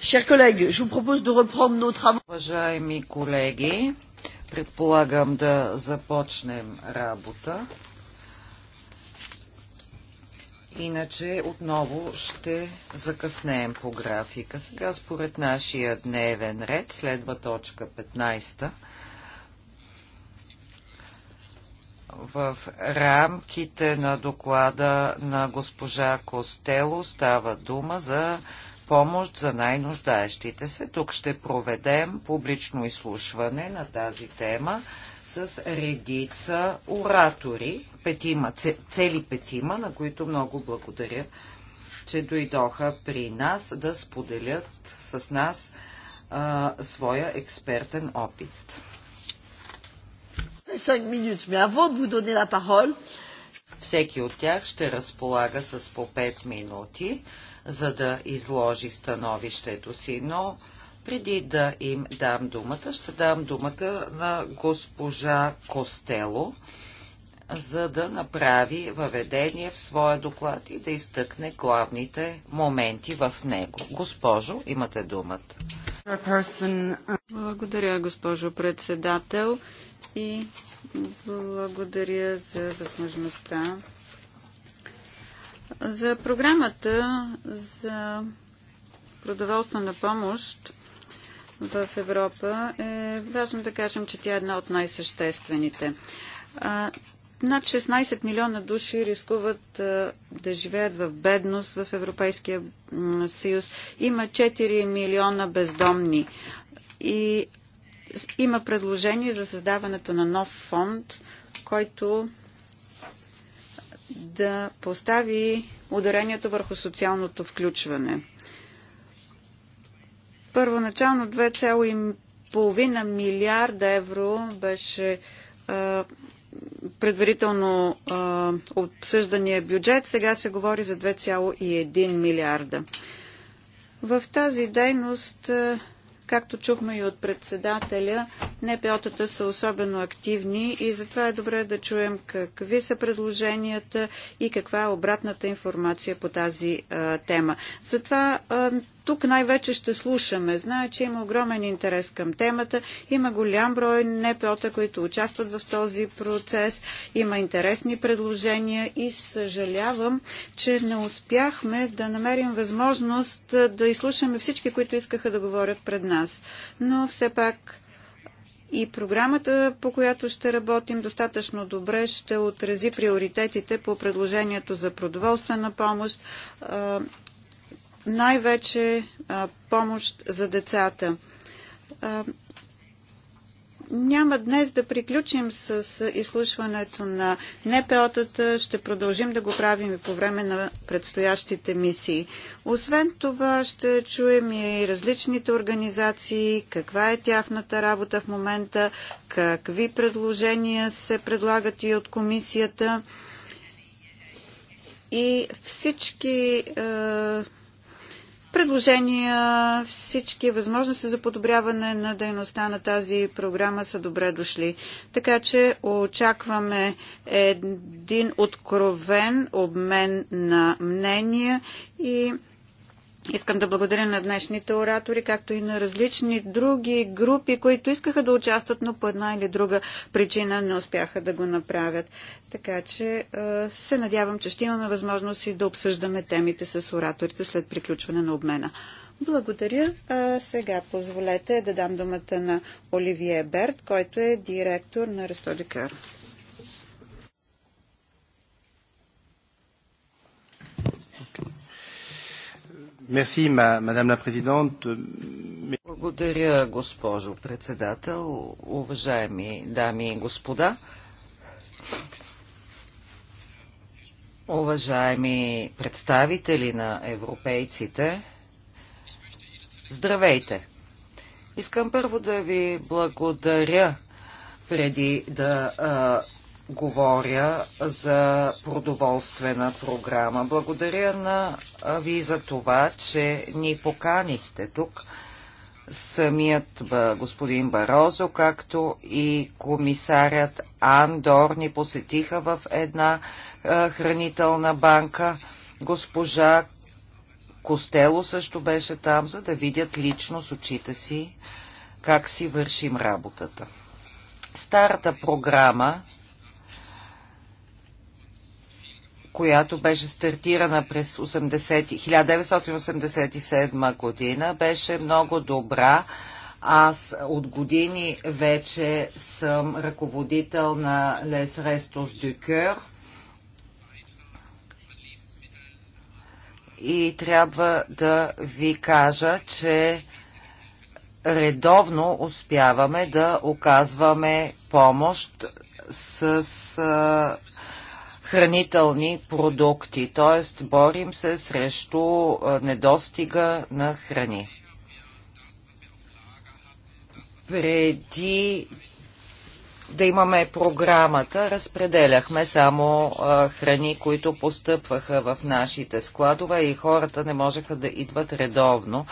Chers collègues, je vous propose de reprendre nos travaux. Уважаеми колеги, предполагам да започнем работа. Иначе отново ще закъснеем по графика. Сега според нашия дневен ред следва точка 15. в рамките на доклада на госпожа Костело става дума за помощ за най-нуждаещите се. Тук ще проведем публично изслушване на тази тема с редица оратори, петима, цели петима, на които много благодаря, че дойдоха при нас да споделят с нас а, своя експертен опит. 5 минути, всеки от тях ще разполага с по 5 минути за да изложи становището си, но преди да им дам думата, ще дам думата на госпожа Костело, за да направи въведение в своя доклад и да изтъкне главните моменти в него. Госпожо, имате думата. Благодаря, госпожо председател и благодаря за възможността за програмата за продоволствена помощ в Европа е важно да кажем, че тя е една от най-съществените. Над 16 милиона души рискуват да живеят в бедност в Европейския съюз. Има 4 милиона бездомни. И има предложение за създаването на нов фонд, който да постави ударението върху социалното включване. Първоначално 2,5 милиарда евро беше предварително обсъждания бюджет. Сега се говори за 2,1 милиарда. В тази дейност Както чухме и от председателя, НПО-тата са особено активни и затова е добре да чуем какви са предложенията и каква е обратната информация по тази а, тема. Затова а, тук най-вече ще слушаме. Зная, че има огромен интерес към темата. Има голям брой НПО-та, които участват в този процес. Има интересни предложения и съжалявам, че не успяхме да намерим възможност да изслушаме всички, които искаха да говорят пред нас. Но все пак и програмата, по която ще работим достатъчно добре, ще отрази приоритетите по предложението за продоволствена помощ, най-вече помощ за децата. Няма днес да приключим с изслушването на НПО-тата. Ще продължим да го правим и по време на предстоящите мисии. Освен това ще чуем и различните организации, каква е тяхната работа в момента, какви предложения се предлагат и от комисията. И всички е, предложения, всички възможности за подобряване на дейността на тази програма са добре дошли. Така че очакваме един откровен обмен на мнения и Искам да благодаря на днешните оратори, както и на различни други групи, които искаха да участват, но по една или друга причина не успяха да го направят. Така че се надявам, че ще имаме възможност и да обсъждаме темите с ораторите след приключване на обмена. Благодаря. А сега позволете да дам думата на Оливие Берт, който е директор на Рестодикар. Okay. Merci, Благодаря, госпожо председател, уважаеми дами и господа, уважаеми представители на европейците, здравейте! Искам първо да ви благодаря преди да а, говоря за продоволствена програма. Благодаря на ви за това, че ни поканихте тук самият господин Барозо, както и комисарят Андор ни посетиха в една хранителна банка. Госпожа Костело също беше там, за да видят лично с очите си как си вършим работата. Старата програма която беше стартирана през 80, 1987 година, беше много добра. Аз от години вече съм ръководител на Les Restos du Coeur и трябва да ви кажа, че редовно успяваме да оказваме помощ с хранителни продукти, т.е. борим се срещу недостига на храни. Преди да имаме програмата, разпределяхме само храни, които постъпваха в нашите складове и хората не можеха да идват редовно,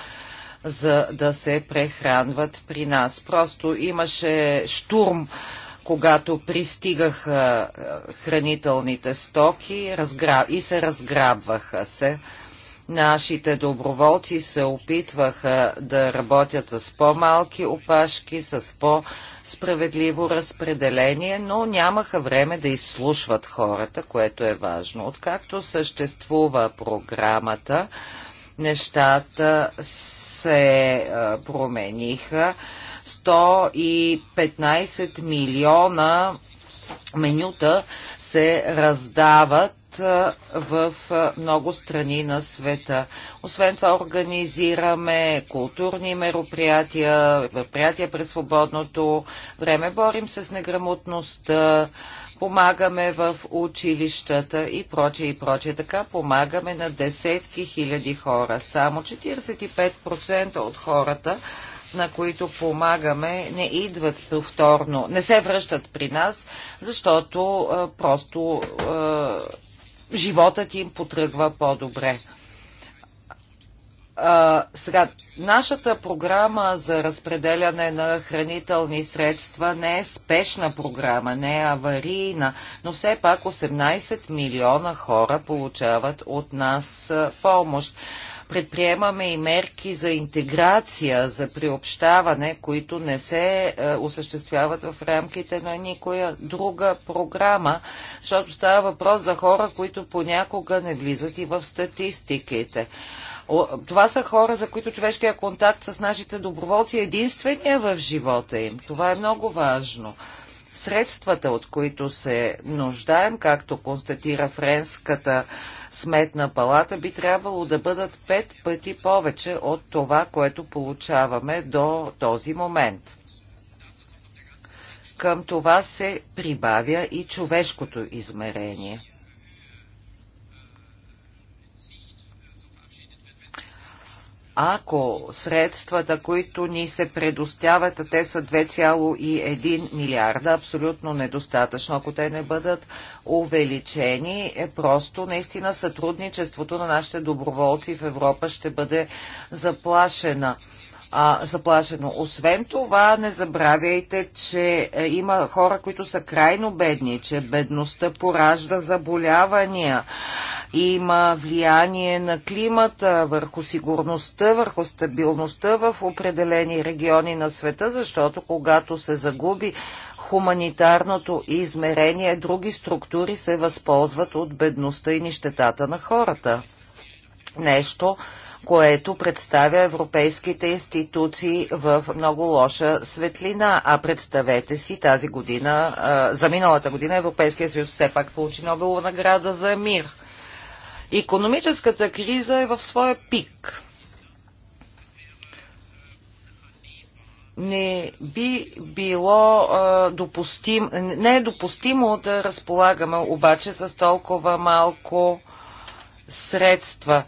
за да се прехранват при нас. Просто имаше штурм когато пристигаха е, хранителните стоки разграб... и се разграбваха се. Нашите доброволци се опитваха да работят с по-малки опашки, с по-справедливо разпределение, но нямаха време да изслушват хората, което е важно. Откакто съществува програмата, нещата се е, промениха 115 милиона менюта се раздават в много страни на света. Освен това организираме културни мероприятия, мероприятия през свободното време, борим се с неграмотността, помагаме в училищата и прочее и прочее. Така помагаме на десетки хиляди хора. Само 45% от хората на които помагаме, не идват повторно, не се връщат при нас, защото а, просто а, животът им потръгва по-добре. А, сега, нашата програма за разпределяне на хранителни средства не е спешна програма, не е аварийна, но все пак 18 милиона хора получават от нас помощ. Предприемаме и мерки за интеграция, за приобщаване, които не се е, осъществяват в рамките на никоя друга програма, защото става въпрос за хора, които понякога не влизат и в статистиките. Това са хора, за които човешкия контакт с нашите доброволци е единствения в живота им. Това е много важно. Средствата, от които се нуждаем, както констатира френската сметна палата би трябвало да бъдат пет пъти повече от това, което получаваме до този момент. Към това се прибавя и човешкото измерение. ако средствата, които ни се предостяват, те са 2,1 милиарда, абсолютно недостатъчно. Ако те не бъдат увеличени, е просто наистина сътрудничеството на нашите доброволци в Европа ще бъде заплашена а, заплашено. Освен това, не забравяйте, че е, има хора, които са крайно бедни, че бедността поражда заболявания, има влияние на климата върху сигурността, върху стабилността в определени региони на света, защото когато се загуби хуманитарното измерение, други структури се възползват от бедността и нищетата на хората. Нещо, което представя европейските институции в много лоша светлина. А представете си тази година, а, за миналата година Европейския съюз все пак получи Нобелова награда за мир. Економическата криза е в своя пик. не би било а, допустим, не е допустимо да разполагаме обаче с толкова малко средства.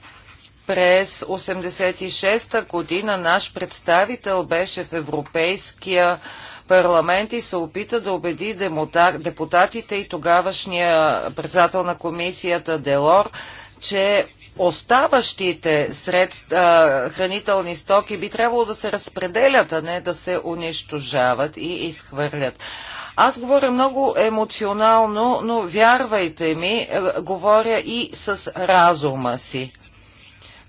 През 86-та година наш представител беше в Европейския парламент и се опита да убеди депутатите и тогавашния председател на комисията Делор, че оставащите средства, хранителни стоки би трябвало да се разпределят, а не да се унищожават и изхвърлят. Аз говоря много емоционално, но вярвайте ми, е, говоря и с разума си.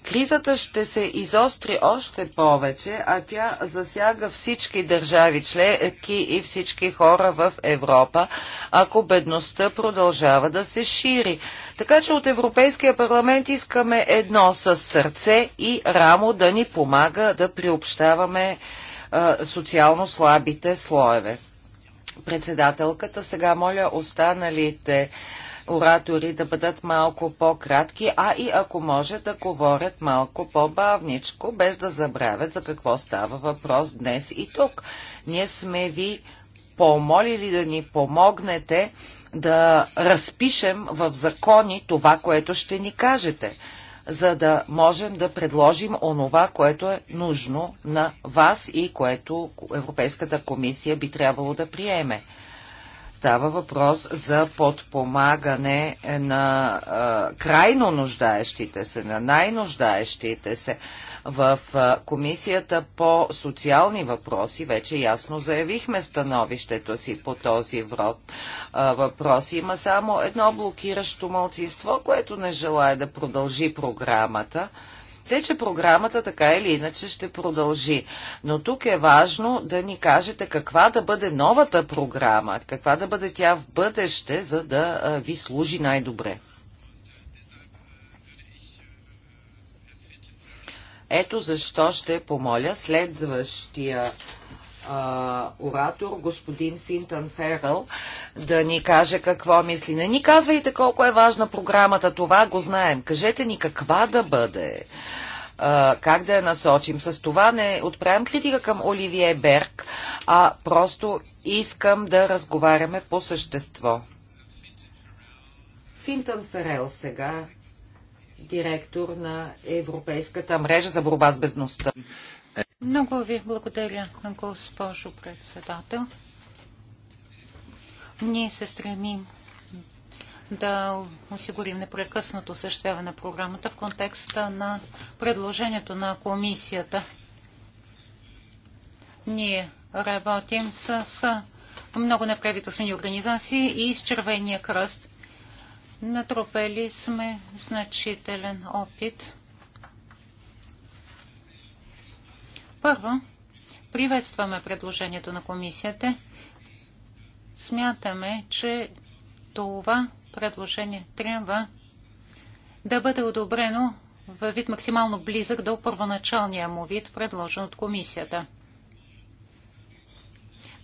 Кризата ще се изостри още повече, а тя засяга всички държави членки и всички хора в Европа, ако бедността продължава да се шири. Така че от Европейския парламент искаме едно с сърце и рамо да ни помага да приобщаваме а, социално слабите слоеве. Председателката, сега моля останалите оратори да бъдат малко по-кратки, а и ако може да говорят малко по-бавничко, без да забравят за какво става въпрос днес и тук. Ние сме ви помолили да ни помогнете да разпишем в закони това, което ще ни кажете, за да можем да предложим онова, което е нужно на вас и което Европейската комисия би трябвало да приеме. Става въпрос за подпомагане на а, крайно нуждаещите се, на най-нуждаещите се. В а, Комисията по социални въпроси вече ясно заявихме становището си по този врод, а, въпрос. Има само едно блокиращо мълцинство, което не желая да продължи програмата. Те, че програмата така или иначе ще продължи. Но тук е важно да ни кажете каква да бъде новата програма, каква да бъде тя в бъдеще, за да ви служи най-добре. Ето защо ще помоля следващия а, оратор, господин Финтън Ферел, да ни каже какво мисли. Не ни казвайте колко е важна програмата, това го знаем. Кажете ни каква да бъде, а, как да я насочим. С това не отправям критика към Оливие Берг, а просто искам да разговаряме по същество. Финтън Ферел сега директор на Европейската мрежа за борба с безността. Много ви благодаря, госпожо председател. Ние се стремим да осигурим непрекъснато осъществяване на програмата в контекста на предложението на комисията. Ние работим с, много неправителствени организации и с Червения кръст. Натрупали сме значителен опит Първо, приветстваме предложението на комисията. Смятаме, че това предложение трябва да бъде одобрено в вид максимално близък до първоначалния му вид, предложен от комисията.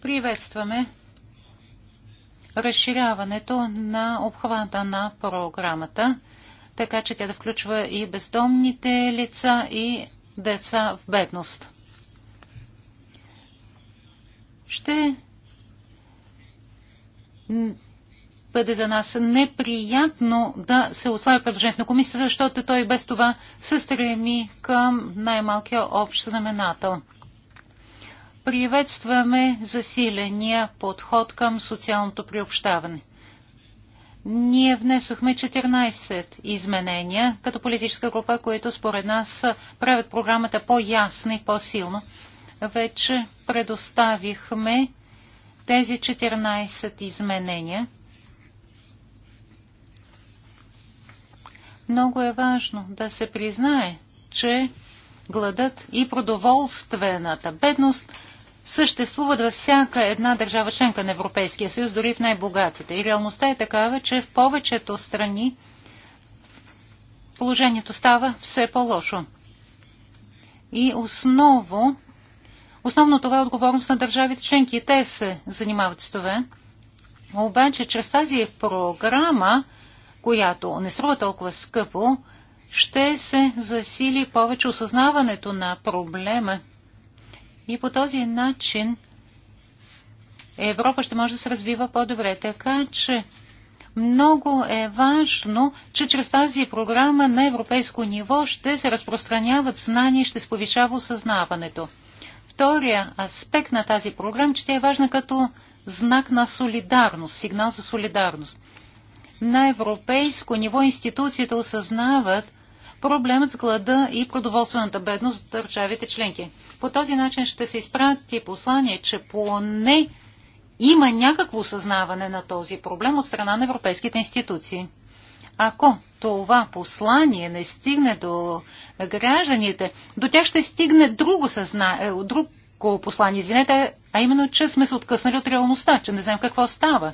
Приветстваме разширяването на обхвата на програмата, така че тя да включва и бездомните лица и деца в бедност ще бъде за нас неприятно да се ослабя предложението на комисията, защото той без това се стреми към най-малкия общ знаменател. Приветстваме засиления подход към социалното приобщаване. Ние внесохме 14 изменения като политическа група, които според нас правят програмата по-ясна и по-силна вече предоставихме тези 14 изменения. Много е важно да се признае, че гладът и продоволствената бедност съществуват във всяка една държава членка на Европейския съюз, дори в най-богатите. И реалността е такава, че в повечето страни положението става все по-лошо. И осново Основно това е отговорност на държавите членки. и Те се занимават с това. Обаче, чрез тази програма, която не струва толкова скъпо, ще се засили повече осъзнаването на проблема. И по този начин Европа ще може да се развива по-добре. Така че много е важно, че чрез тази програма на европейско ниво ще се разпространяват знания и ще се повишава осъзнаването втория аспект на тази програма, че тя е важна като знак на солидарност, сигнал за солидарност. На европейско ниво институциите осъзнават проблемът с глада и продоволствената бедност в държавите членки. По този начин ще се изпрати послание, че поне има някакво осъзнаване на този проблем от страна на европейските институции. Ако това послание не стигне до гражданите, до тях ще стигне друго, съзна... Е, друго послание, извинете, а именно, че сме се откъснали от реалността, че не знаем какво става.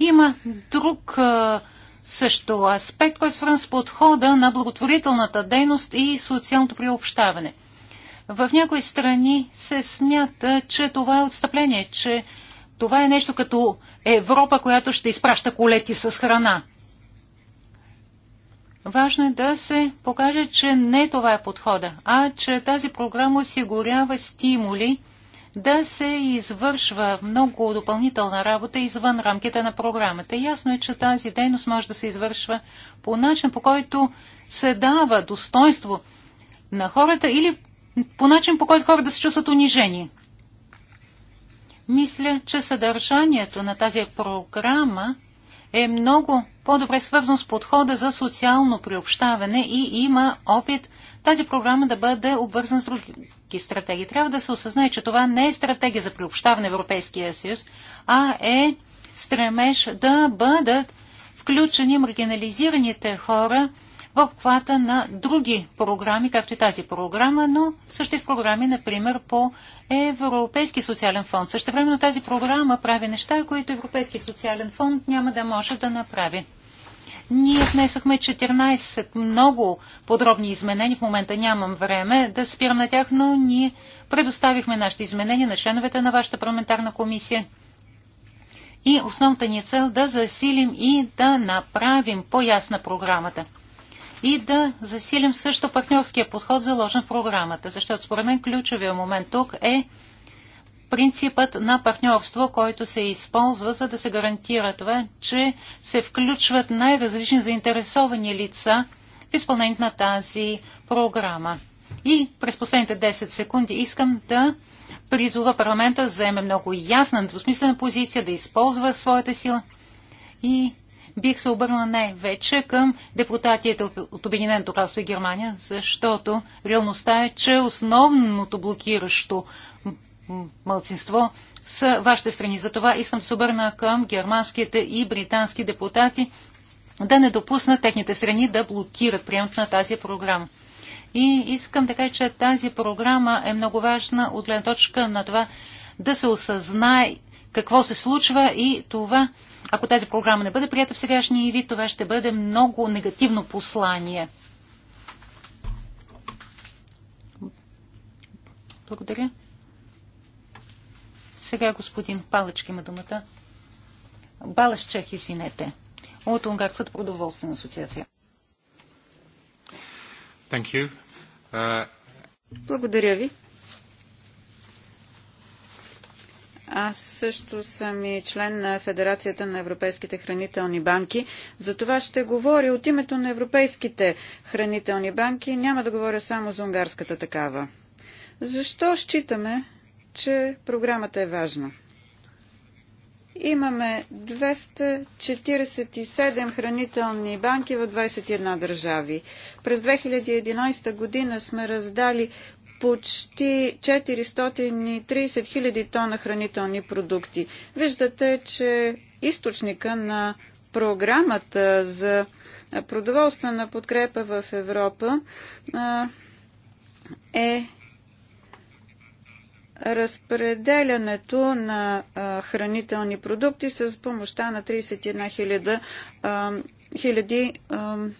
Има друг е, също аспект, който е свързан с подхода на благотворителната дейност и социалното приобщаване. В някои страни се смята, че това е отстъпление, че това е нещо като Европа, която ще изпраща колети с храна. Важно е да се покаже, че не това е подхода, а че тази програма осигурява стимули да се извършва много допълнителна работа извън рамките на програмата. Ясно е, че тази дейност може да се извършва по начин, по който се дава достоинство на хората или по начин, по който хората да се чувстват унижени. Мисля, че съдържанието на тази програма е много по-добре свързан с подхода за социално приобщаване и има опит тази програма да бъде обвързана с други стратегии. Трябва да се осъзнае, че това не е стратегия за приобщаване на Европейския съюз, а е стремеж да бъдат включени маргинализираните хора в обхвата на други програми, както и тази програма, но също и в програми, например, по Европейски социален фонд. Също на тази програма прави неща, които Европейски социален фонд няма да може да направи. Ние внесохме 14 много подробни изменения. В момента нямам време да спирам на тях, но ние предоставихме нашите изменения на членовете на вашата парламентарна комисия. И основната ни е цел да засилим и да направим по-ясна програмата и да засилим също партньорския подход, заложен в програмата. Защото според мен ключовия момент тук е принципът на партньорство, който се използва, за да се гарантира това, че се включват най-различни заинтересовани лица в изпълнението на тази програма. И през последните 10 секунди искам да призова парламента да заеме много ясна, двусмислена позиция, да използва своята сила и бих се обърнала най-вече към депутатите от Обединеното кралство и Германия, защото реалността е, че основното блокиращо мълцинство са вашите страни. Затова искам да се обърна към германските и британски депутати да не допуснат техните страни да блокират приемането на тази програма. И искам да кажа, че тази програма е много важна от гледна точка на това да се осъзнае какво се случва и това ако тази програма не бъде прията в сегашния вид, това ще бъде много негативно послание. Благодаря. Сега господин Палечки има думата. Балашчех, извинете, от Унгарската продоволствена асоциация. Thank you. Uh... Благодаря ви. Аз също съм и член на Федерацията на европейските хранителни банки. За това ще говоря от името на европейските хранителни банки. Няма да говоря само за унгарската такава. Защо считаме, че програмата е важна? Имаме 247 хранителни банки в 21 държави. През 2011 година сме раздали почти 430 хиляди тона хранителни продукти. Виждате, че източника на програмата за продоволствена подкрепа в Европа е разпределянето на хранителни продукти с помощта на 31 хиляди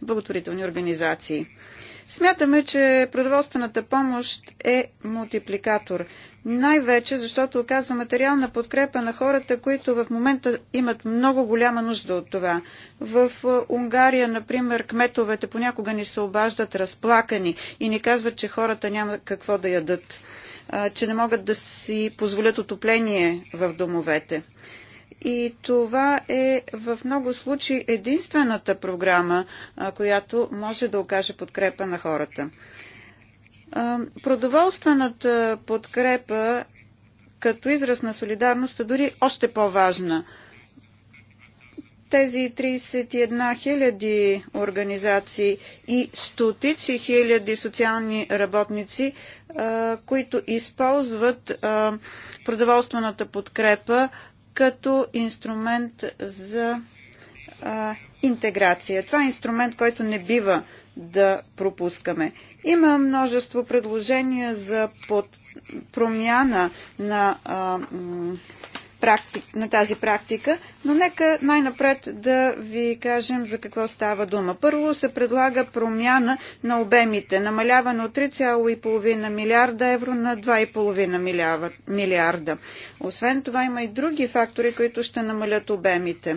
благотворителни организации. Смятаме, че продоволствената помощ е мултипликатор. Най-вече, защото оказва материална подкрепа на хората, които в момента имат много голяма нужда от това. В е, Унгария, например, кметовете понякога ни се обаждат разплакани и ни казват, че хората няма какво да ядат, че не могат да си позволят отопление в домовете. И това е в много случаи единствената програма, която може да окаже подкрепа на хората. Продоволствената подкрепа като израз на солидарност е дори още по-важна. Тези 31 хиляди организации и стотици хиляди социални работници, които използват продоволствената подкрепа като инструмент за а, интеграция. Това е инструмент, който не бива да пропускаме. Има множество предложения за под промяна на а, практик, на тази практика, но нека най-напред да ви кажем за какво става дума. Първо се предлага промяна на обемите, намаляване от 3,5 милиарда евро на 2,5 милиарда. Освен това има и други фактори, които ще намалят обемите.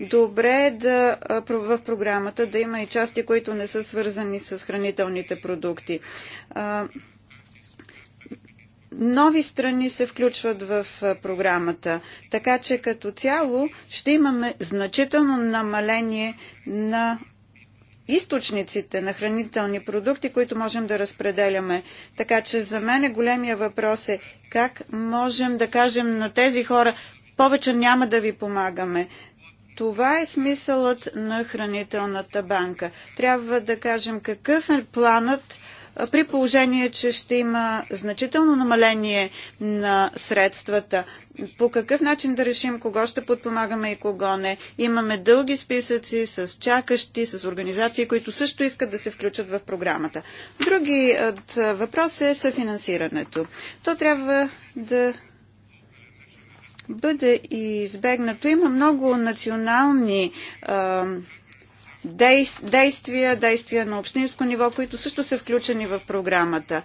Добре е да, в програмата да има и части, които не са свързани с хранителните продукти нови страни се включват в програмата. Така че като цяло ще имаме значително намаление на източниците на хранителни продукти, които можем да разпределяме. Така че за мен е големия въпрос е как можем да кажем на тези хора повече няма да ви помагаме. Това е смисълът на хранителната банка. Трябва да кажем какъв е планът при положение, че ще има значително намаление на средствата. По какъв начин да решим кого ще подпомагаме и кого не? Имаме дълги списъци с чакащи, с организации, които също искат да се включат в програмата. Другият е, е, въпрос е съфинансирането. То трябва да бъде избегнато. Има много национални а, действия, действия на общинско ниво, които също са включени в програмата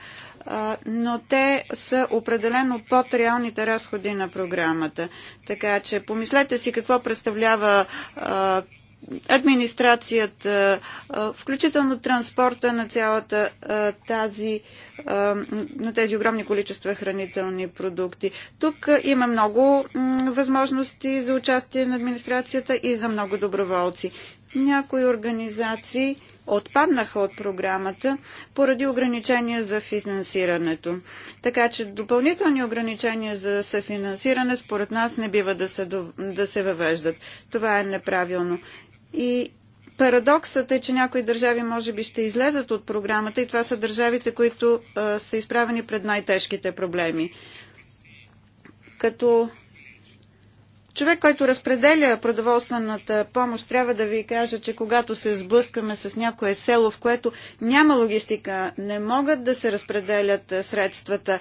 но те са определено под реалните разходи на програмата. Така че помислете си какво представлява администрацията, включително транспорта на цялата тази, на тези огромни количества хранителни продукти. Тук има много възможности за участие на администрацията и за много доброволци. Някои организации отпаднаха от програмата поради ограничения за финансирането. Така че допълнителни ограничения за съфинансиране според нас не бива да се, да се въвеждат. Това е неправилно. И Парадоксът е, че някои държави може би ще излезат от програмата и това са държавите, които а, са изправени пред най-тежките проблеми. Като човек, който разпределя продоволствената помощ, трябва да ви кажа, че когато се сблъскаме с някое село, в което няма логистика, не могат да се разпределят средствата,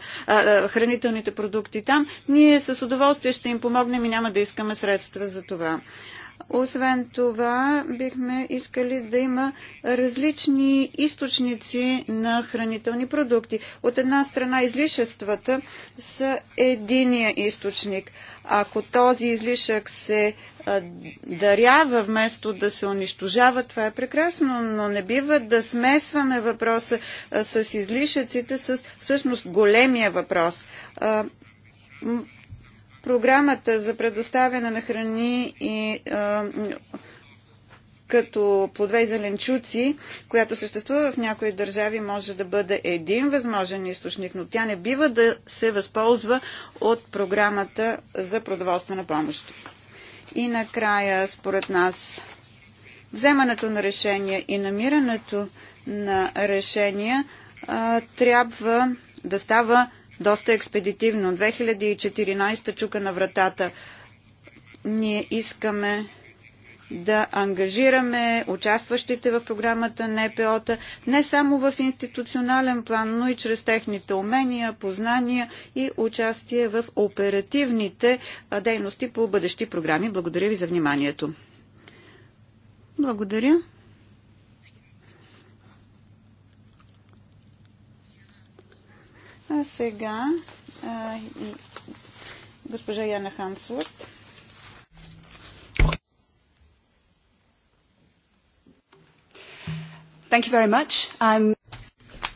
хранителните продукти там, ние с удоволствие ще им помогнем и няма да искаме средства за това. Освен това, бихме искали да има различни източници на хранителни продукти. От една страна излишествата са единия източник. Ако този излишък се дарява вместо да се унищожава, това е прекрасно, но не бива да смесваме въпроса с излишъците с всъщност големия въпрос Програмата за предоставяне на храни и като плодове и зеленчуци, която съществува в някои държави, може да бъде един възможен източник, но тя не бива да се възползва от програмата за продоволствена помощ. И накрая, според нас, вземането на решения и намирането на решения а, трябва да става доста експедитивно. 2014 чука на вратата. Ние искаме да ангажираме участващите в програмата НПО-та не само в институционален план, но и чрез техните умения, познания и участие в оперативните дейности по бъдещи програми. Благодаря ви за вниманието. Благодаря. А сега а, и госпожа Яна Хансворт. Thank you very much. I'm...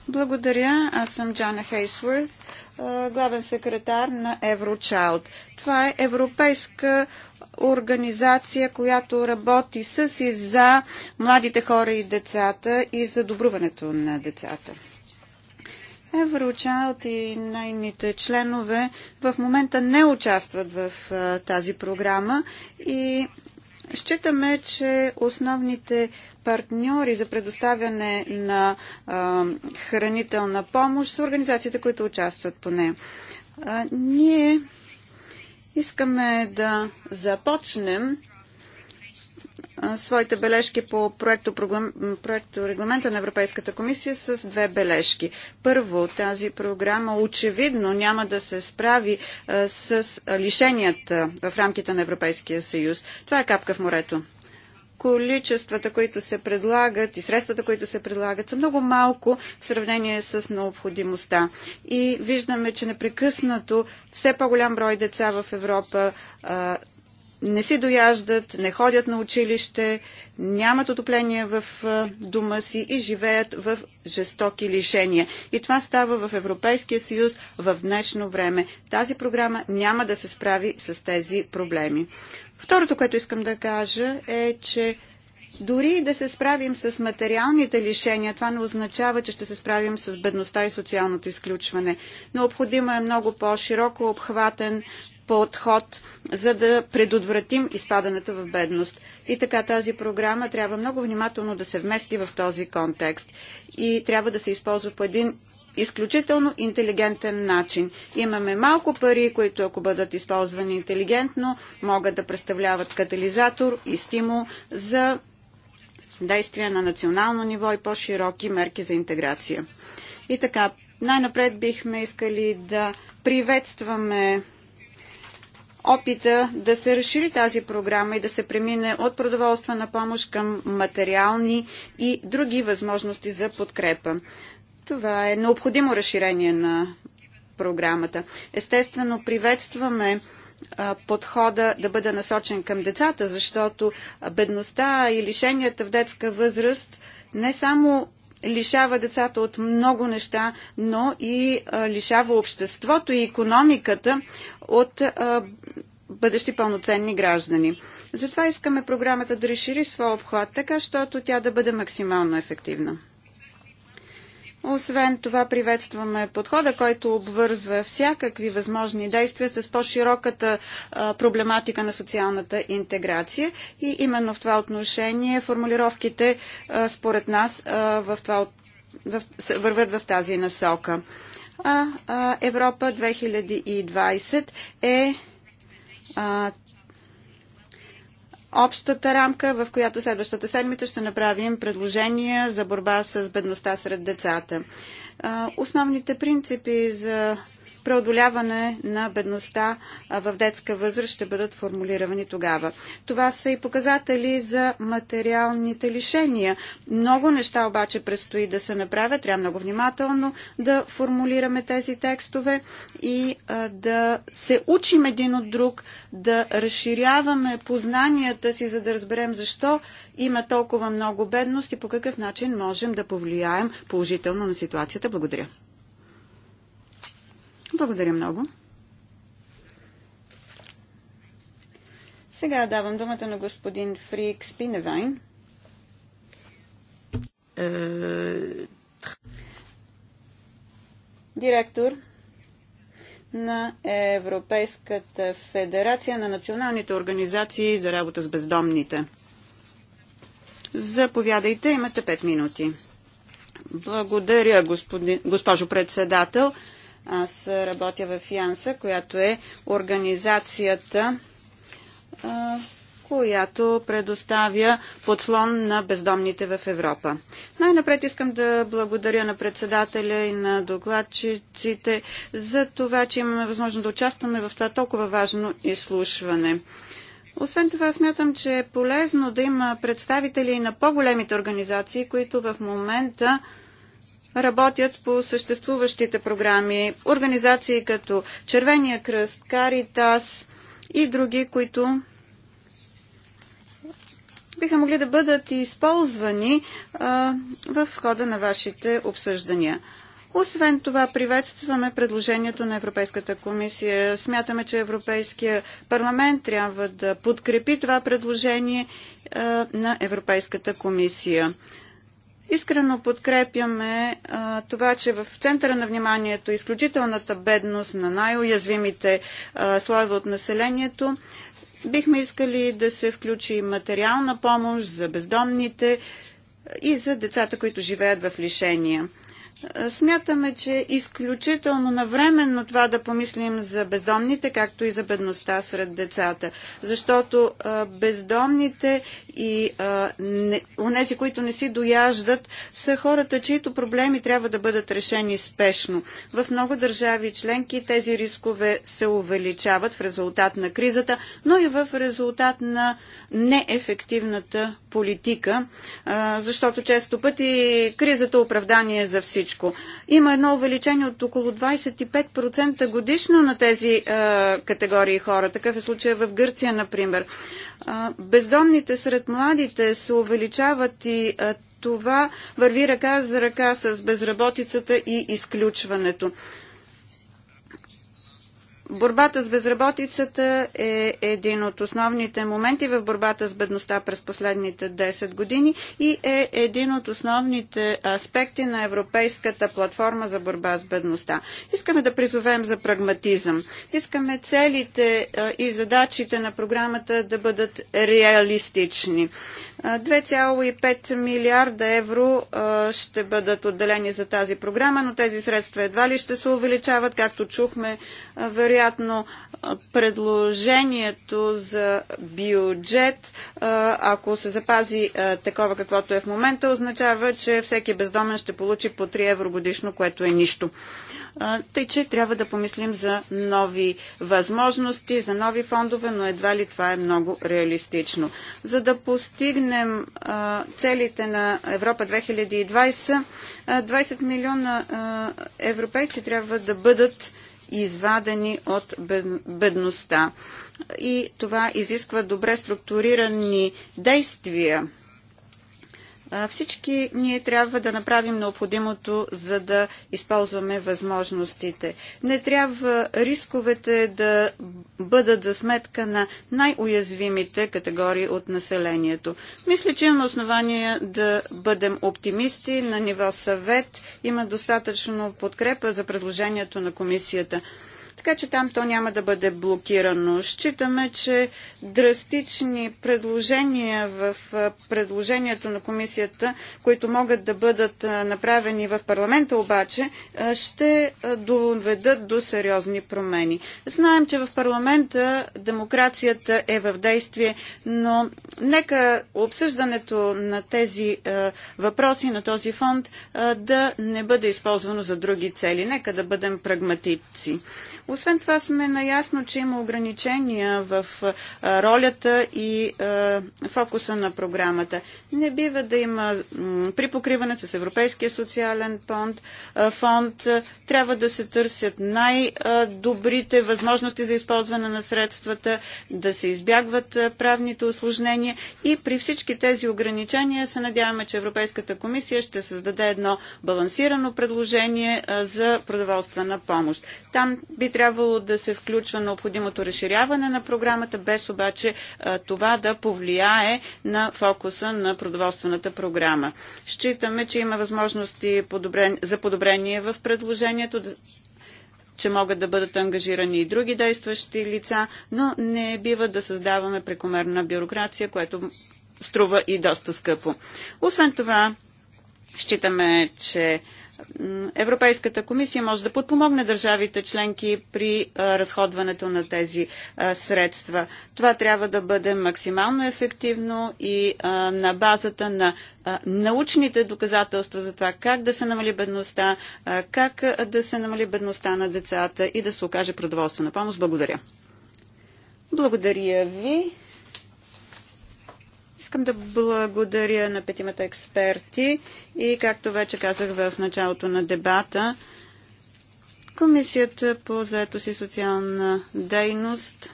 Благодаря. Аз съм Джана Хейсворт, главен секретар на Еврочалд. Това е европейска организация, която работи с и за младите хора и децата и за добруването на децата. Еврочалт и нейните членове в момента не участват в тази програма и Считаме, че основните партньори за предоставяне на хранителна помощ са организациите, които участват по нея. ние искаме да започнем своите бележки по проекто, проекто регламента на Европейската комисия с две бележки. Първо, тази програма очевидно няма да се справи а, с лишенията в рамките на Европейския съюз. Това е капка в морето. Количествата, които се предлагат и средствата, които се предлагат, са много малко в сравнение с необходимостта. И виждаме, че непрекъснато все по-голям брой деца в Европа а, не си дояждат, не ходят на училище, нямат отопление в дома си и живеят в жестоки лишения. И това става в Европейския съюз в днешно време. Тази програма няма да се справи с тези проблеми. Второто, което искам да кажа е, че дори да се справим с материалните лишения, това не означава, че ще се справим с бедността и социалното изключване. Необходимо е много по-широко обхватен подход, за да предотвратим изпадането в бедност. И така тази програма трябва много внимателно да се вмести в този контекст и трябва да се използва по един изключително интелигентен начин. Имаме малко пари, които ако бъдат използвани интелигентно, могат да представляват катализатор и стимул за действия на национално ниво и по-широки мерки за интеграция. И така, най-напред бихме искали да приветстваме опита да се разшири тази програма и да се премине от продоволствена помощ към материални и други възможности за подкрепа. Това е необходимо разширение на програмата. Естествено, приветстваме подхода да бъде насочен към децата, защото бедността и лишенията в детска възраст не само лишава децата от много неща, но и лишава обществото и економиката от бъдещи пълноценни граждани. Затова искаме програмата да разшири своя обхват, така, щото тя да бъде максимално ефективна. Освен това приветстваме подхода, който обвързва всякакви възможни действия с по-широката проблематика на социалната интеграция и именно в това отношение формулировките според нас в това, в, върват в тази насока. А, Европа 2020 е общата рамка, в която следващата седмица ще направим предложения за борба с бедността сред децата. Основните принципи за преодоляване на бедността в детска възраст ще бъдат формулирани тогава. Това са и показатели за материалните лишения. Много неща обаче предстои да се направят. Трябва много внимателно да формулираме тези текстове и да се учим един от друг, да разширяваме познанията си, за да разберем защо има толкова много бедност и по какъв начин можем да повлияем положително на ситуацията. Благодаря. Благодаря много. Сега давам думата на господин Фрик Спиневайн. Е, Директор на Европейската федерация на националните организации за работа с бездомните. Заповядайте, имате 5 минути. Благодаря, господин, госпожо председател. Аз работя в Янса, която е организацията, която предоставя подслон на бездомните в Европа. Най-напред искам да благодаря на председателя и на докладчиците за това, че имаме възможност да участваме в това толкова важно изслушване. Освен това, смятам, че е полезно да има представители на по-големите организации, които в момента работят по съществуващите програми. Организации като Червения кръст, Каритас и други, които биха могли да бъдат използвани а, в хода на вашите обсъждания. Освен това, приветстваме предложението на Европейската комисия. Смятаме, че Европейския парламент трябва да подкрепи това предложение а, на Европейската комисия. Искрено подкрепяме а, това, че в центъра на вниманието е изключителната бедност на най-уязвимите слоеве от населението. Бихме искали да се включи материална помощ за бездомните и за децата, които живеят в лишения. Смятаме, че е изключително навременно това да помислим за бездомните, както и за бедността сред децата. Защото бездомните и онези, които не си дояждат, са хората, чието проблеми трябва да бъдат решени спешно. В много държави членки тези рискове се увеличават в резултат на кризата, но и в резултат на неефективната политика, защото често пъти кризата е оправдание за всички всичко. Има едно увеличение от около 25% годишно на тези а, е, категории хора. Такъв е случая в Гърция, например. А, е, бездомните сред младите се увеличават и а, е, това върви ръка за ръка с безработицата и изключването. Борбата с безработицата е един от основните моменти в борбата с бедността през последните 10 години и е един от основните аспекти на Европейската платформа за борба с бедността. Искаме да призовем за прагматизъм. Искаме целите и задачите на програмата да бъдат реалистични. 2,5 милиарда евро ще бъдат отделени за тази програма, но тези средства едва ли ще се увеличават. Както чухме, вероятно предложението за бюджет, ако се запази такова каквото е в момента, означава, че всеки бездомен ще получи по 3 евро годишно, което е нищо. Тъй, че трябва да помислим за нови възможности, за нови фондове, но едва ли това е много реалистично. За да постигнем целите на Европа 2020, 20 милиона европейци трябва да бъдат извадени от бедността. И това изисква добре структурирани действия всички ние трябва да направим необходимото, за да използваме възможностите. Не трябва рисковете да бъдат за сметка на най-уязвимите категории от населението. Мисля, че имаме основания да бъдем оптимисти. На ниво съвет има достатъчно подкрепа за предложението на комисията така че там то няма да бъде блокирано. Считаме, че драстични предложения в предложението на комисията, които могат да бъдат направени в парламента обаче, ще доведат до сериозни промени. Знаем, че в парламента демокрацията е в действие, но нека обсъждането на тези въпроси, на този фонд да не бъде използвано за други цели. Нека да бъдем прагматици. Освен това сме наясно, че има ограничения в ролята и фокуса на програмата. Не бива да има припокриване с Европейския социален фонд. фонд трябва да се търсят най-добрите възможности за използване на средствата, да се избягват правните осложнения и при всички тези ограничения се надяваме, че Европейската комисия ще създаде едно балансирано предложение за продоволствена помощ. Там би трябвало трябвало да се включва необходимото разширяване на програмата, без обаче това да повлияе на фокуса на продоволствената програма. Считаме, че има възможности за подобрение в предложението че могат да бъдат ангажирани и други действащи лица, но не бива да създаваме прекомерна бюрокрация, което струва и доста скъпо. Освен това, считаме, че Европейската комисия може да подпомогне държавите членки при разходването на тези средства. Това трябва да бъде максимално ефективно и на базата на научните доказателства за това как да се намали бедността, как да се намали бедността на децата и да се окаже продоволство на помощ. Благодаря. Благодаря ви. Искам да благодаря на петимата експерти и, както вече казах в началото на дебата, Комисията по заетост и социална дейност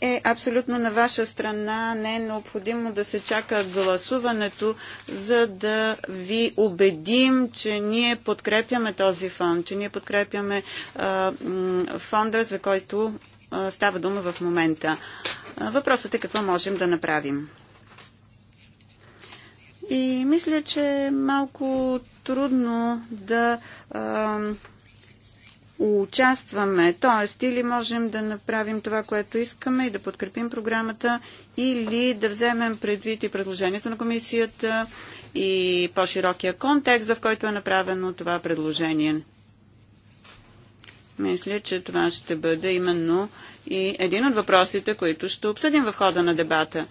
е абсолютно на ваша страна. Не е необходимо да се чака гласуването, за да ви убедим, че ние подкрепяме този фонд, че ние подкрепяме а, фонда, за който а, става дума в момента. Въпросът е какво можем да направим. И мисля, че е малко трудно да а, участваме. Тоест, или можем да направим това, което искаме и да подкрепим програмата, или да вземем предвид и предложението на комисията и по-широкия контекст, в който е направено това предложение. Мисля, че това ще бъде именно и един от въпросите, които ще обсъдим в хода на дебата.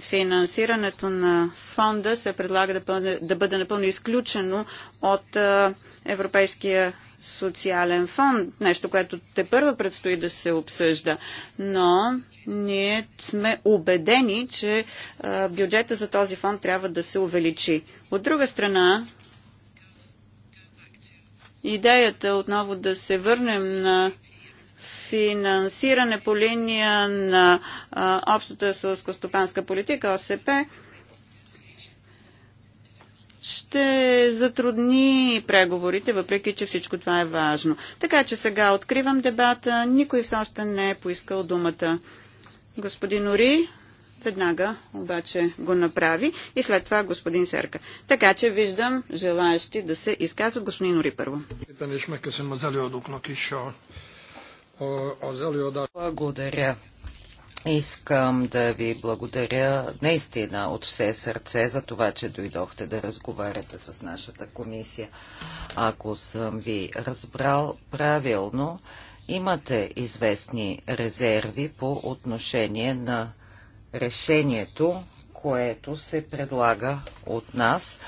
Финансирането на фонда се предлага да бъде, да бъде напълно изключено от Европейския социален фонд, нещо, което те първо предстои да се обсъжда. Но ние сме убедени, че бюджета за този фонд трябва да се увеличи. От друга страна, идеята отново да се върнем на финансиране по линия на а, общата сълскостопанска политика ОСП ще затрудни преговорите, въпреки че всичко това е важно. Така че сега откривам дебата. Никой все още не е поискал думата. Господин Ори, Веднага обаче го направи и след това господин Серка. Така че виждам желаящи да се изказват господин Ори първо. Благодаря. Искам да ви благодаря наистина от все сърце за това, че дойдохте да разговаряте с нашата комисия. Ако съм ви разбрал правилно, имате известни резерви по отношение на решението, което се предлага от нас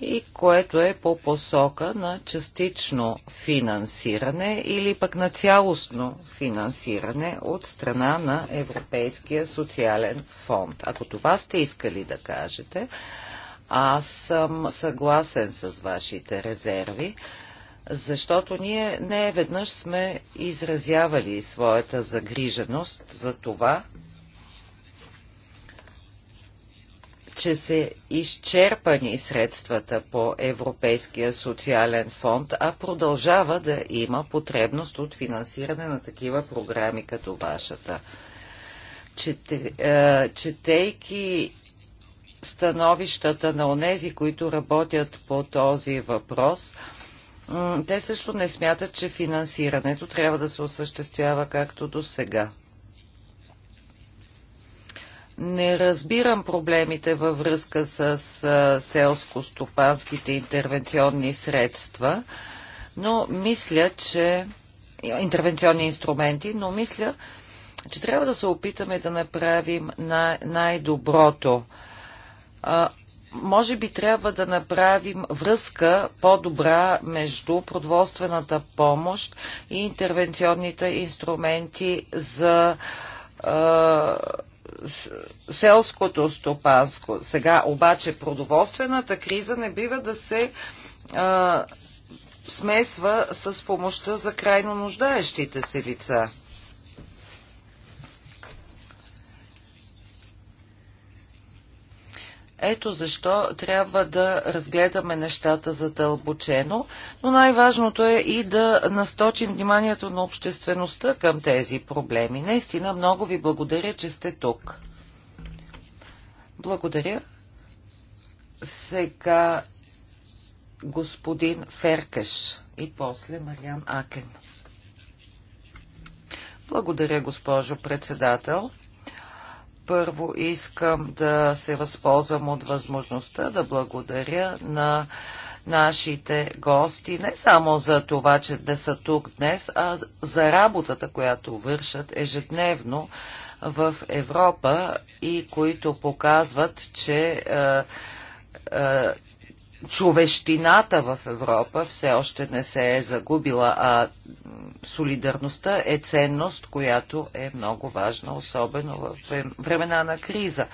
и което е по посока на частично финансиране или пък на цялостно финансиране от страна на Европейския социален фонд. Ако това сте искали да кажете, аз съм съгласен с вашите резерви, защото ние не веднъж сме изразявали своята загриженост за това, че се изчерпани средствата по Европейския социален фонд, а продължава да има потребност от финансиране на такива програми като вашата. Чете, е, четейки становищата на онези, които работят по този въпрос, те също не смятат, че финансирането трябва да се осъществява както до сега не разбирам проблемите във връзка с селско-стопанските интервенционни средства, но мисля, че интервенционни инструменти, но мисля, че трябва да се опитаме да направим най- най-доброто. може би трябва да направим връзка по-добра между продоволствената помощ и интервенционните инструменти за а, селското стопанско. Сега обаче продоволствената криза не бива да се а, смесва с помощта за крайно нуждаещите се лица. Ето защо трябва да разгледаме нещата задълбочено, но най-важното е и да насточим вниманието на обществеността към тези проблеми. Наистина много ви благодаря, че сте тук. Благодаря. Сега господин Феркеш и после Мариан Акен. Благодаря, госпожо председател. Първо искам да се възползвам от възможността да благодаря на нашите гости, не само за това, че да са тук днес, а за работата, която вършат ежедневно в Европа и които показват, че е, е, човещината в Европа все още не се е загубила, а солидарността е ценност, която е много важна, особено в времена на криза.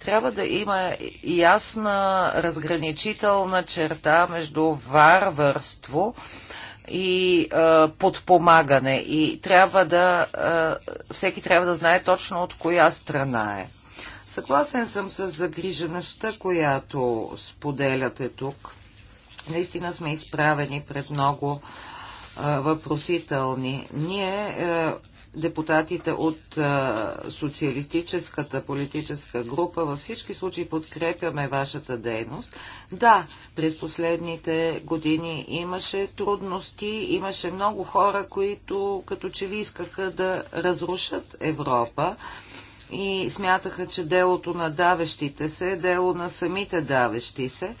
Трябва да има ясна разграничителна черта между варварство и е, подпомагане. И трябва да, е, всеки трябва да знае точно от коя страна е. Съгласен съм с загрижеността, която споделяте тук. Наистина сме изправени пред много а, въпросителни. Ние, а, депутатите от а, социалистическата политическа група, във всички случаи подкрепяме вашата дейност. Да, през последните години имаше трудности, имаше много хора, които като че ли искаха да разрушат Европа и смятаха, че делото на давещите се е дело на самите давещи се.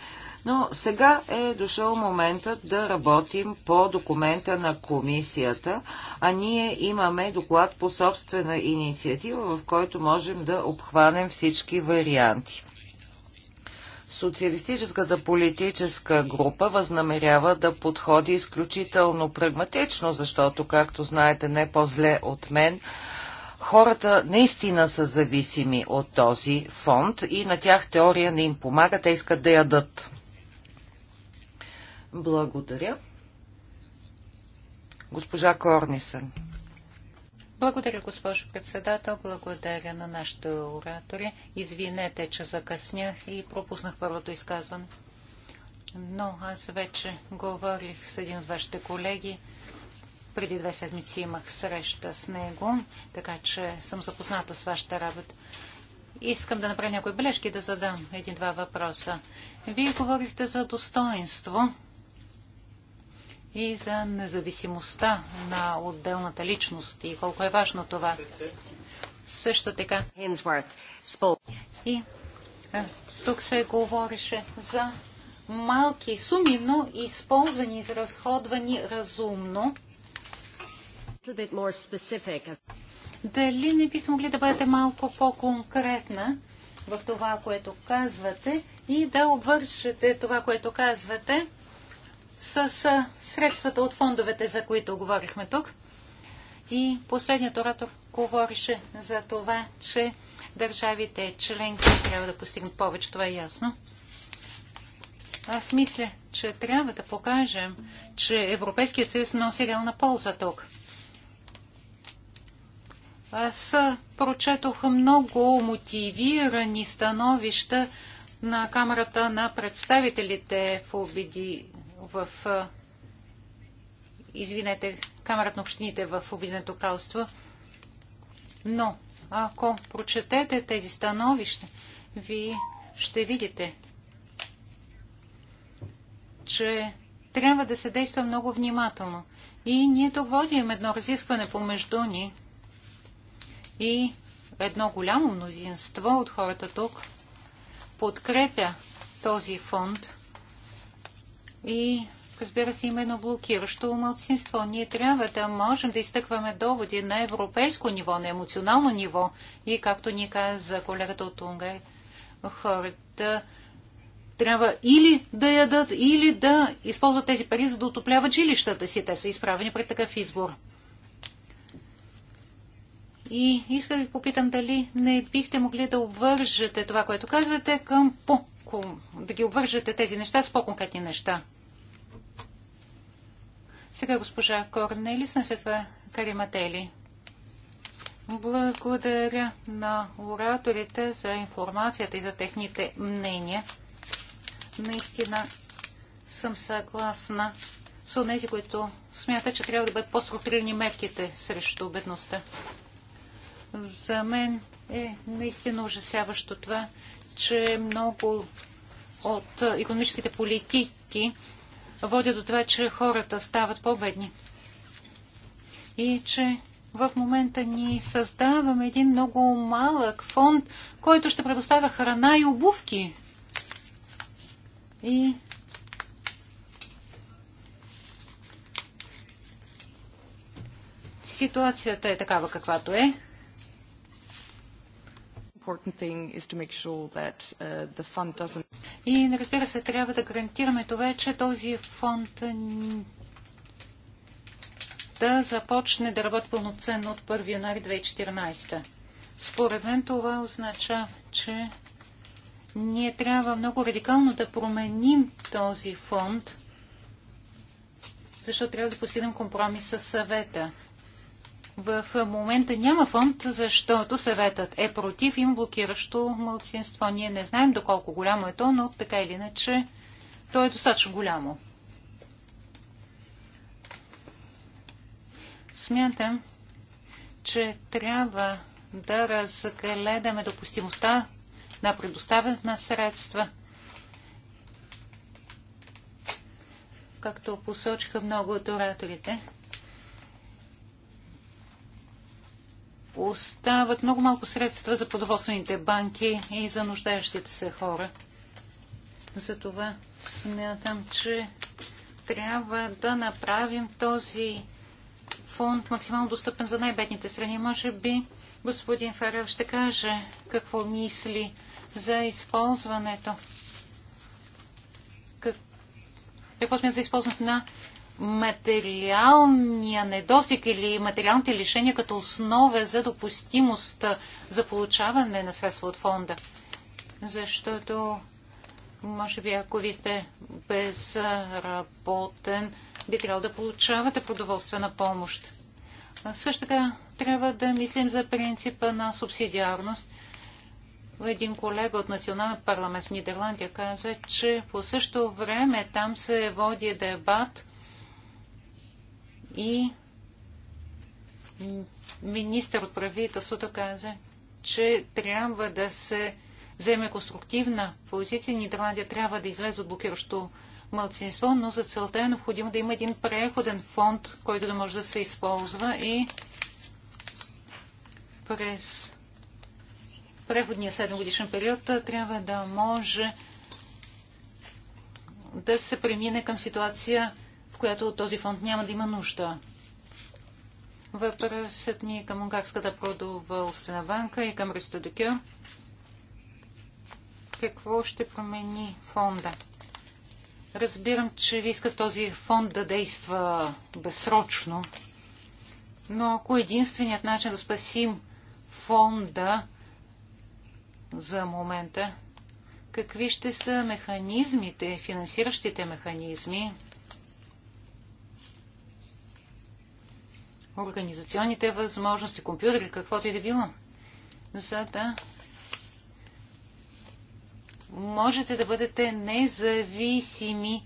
Но сега е дошъл моментът да работим по документа на комисията, а ние имаме доклад по собствена инициатива, в който можем да обхванем всички варианти. Социалистическата политическа група възнамерява да подходи изключително прагматично, защото, както знаете, не по-зле от мен, хората наистина са зависими от този фонд и на тях теория не им помага, те искат да ядат. Благодаря. Госпожа Корнисен. Благодаря, госпожо председател. Благодаря на нашите оратори. Извинете, че закъснях и пропуснах първото изказване. Но аз вече говорих с един от вашите колеги преди две седмици имах среща с него, така че съм запозната с вашата работа. Искам да направя някои бележки да задам един-два въпроса. Вие говорихте за достоинство и за независимостта на отделната личност и колко е важно това. Също така. И а, е, тук се говореше за малки суми, но използвани, изразходвани разумно дали не бихте могли да бъдете малко по-конкретна в това, което казвате и да обвършете това, което казвате с средствата от фондовете, за които говорихме тук. И последният оратор говореше за това, че държавите членки трябва да постигнат повече. Това е ясно. Аз мисля, че трябва да покажем, че Европейският съюз носи реална полза тук. Аз прочетох много мотивирани становища на Камерата на представителите в обиди в извинете, Камерата на общините в Обединеното кралство. Но ако прочетете тези становища, ви ще видите, че трябва да се действа много внимателно. И ние тук водим едно разискване помежду ни, и едно голямо мнозинство от хората тук подкрепя този фонд и разбира се, има едно блокиращо мълцинство. Ние трябва да можем да изтъкваме доводи на европейско ниво, на емоционално ниво и както ни каза колегата от Унгай, хората трябва или да ядат, или да използват тези пари, за да отопляват жилищата си. Те са изправени пред такъв избор. И иска да ви попитам дали не бихте могли да обвържете това, което казвате, към по да ги обвържете тези неща с по-конкретни неща. Сега госпожа Корнелис, на след това Кариматели. Благодаря на ораторите за информацията и за техните мнения. Наистина съм съгласна с тези, които смятат, че трябва да бъдат по-структурирани мерките срещу бедността. За мен е наистина ужасяващо това, че много от економическите политики водят до това, че хората стават по-бедни. И че в момента ни създаваме един много малък фонд, който ще предоставя храна и обувки. И ситуацията е такава каквато е. Uh, И разбира се, трябва да гарантираме това, че този фонд да започне да работи пълноценно от 1 януари 2014. Според мен това означава, че ние трябва много радикално да променим този фонд, защото трябва да постигнем компромис с съвета. В момента няма фонд, защото съветът е против им блокиращо мълцинство. Ние не знаем доколко голямо е то, но така или иначе то е достатъчно голямо. Смятам, че трябва да разгледаме допустимостта на предоставянето на средства. Както посочиха много от ораторите, остават много малко средства за продоволствените банки и за нуждаещите се хора. Затова смятам, че трябва да направим този фонд максимално достъпен за най-бедните страни. Може би господин Фарел ще каже какво мисли за използването. Какво смята за използването на материалния недостиг или материалните лишения като основа за допустимост за получаване на средства от фонда. Защото, може би, ако ви сте безработен, би трябвало да получавате продоволствена помощ. Също така трябва да мислим за принципа на субсидиарност. Един колега от Национален парламент в Нидерландия каза, че по същото време там се води дебат и министър от правителството каза, че трябва да се вземе конструктивна позиция. Нидерландия трябва да излезе от блокиращо мълцинство, но за целта е необходимо да има един преходен фонд, който да може да се използва и през преходния 7 годишен период трябва да може да се премине към ситуация която от този фонд няма да има нужда. Въпросът ми е към Унгарската продоволствена банка и към Рестодокю. Какво ще промени фонда? Разбирам, че ви иска този фонд да действа безсрочно, но ако единственият начин да спасим фонда за момента, какви ще са механизмите, финансиращите механизми, организационните възможности, компютри, каквото и да било, за да можете да бъдете независими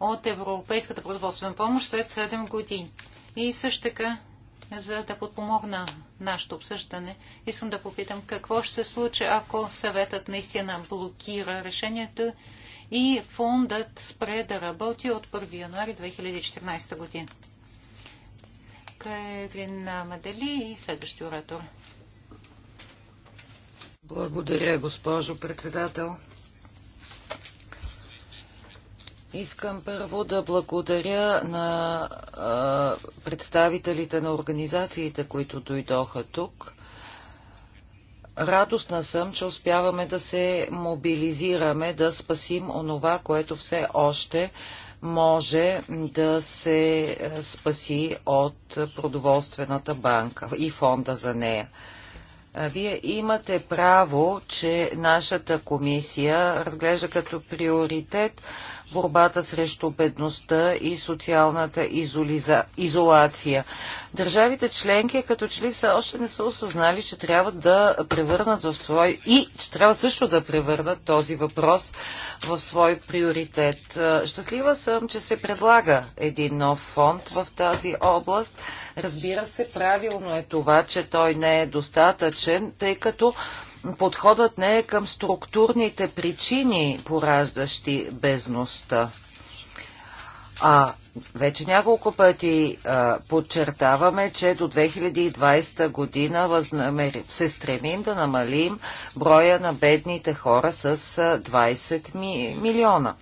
от Европейската производствена помощ след 7 години. И също така, за да подпомогна нашето обсъждане, искам да попитам какво ще се случи, ако съветът наистина блокира решението и фондът спре да работи от 1 януари 2014 година. Карина Мадели и следващия оратор. Благодаря, госпожо председател. Искам първо да благодаря на а, представителите на организациите, които дойдоха тук. Радостна съм, че успяваме да се мобилизираме, да спасим онова, което все още може да се е, спаси от продоволствената банка и фонда за нея. Вие имате право, че нашата комисия разглежда като приоритет борбата срещу бедността и социалната изолиза, изолация държавите членки като че ли все още не са осъзнали, че трябва да превърнат в свой и че трябва също да превърнат този въпрос в свой приоритет. Щастлива съм, че се предлага един нов фонд в тази област. Разбира се, правилно е това, че той не е достатъчен, тъй като подходът не е към структурните причини, пораждащи безността. А вече няколко пъти а, подчертаваме, че до 2020 година възнамер... се стремим да намалим броя на бедните хора с 20 ми... милиона.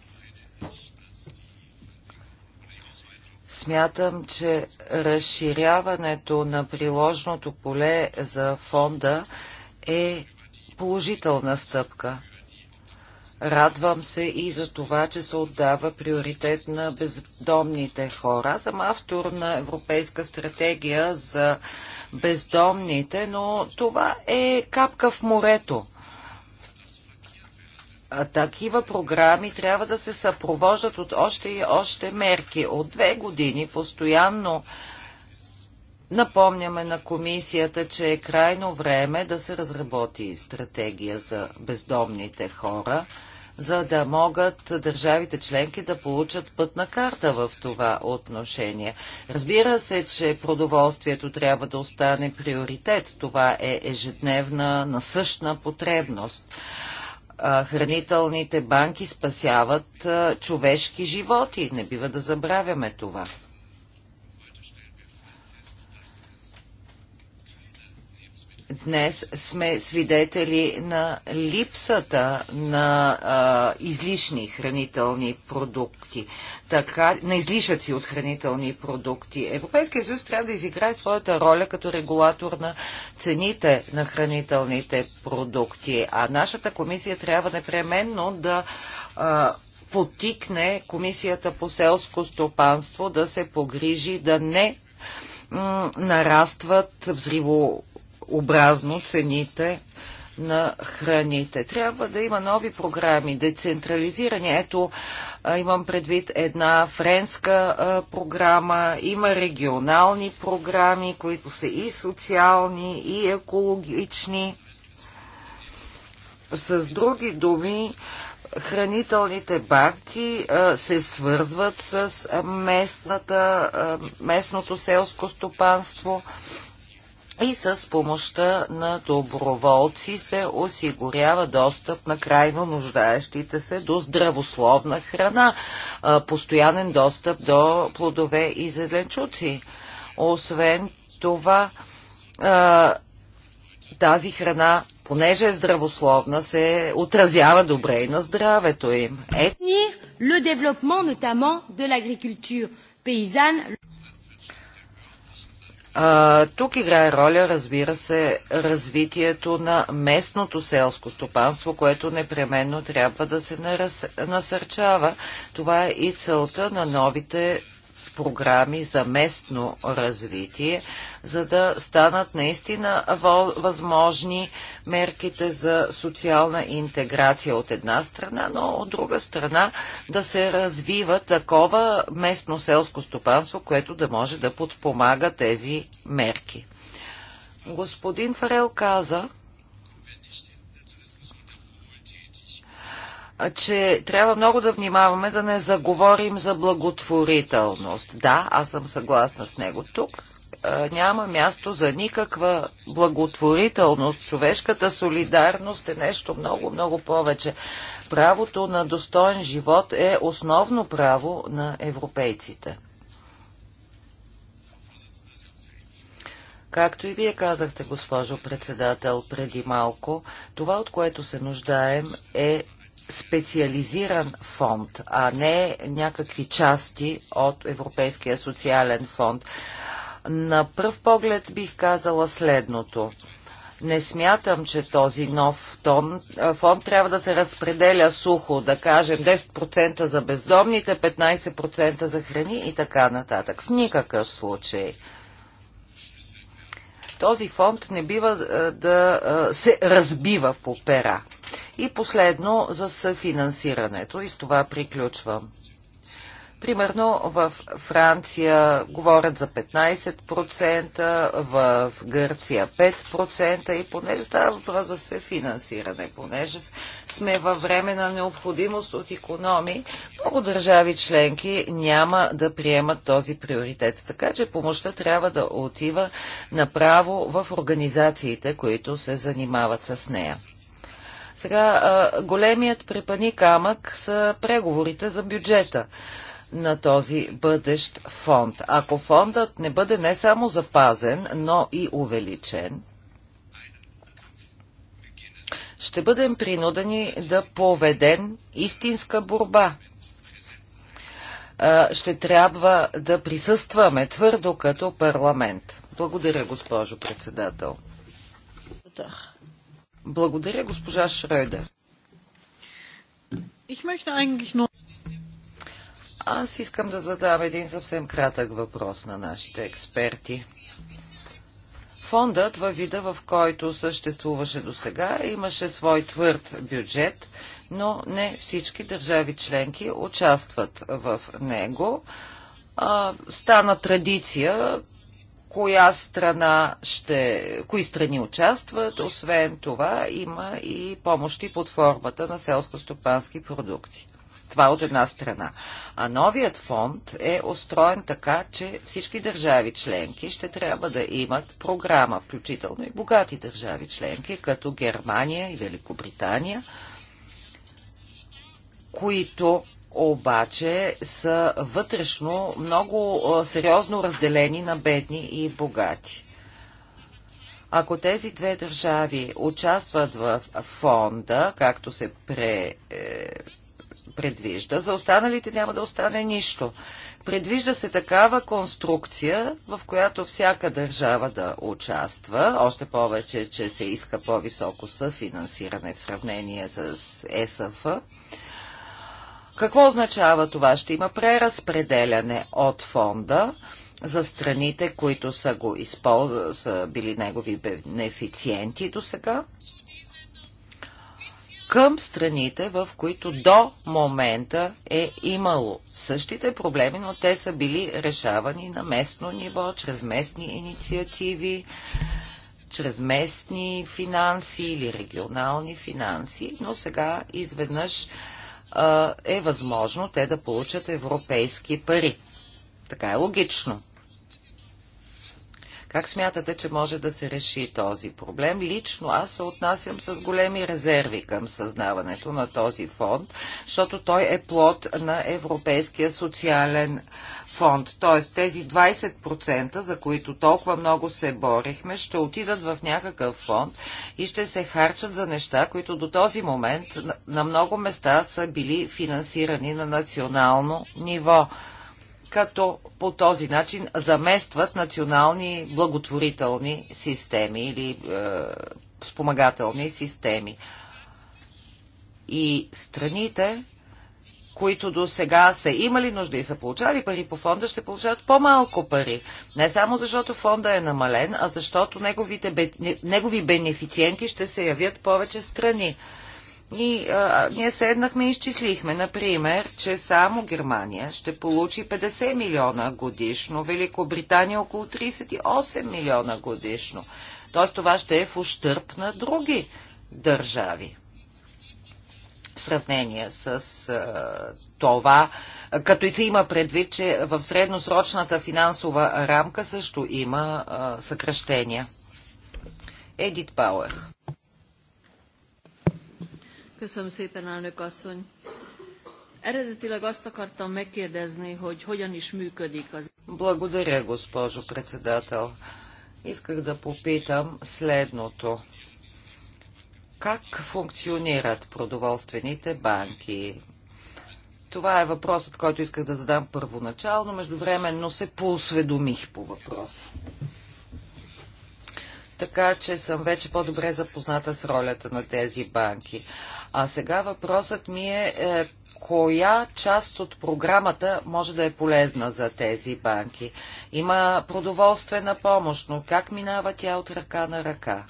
Смятам, че разширяването на приложното поле за фонда е положителна стъпка. Радвам се и за това, че се отдава приоритет на бездомните хора. Аз съм автор на Европейска стратегия за бездомните, но това е капка в морето. Такива програми трябва да се съпровождат от още и още мерки. От две години постоянно Напомняме на комисията, че е крайно време да се разработи стратегия за бездомните хора, за да могат държавите членки да получат пътна карта в това отношение. Разбира се, че продоволствието трябва да остане приоритет. Това е ежедневна насъщна потребност. Хранителните банки спасяват човешки животи. Не бива да забравяме това. Днес сме свидетели на липсата на а, излишни хранителни продукти, така, на излишъци от хранителни продукти. Европейския съюз трябва да изиграе своята роля като регулатор на цените на хранителните продукти, а нашата комисия трябва непременно да а, потикне Комисията по селско стопанство да се погрижи да не нарастват взриво образно цените на храните. Трябва да има нови програми, децентрализирани. Ето, имам предвид една френска програма, има регионални програми, които са и социални, и екологични. С други думи, хранителните банки се свързват с местната, местното селско стопанство и с помощта на доброволци се осигурява достъп на крайно нуждаещите се до здравословна храна, постоянен достъп до плодове и зеленчуци. Освен това, тази храна, понеже е здравословна, се отразява добре и на здравето им. Е... Le développement notamment de l'agriculture paysanne. А, тук играе роля, разбира се, развитието на местното селско стопанство, което непременно трябва да се насърчава. Това е и целта на новите програми за местно развитие, за да станат наистина възможни мерките за социална интеграция от една страна, но от друга страна да се развива такова местно селско стопанство, което да може да подпомага тези мерки. Господин Фарел каза, че трябва много да внимаваме да не заговорим за благотворителност. Да, аз съм съгласна с него тук. Няма място за никаква благотворителност. Човешката солидарност е нещо много, много повече. Правото на достоен живот е основно право на европейците. Както и вие казахте, госпожо председател, преди малко, това, от което се нуждаем, е специализиран фонд, а не някакви части от Европейския социален фонд. На пръв поглед бих казала следното. Не смятам, че този нов тон, фонд трябва да се разпределя сухо, да кажем 10% за бездомните, 15% за храни и така нататък. В никакъв случай. Този фонд не бива е, да е, се разбива по пера. И последно за съфинансирането. И с това приключвам. Примерно в Франция говорят за 15%, в Гърция 5% и понеже става въпрос за се финансиране, понеже сме във време на необходимост от економии, много държави членки няма да приемат този приоритет. Така че помощта трябва да отива направо в организациите, които се занимават с нея. Сега големият препани камък са преговорите за бюджета на този бъдещ фонд. Ако фондът не бъде не само запазен, но и увеличен, ще бъдем принудени да поведем истинска борба. Ще трябва да присъстваме твърдо като парламент. Благодаря, госпожо председател. Благодаря, госпожа Шройдер. Аз искам да задам един съвсем кратък въпрос на нашите експерти. Фондът във вида, в който съществуваше до сега, имаше свой твърд бюджет, но не всички държави членки участват в него. А, стана традиция, коя страна ще, кои страни участват. Освен това има и помощи под формата на селско-стопански продукти. Това е от една страна. А новият фонд е устроен така, че всички държави членки ще трябва да имат програма, включително и богати държави членки, като Германия и Великобритания, които обаче са вътрешно много сериозно разделени на бедни и богати. Ако тези две държави участват в фонда, както се пре, е, предвижда. За останалите няма да остане нищо. Предвижда се такава конструкция, в която всяка държава да участва, още повече, че се иска по-високо съфинансиране в сравнение с ЕСФ. Какво означава това? Ще има преразпределяне от фонда за страните, които са, го използ... са били негови бенефициенти до сега към страните, в които до момента е имало същите проблеми, но те са били решавани на местно ниво, чрез местни инициативи, чрез местни финанси или регионални финанси, но сега изведнъж е възможно те да получат европейски пари. Така е логично. Как смятате, че може да се реши този проблем? Лично аз се отнасям с големи резерви към съзнаването на този фонд, защото той е плод на Европейския социален фонд. Т.е. тези 20%, за които толкова много се борихме, ще отидат в някакъв фонд и ще се харчат за неща, които до този момент на много места са били финансирани на национално ниво като по този начин заместват национални благотворителни системи или е, спомагателни системи. И страните, които до сега са имали нужда и са получали пари по фонда, ще получават по-малко пари. Не само защото фонда е намален, а защото неговите, негови бенефициенти ще се явят повече страни. И а, ние седнахме и изчислихме, например, че само Германия ще получи 50 милиона годишно, Великобритания около 38 милиона годишно. Тоест това ще е в ущърп на други държави. В сравнение с а, това, като и се има предвид, че в средносрочната финансова рамка също има а, съкръщения. Едит Пауер. Köszönöm szépen, elnök asszony. Eredetileg azt akartam megkérdezni, hogy hogyan is működik az... Благодаря, госпожо председател. Исках да попитам следното. Как функционират продоволствените банки? Това е въпросът, който исках да задам първоначално, междувременно се поосведомих по въпроса така че съм вече по-добре запозната с ролята на тези банки. А сега въпросът ми е, е коя част от програмата може да е полезна за тези банки. Има продоволствена помощ, но как минава тя от ръка на ръка?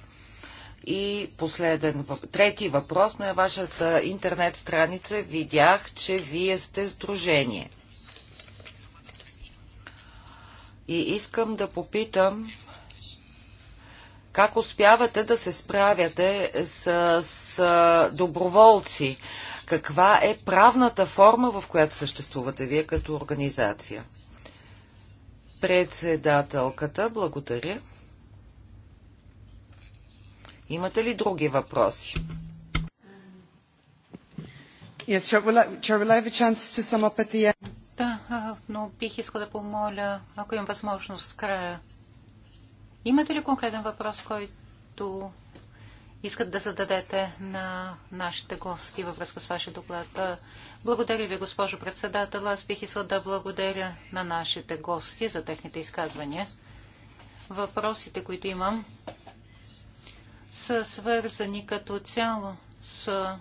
И последен, трети въпрос на вашата интернет страница. Видях, че вие сте сдружение. И искам да попитам как успявате да се справяте с, с доброволци? Каква е правната форма, в която съществувате вие като организация? Председателката, благодаря. Имате ли други въпроси? Да, но бих искала да помоля, ако имам възможност, края Имате ли конкретен въпрос, който искат да зададете на нашите гости във връзка с вашия доклад? Благодаря ви, госпожо председател. Аз бих искал да благодаря на нашите гости за техните изказвания. Въпросите, които имам, са свързани като цяло с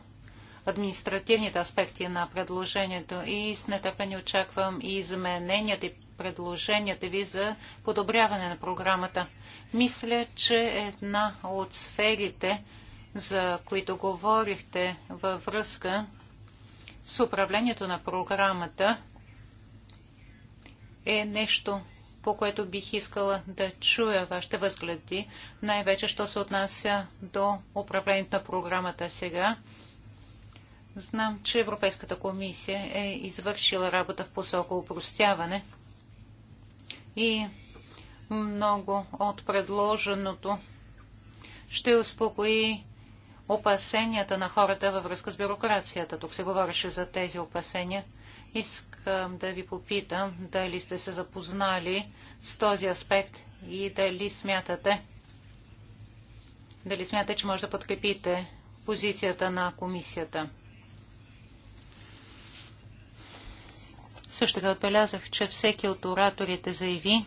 административните аспекти на предложението и с нетърпение очаквам и измененията и предложенията ви за подобряване на програмата. Мисля, че една от сферите, за които говорихте във връзка с управлението на програмата, е нещо, по което бих искала да чуя вашите възгледи, най-вече, що се отнася до управлението на програмата сега. Знам, че Европейската комисия е извършила работа в посока упростяване и много от предложеното ще успокои опасенията на хората във връзка с бюрокрацията. Тук се говореше за тези опасения. Искам да ви попитам дали сте се запознали с този аспект и дали смятате, дали смятате, че може да подкрепите позицията на комисията. Също така отбелязах, че всеки от ораторите заяви,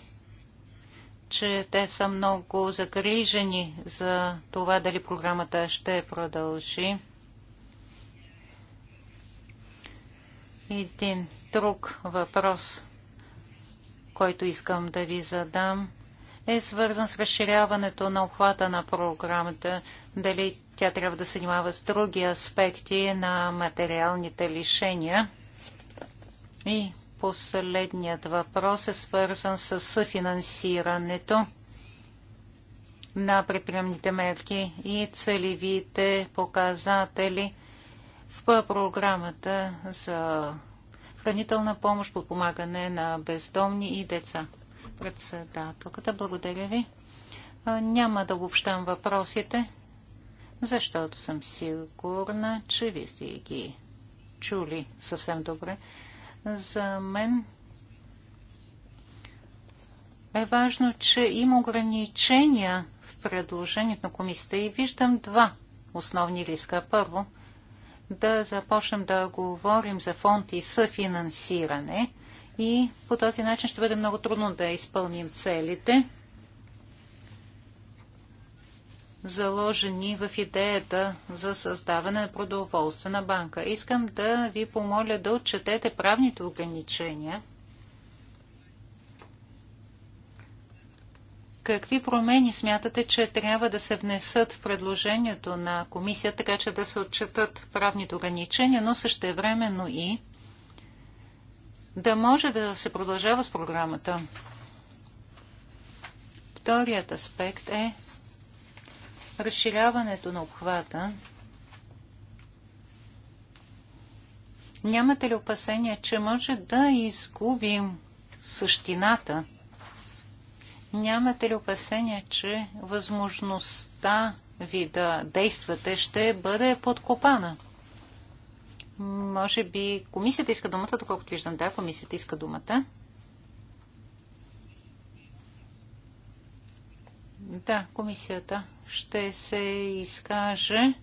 че те са много загрижени за това дали програмата ще продължи. Един друг въпрос, който искам да ви задам, е свързан с разширяването на обхвата на програмата. Дали тя трябва да се занимава с други аспекти на материалните лишения. И Последният въпрос е свързан с съфинансирането на предприемните мерки и целевите показатели в програмата за хранителна помощ, подпомагане на бездомни и деца. Председателката, благодаря ви. Няма да обобщам въпросите, защото съм сигурна, че вие сте ги чули съвсем добре. За мен е важно, че има ограничения в предложението на комисията и виждам два основни риска. Първо, да започнем да говорим за фонд и съфинансиране и по този начин ще бъде много трудно да изпълним целите заложени в идеята за създаване на продоволствена банка. Искам да ви помоля да отчетете правните ограничения. Какви промени смятате, че трябва да се внесат в предложението на комисията, така че да се отчетат правните ограничения, но същевременно и да може да се продължава с програмата? Вторият аспект е разширяването на обхвата, нямате ли опасения, че може да изгубим същината? Нямате ли опасения, че възможността ви да действате ще бъде подкопана? Може би комисията иска думата, доколкото виждам. Да, комисията иска думата. Да, комисията ще се изкаже,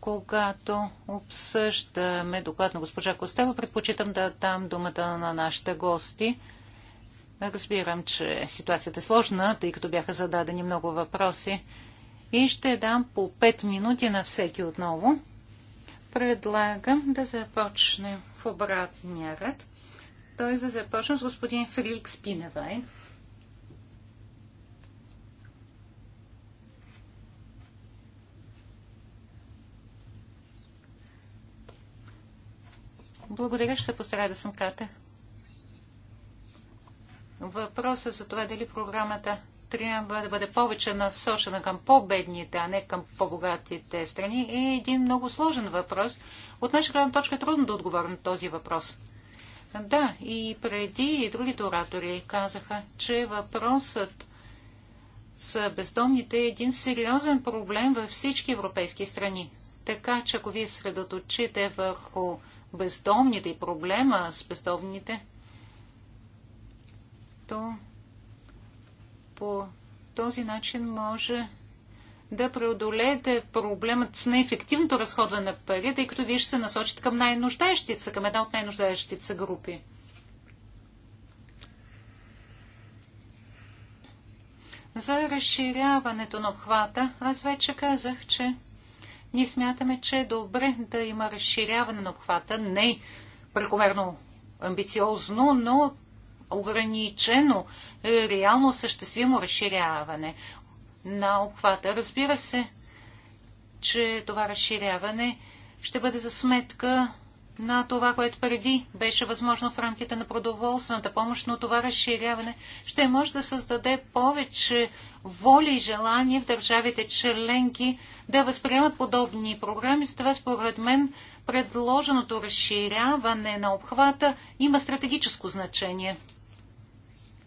когато обсъждаме доклад на госпожа Костело. Предпочитам да дам думата на нашите гости. Разбирам, че ситуацията е сложна, тъй като бяха зададени много въпроси. И ще дам по 5 минути на всеки отново. Предлагам да започнем в обратния ред. той е да започнем с господин Феликс Пиневайн Благодаря, ще се постарая да съм кратък. Въпросът за това дали програмата трябва да бъде повече насочена към по-бедните, а не към по-богатите страни, е един много сложен въпрос. От наша гледна точка е трудно да отговоря на този въпрос. Да, и преди и другите оратори казаха, че въпросът с бездомните е един сериозен проблем във всички европейски страни. Така че ако вие средоточите върху бездомните и проблема с бездомните, то по този начин може да преодолеете проблемът с неефективното разходване на пари, тъй като вие ще се насочите към най-нуждаещите се, към една от най-нуждаещите се групи. За разширяването на обхвата, аз вече казах, че ние смятаме, че е добре да има разширяване на обхвата, не прекомерно амбициозно, но ограничено, реално съществимо разширяване на обхвата. Разбира се, че това разширяване ще бъде за сметка на това, което преди беше възможно в рамките на продоволствената помощ, но това разширяване ще може да създаде повече воля и желание в държавите членки да възприемат подобни програми. Затова според мен предложеното разширяване на обхвата има стратегическо значение.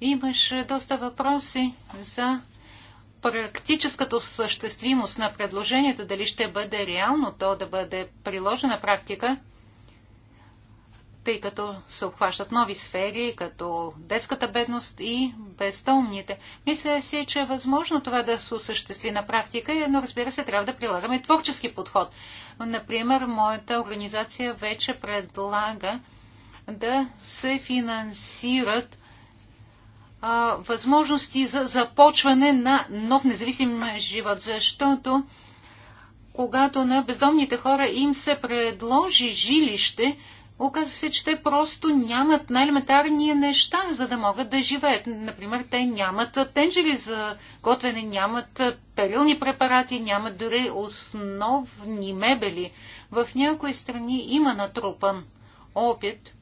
Имаше доста въпроси за практическата осъществимост на предложението, дали ще бъде реално то да бъде приложена практика тъй като се обхващат нови сфери, като детската бедност и бездомните. Мисля си, че е възможно това да се осъществи на практика, но разбира се, трябва да прилагаме творчески подход. Например, моята организация вече предлага да се финансират а, възможности за започване на нов независим живот, защото когато на бездомните хора им се предложи жилище, Оказва се, че те просто нямат най-елементарни неща, за да могат да живеят. Например, те нямат тенджери за готвене, нямат перилни препарати, нямат дори основни мебели. В някои страни има натрупан опит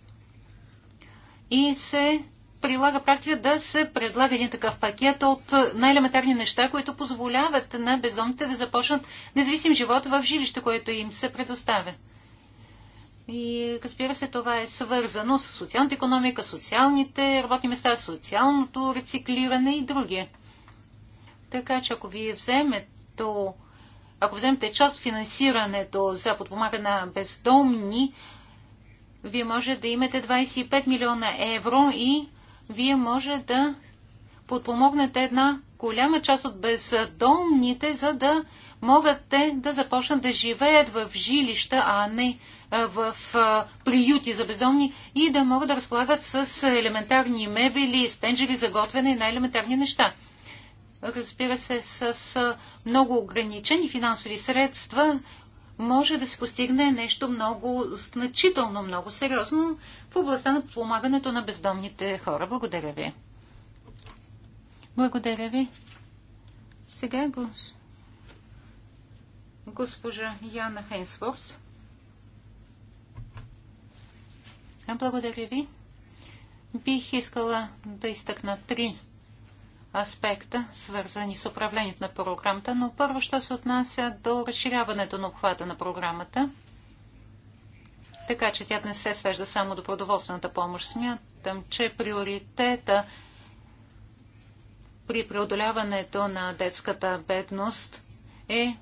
и се прилага практика да се предлага един такъв пакет от най-елементарни неща, които позволяват на бездомните да започнат независим живот в жилище, което им се предоставя. И разбира се, това е свързано с социалната економика, социалните работни места, социалното рециклиране и други. Така че ако вие вземете ако вземете част от финансирането за подпомагане на бездомни, вие може да имате 25 милиона евро и вие може да подпомогнете една голяма част от бездомните, за да могат те да започнат да живеят в жилища, а не в приюти за бездомни и да могат да разполагат с елементарни мебели, стенджери за готвене и най-елементарни неща. Разбира се, с много ограничени финансови средства може да се постигне нещо много значително, много сериозно в областта на подпомагането на бездомните хора. Благодаря ви. Благодаря ви. Сега е го госпожа Яна Хейнсворс. Благодаря ви. Бих искала да изтъкна три аспекта, свързани с управлението на програмата, но първо ще се отнася до разширяването на обхвата на програмата, така че тя не се свежда само до продоволствената помощ. Смятам, че приоритета при преодоляването на детската бедност е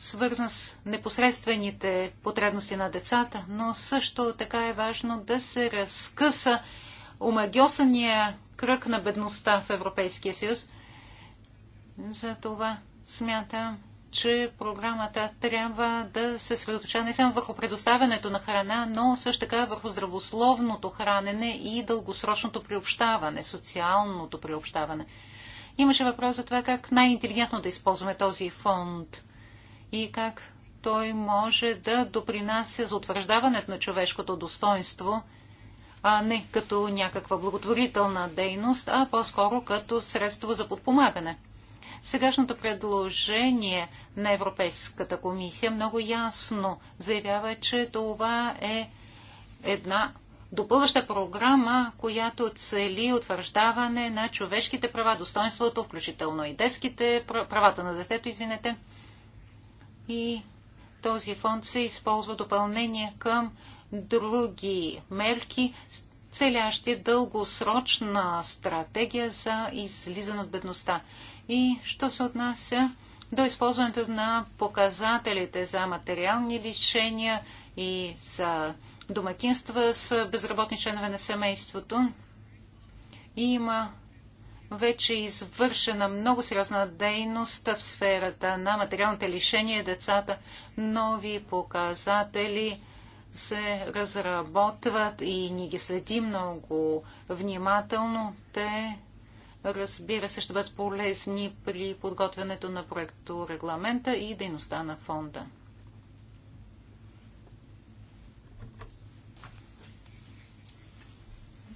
свързан с непосредствените потребности на децата, но също така е важно да се разкъса омагиосания кръг на бедността в Европейския съюз. Затова смятам, че програмата трябва да се средоточа не само върху предоставянето на храна, но също така върху здравословното хранене и дългосрочното приобщаване, социалното приобщаване. Имаше въпрос за това как най-интелигентно да използваме този фонд и как той може да допринася за утвърждаването на човешкото достоинство, а не като някаква благотворителна дейност, а по-скоро като средство за подпомагане. Сегашното предложение на Европейската комисия много ясно заявява, че това е една допълваща програма, която цели утвърждаване на човешките права, достоинството, включително и детските, правата на детето, извинете, и този фонд се използва допълнение към други мерки, целящи дългосрочна стратегия за излизане от бедността. И що се отнася до използването на показателите за материални лишения и за домакинства с безработни членове на семейството, има вече е извършена много сериозна дейност в сферата на материалните лишения децата. Нови показатели се разработват и ни ги следи много внимателно. Те, разбира се, ще бъдат полезни при подготвянето на проекто регламента и дейността на фонда.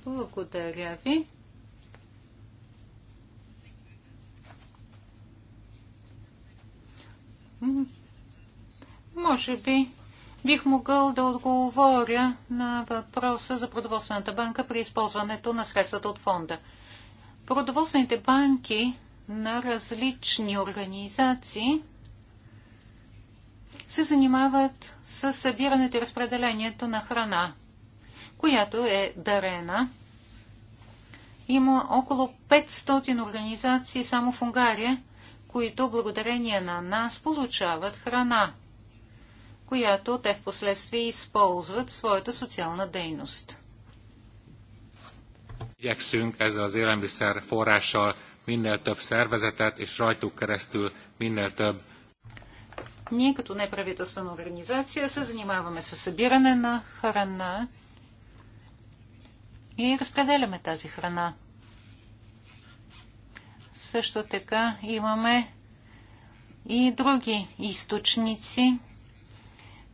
Благодаря ви. Може би бих могъл да отговоря на въпроса за продоволствената банка при използването на средствата от фонда. Продоволствените банки на различни организации се занимават с събирането и разпределението на храна, която е дарена. Има около 500 организации само в Унгария, които благодарение на нас получават храна, която те в последствие използват в своята социална дейност. Igyekszünk ezzel az élelmiszer forrással minél több szervezetet és rajtuk keresztül minél több ние като неправителствена организация се занимаваме с събиране на храна и разпределяме тази храна също така имаме и други източници.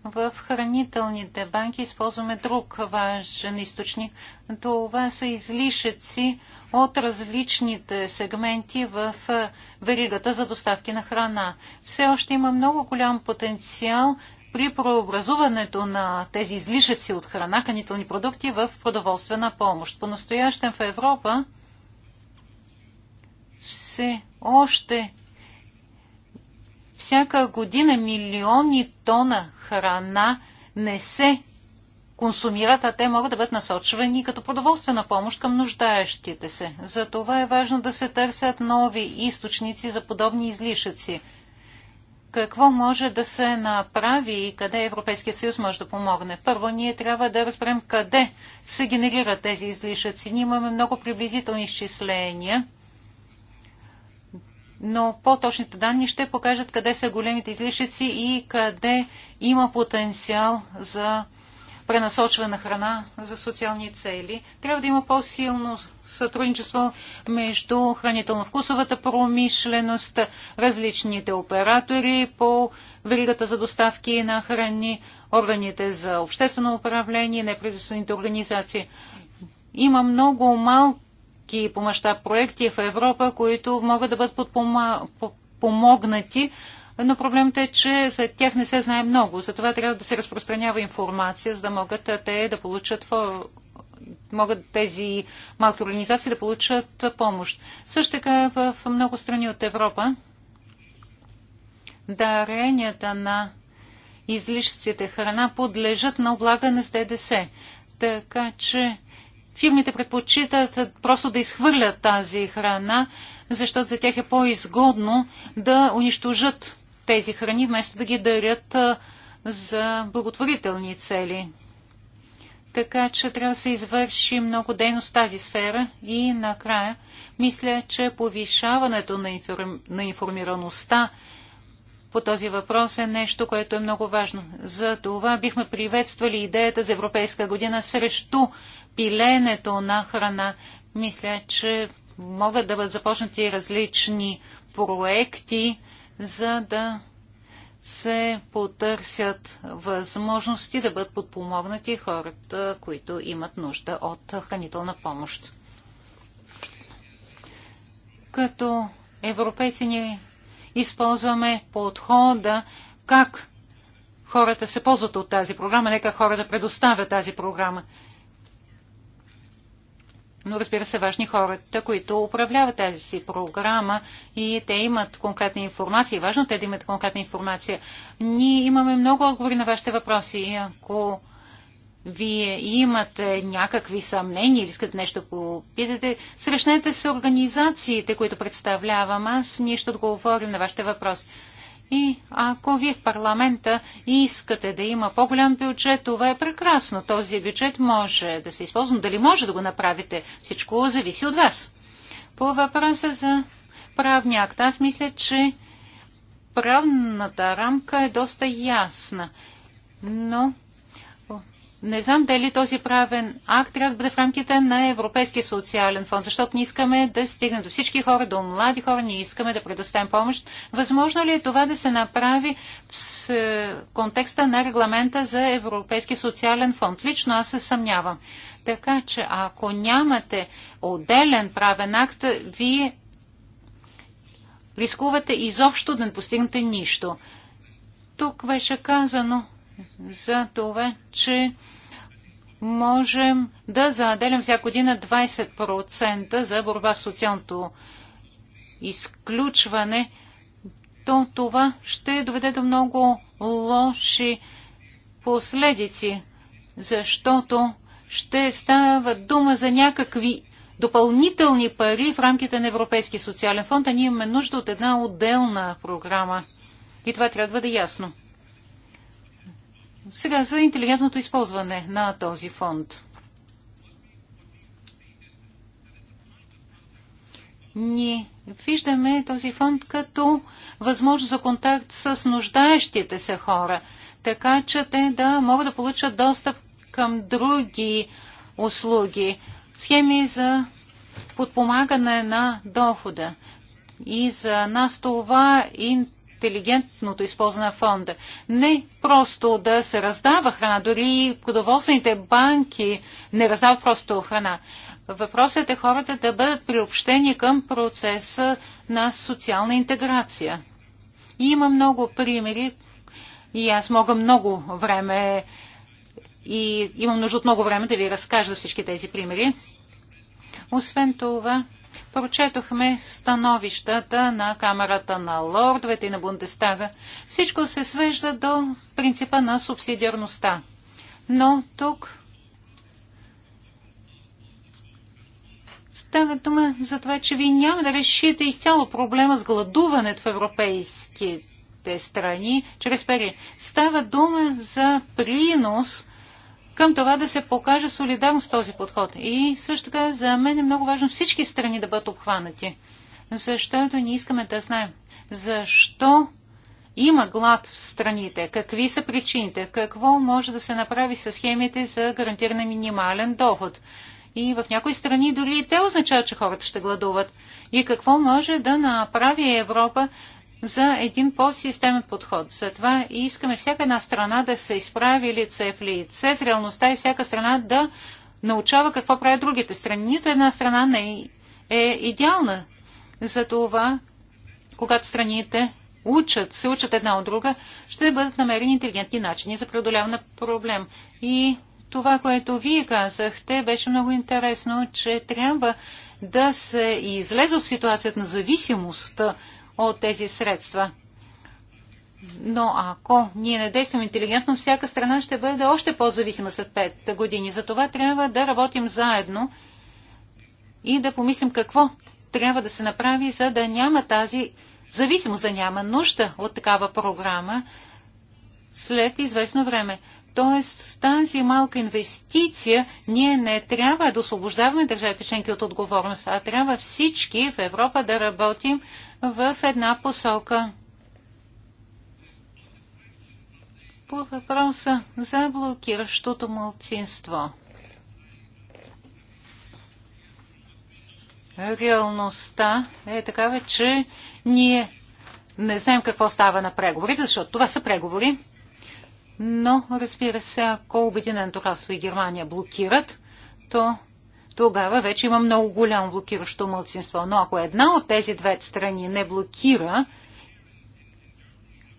В хранителните банки използваме друг важен източник. Това са излишъци от различните сегменти в веригата за доставки на храна. Все още има много голям потенциал при преобразуването на тези излишъци от храна, хранителни продукти в продоволствена помощ. По-настоящем в Европа се още всяка година милиони тона храна не се консумират, а те могат да бъдат насочвани като продоволствена помощ към нуждаещите се. Затова е важно да се търсят нови източници за подобни излишъци. Какво може да се направи и къде Европейския съюз може да помогне? Първо, ние трябва да разберем къде се генерират тези излишъци. Ние имаме много приблизителни изчисления но по-точните данни ще покажат къде са големите излишъци и къде има потенциал за пренасочване на храна за социални цели. Трябва да има по-силно сътрудничество между хранително-вкусовата промишленост, различните оператори по веригата за доставки на храни, органите за обществено управление, неправителствените организации. Има много малко малки по мащаб проекти в Европа, които могат да бъдат помогнати, но проблемът е, че за тях не се знае много. Затова трябва да се разпространява информация, за да могат те да получат могат тези малки организации да получат помощ. Също така в много страни от Европа даренията на излишците храна подлежат на облагане с ДДС. Така че фирмите предпочитат просто да изхвърлят тази храна, защото за тях е по-изгодно да унищожат тези храни, вместо да ги дарят за благотворителни цели. Така че трябва да се извърши много дейност в тази сфера и накрая мисля, че повишаването на, информ... на информираността по този въпрос е нещо, което е много важно. За това бихме приветствали идеята за Европейска година срещу пиленето на храна. Мисля, че могат да бъдат започнати различни проекти, за да се потърсят възможности да бъдат подпомогнати хората, които имат нужда от хранителна помощ. Като европейци ни използваме подхода как хората се ползват от тази програма, нека хората предоставят тази програма но разбира се важни хората, които управляват тази си програма и те имат конкретна информация. Важно е те да имат конкретна информация. Ние имаме много отговори на вашите въпроси и ако вие имате някакви съмнения или искате нещо попитате, срещнете се организациите, които представлявам аз. Ние ще отговорим на вашите въпроси. И ако ви в парламента искате да има по-голям бюджет, това е прекрасно. Този бюджет може да се използва. Но дали може да го направите? Всичко зависи от вас. По въпроса за правния акт, аз мисля, че правната рамка е доста ясна. Но не знам дали този правен акт трябва да бъде в рамките на Европейския социален фонд, защото не искаме да стигнем до всички хора, до млади хора, не искаме да предоставим помощ. Възможно ли е това да се направи в е, контекста на регламента за Европейски социален фонд? Лично аз се съмнявам. Така че ако нямате отделен правен акт, вие рискувате изобщо да не постигнете нищо. Тук беше казано, за това, че можем да заделям всяка година 20% за борба с социалното изключване, то това ще доведе до много лоши последици, защото ще става дума за някакви допълнителни пари в рамките на Европейския социален фонд, а ние имаме нужда от една отделна програма. И това трябва да е ясно. Сега за интелигентното използване на този фонд. Ние виждаме този фонд като възможност за контакт с нуждаещите се хора, така че те да могат да получат достъп към други услуги, схеми за подпомагане на дохода. И за нас това е интелигентното използване на фонда. Не просто да се раздава храна, дори и продоволствените банки не раздават просто храна. Въпросът е хората да бъдат приобщени към процеса на социална интеграция. И има много примери и аз мога много време и имам нужда от много време да ви разкажа всички тези примери. Освен това, прочетохме становищата на Камерата на лордовете и на Бундестага. Всичко се свежда до принципа на субсидиарността. Но тук става дума за това, че ви няма да решите изцяло проблема с гладуването в европейските страни чрез пари. Става дума за принос към това да се покаже солидарност с този подход. И също така за мен е много важно всички страни да бъдат обхванати, защото ние искаме да знаем защо има глад в страните, какви са причините, какво може да се направи с схемите за гарантиране минимален доход. И в някои страни дори и те означават, че хората ще гладуват. И какво може да направи Европа, за един по-системен подход. Затова и искаме всяка една страна да се изправи лице в лице с реалността и всяка страна да научава какво правят другите страни. Нито една страна не е идеална. Затова, когато страните учат, се учат една от друга, ще бъдат намерени интелигентни начини за преодоляване на проблем. И това, което вие казахте, беше много интересно, че трябва да се излезе от ситуацията на зависимост от тези средства. Но ако ние не действаме интелигентно, всяка страна ще бъде още по-зависима след 5 години. Затова трябва да работим заедно и да помислим какво трябва да се направи, за да няма тази зависимост, да няма нужда от такава програма след известно време. Тоест, с тази малка инвестиция ние не трябва да освобождаваме държавите членки от отговорност, а трябва всички в Европа да работим в една посока. По въпроса за блокиращото мълцинство. Реалността е такава, че ние не знаем какво става на преговорите, защото това са преговори. Но, разбира се, ако Обединеното кралство и Германия блокират, то тогава вече има много голямо блокиращо мълцинство. Но ако една от тези две страни не блокира,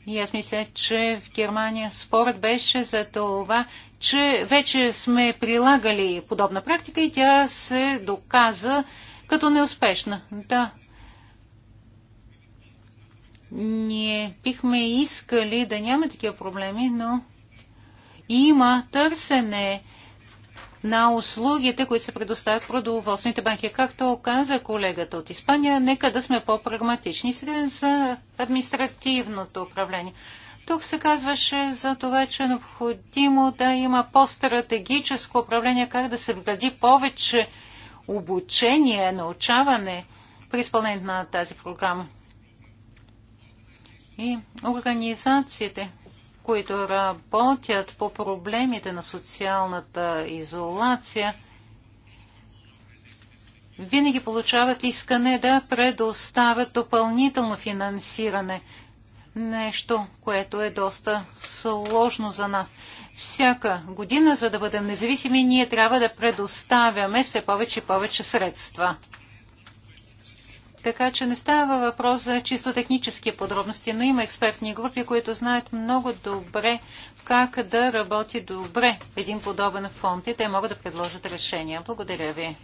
и аз мисля, че в Германия спорът беше за това, че вече сме прилагали подобна практика и тя се доказа като неуспешна. Да. Ние бихме искали да няма такива проблеми, но има търсене на услугите, които се предоставят продоволствените банки. Както каза колегата от Испания, нека да сме по-прагматични е за административното управление. Тук се казваше за това, че е необходимо да има по-стратегическо управление, как да се вгради повече обучение, научаване при изпълнението на тази програма. И организациите които работят по проблемите на социалната изолация, винаги получават искане да предоставят допълнително финансиране. Нещо, което е доста сложно за нас. Всяка година, за да бъдем независими, ние трябва да предоставяме все повече и повече средства. Така че не става въпрос за чисто технически подробности, но има експертни групи, които знаят много добре как да работи добре един подобен фонд и те могат да предложат решения. Благодаря ви.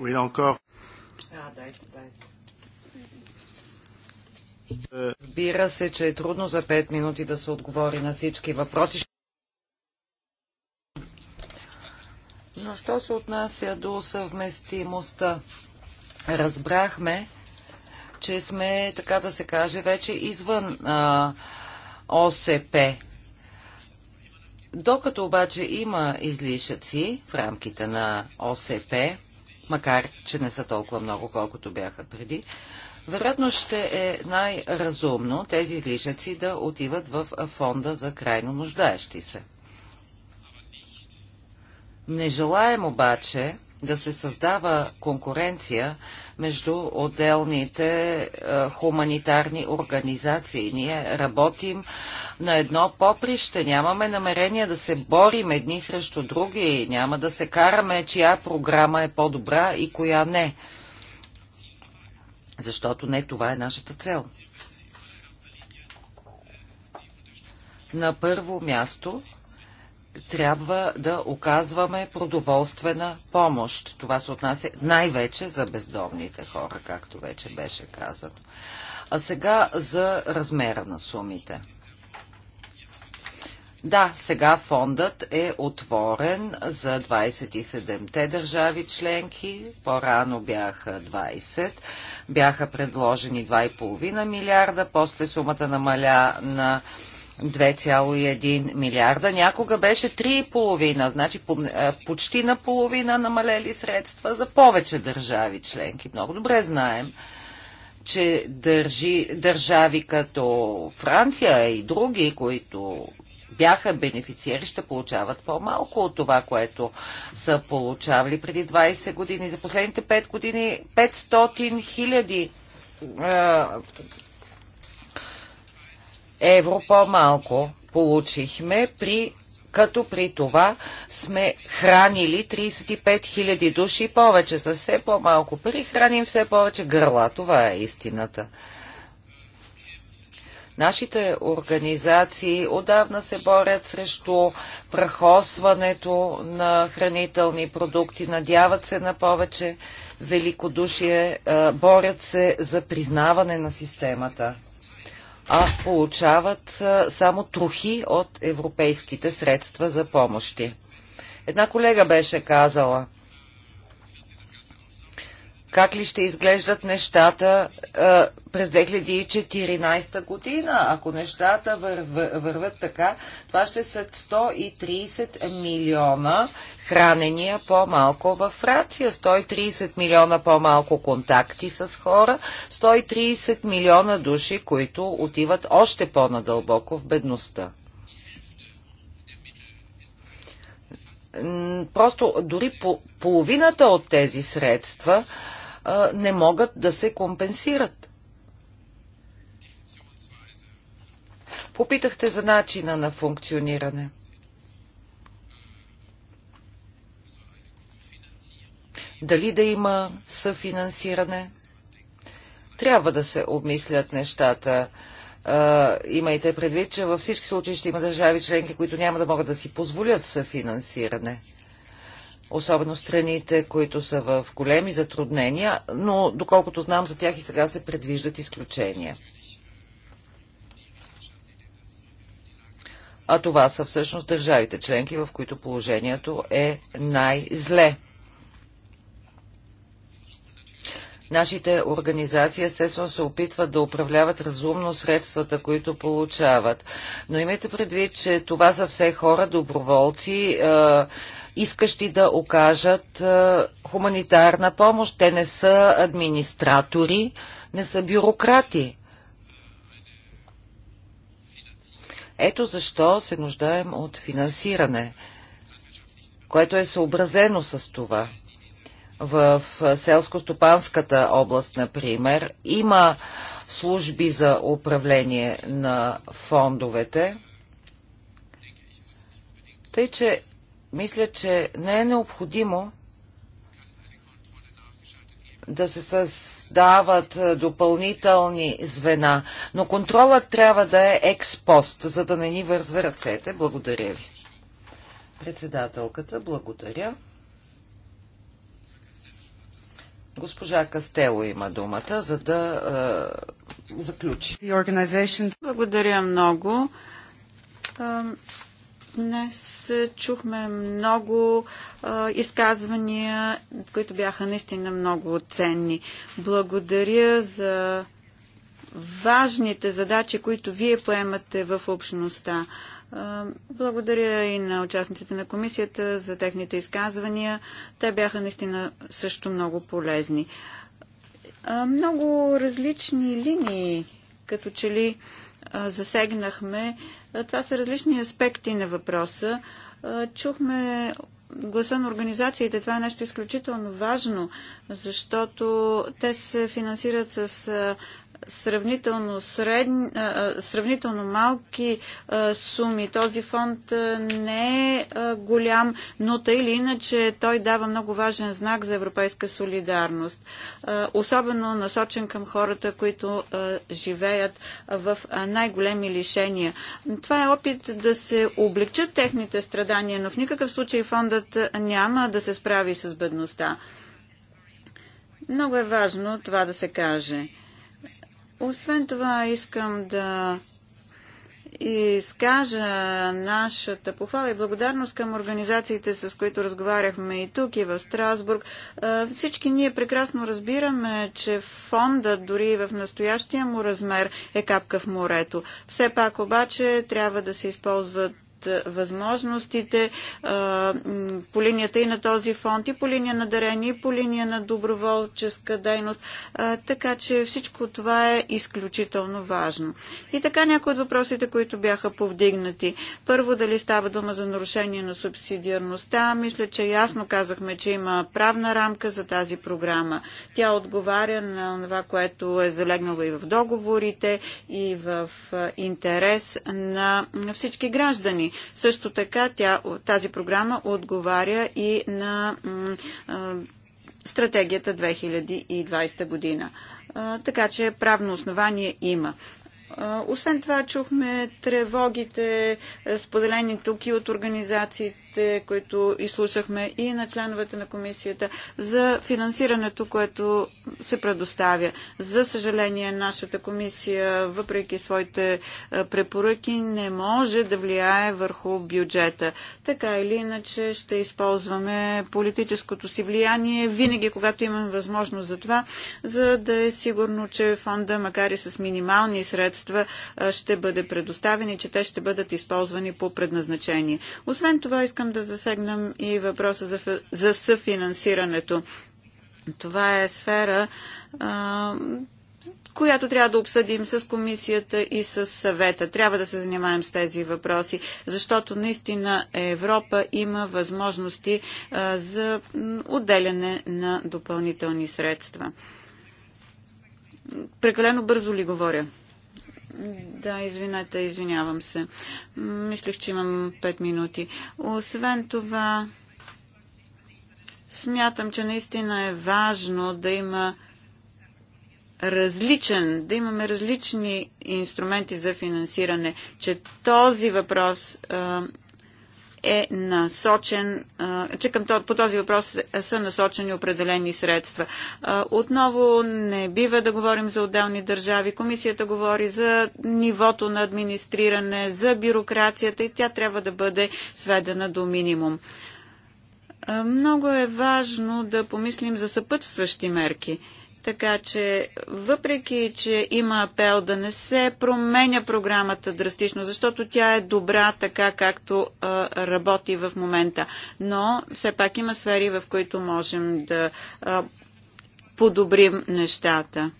Oui, encore. А, дайте, дайте. Разбира се, че е трудно за 5 минути да се отговори на всички въпроси. Но що се отнася до съвместимостта? Разбрахме, че сме, така да се каже, вече извън а, ОСП. Докато обаче има излишъци в рамките на ОСП, макар че не са толкова много, колкото бяха преди, вероятно ще е най-разумно тези излишъци да отиват в фонда за крайно нуждаещи се. Не желаем обаче да се създава конкуренция между отделните е, хуманитарни организации. Ние работим на едно поприще, нямаме намерение да се борим едни срещу други, няма да се караме чия програма е по-добра и коя не. Защото не това е нашата цел. На първо място трябва да оказваме продоволствена помощ. Това се отнася най-вече за бездомните хора, както вече беше казано. А сега за размера на сумите. Да, сега фондът е отворен за 27-те държави членки, по-рано бяха 20, бяха предложени 2,5 милиарда, после сумата намаля на 2,1 милиарда. Някога беше 3,5, значи почти наполовина намалели средства за повече държави членки. Много добре знаем, че държи, държави като Франция и други, които бяха бенефициери, ще получават по-малко от това, което са получавали преди 20 години. За последните 5 години 500 хиляди евро по-малко получихме при като при това сме хранили 35 000 души повече, за все по-малко пари, храним все повече гърла. Това е истината. Нашите организации отдавна се борят срещу прахосването на хранителни продукти, надяват се на повече великодушие, борят се за признаване на системата а получават само трохи от европейските средства за помощи. Една колега беше казала – как ли ще изглеждат нещата а, през 2014 година. Ако нещата вър, вър, върват така, това ще са 130 милиона хранения по-малко във Франция, 130 милиона по-малко контакти с хора, 130 милиона души, които отиват още по-надълбоко в бедността. просто дори по, половината от тези средства а, не могат да се компенсират. Попитахте за начина на функциониране. Дали да има съфинансиране? Трябва да се обмислят нещата имайте предвид, че във всички случаи ще има държави членки, които няма да могат да си позволят съфинансиране. Особено страните, които са в големи затруднения, но доколкото знам, за тях и сега се предвиждат изключения. А това са всъщност държавите членки, в които положението е най-зле. Нашите организации естествено се опитват да управляват разумно средствата, които получават. Но имайте предвид, че това са все хора, доброволци, е, искащи да окажат е, хуманитарна помощ. Те не са администратори, не са бюрократи. Ето защо се нуждаем от финансиране, което е съобразено с това – в селско-стопанската област, например, има служби за управление на фондовете. Тъй, че мисля, че не е необходимо да се създават допълнителни звена, но контролът трябва да е експост, за да не ни вързва ръцете. Благодаря ви. Председателката, благодаря. Госпожа Кастело има думата, за да е, заключи. Благодаря много. Днес чухме много изказвания, които бяха наистина много ценни. Благодаря за важните задачи, които вие поемате в общността. Благодаря и на участниците на комисията за техните изказвания. Те бяха наистина също много полезни. Много различни линии, като че ли засегнахме. Това са различни аспекти на въпроса. Чухме гласа на организациите. Това е нещо изключително важно, защото те се финансират с сравнително, сред, сравнително малки суми. Този фонд не е голям, но тъй или иначе той дава много важен знак за европейска солидарност. Особено насочен към хората, които живеят в най-големи лишения. Това е опит да се облегчат техните страдания, но в никакъв случай фондът няма да се справи с бедността. Много е важно това да се каже. Освен това искам да изкажа нашата похвала и благодарност към организациите, с които разговаряхме и тук, и в Страсбург. Всички ние прекрасно разбираме, че фонда дори в настоящия му размер е капка в морето. Все пак обаче трябва да се използват е, възможностите е, по линията и на този фонд, и по линия на дарение, и по линия на доброволческа дейност. Е, така че всичко това е изключително важно. И така някои от въпросите, които бяха повдигнати. Първо, дали става дума за нарушение на субсидиарността? Мисля, че ясно казахме, че има правна рамка за тази програма. Тя отговаря на това, което е залегнало и в договорите, и в интерес на всички граждани също така тя, тази програма отговаря и на стратегията 2020 година. Така че правно основание има. Освен това, чухме тревогите, споделени тук и от организациите отговорите, които изслушахме и на членовете на комисията за финансирането, което се предоставя. За съжаление, нашата комисия, въпреки своите е, препоръки, не може да влияе върху бюджета. Така или иначе ще използваме политическото си влияние винаги, когато имаме възможност за това, за да е сигурно, че фонда, макар и с минимални средства, е, ще бъде предоставен и че те ще бъдат използвани по предназначение. Освен това, искам Искам да засегнам и въпроса за, за съфинансирането. Това е сфера, а, която трябва да обсъдим с комисията и с съвета. Трябва да се занимаем с тези въпроси, защото наистина Европа има възможности а, за отделяне на допълнителни средства. Прекалено бързо ли говоря? Да, извинете, извинявам се. Мислех, че имам 5 минути. Освен това, смятам, че наистина е важно да има различен, да имаме различни инструменти за финансиране, че този въпрос а, е насочен, че към, по този въпрос са насочени определени средства. Отново не бива да говорим за отделни държави. Комисията говори за нивото на администриране, за бюрокрацията и тя трябва да бъде сведена до минимум. Много е важно да помислим за съпътстващи мерки – така че, въпреки, че има апел да не се променя програмата драстично, защото тя е добра така, както а, работи в момента, но все пак има сфери, в които можем да а, подобрим нещата.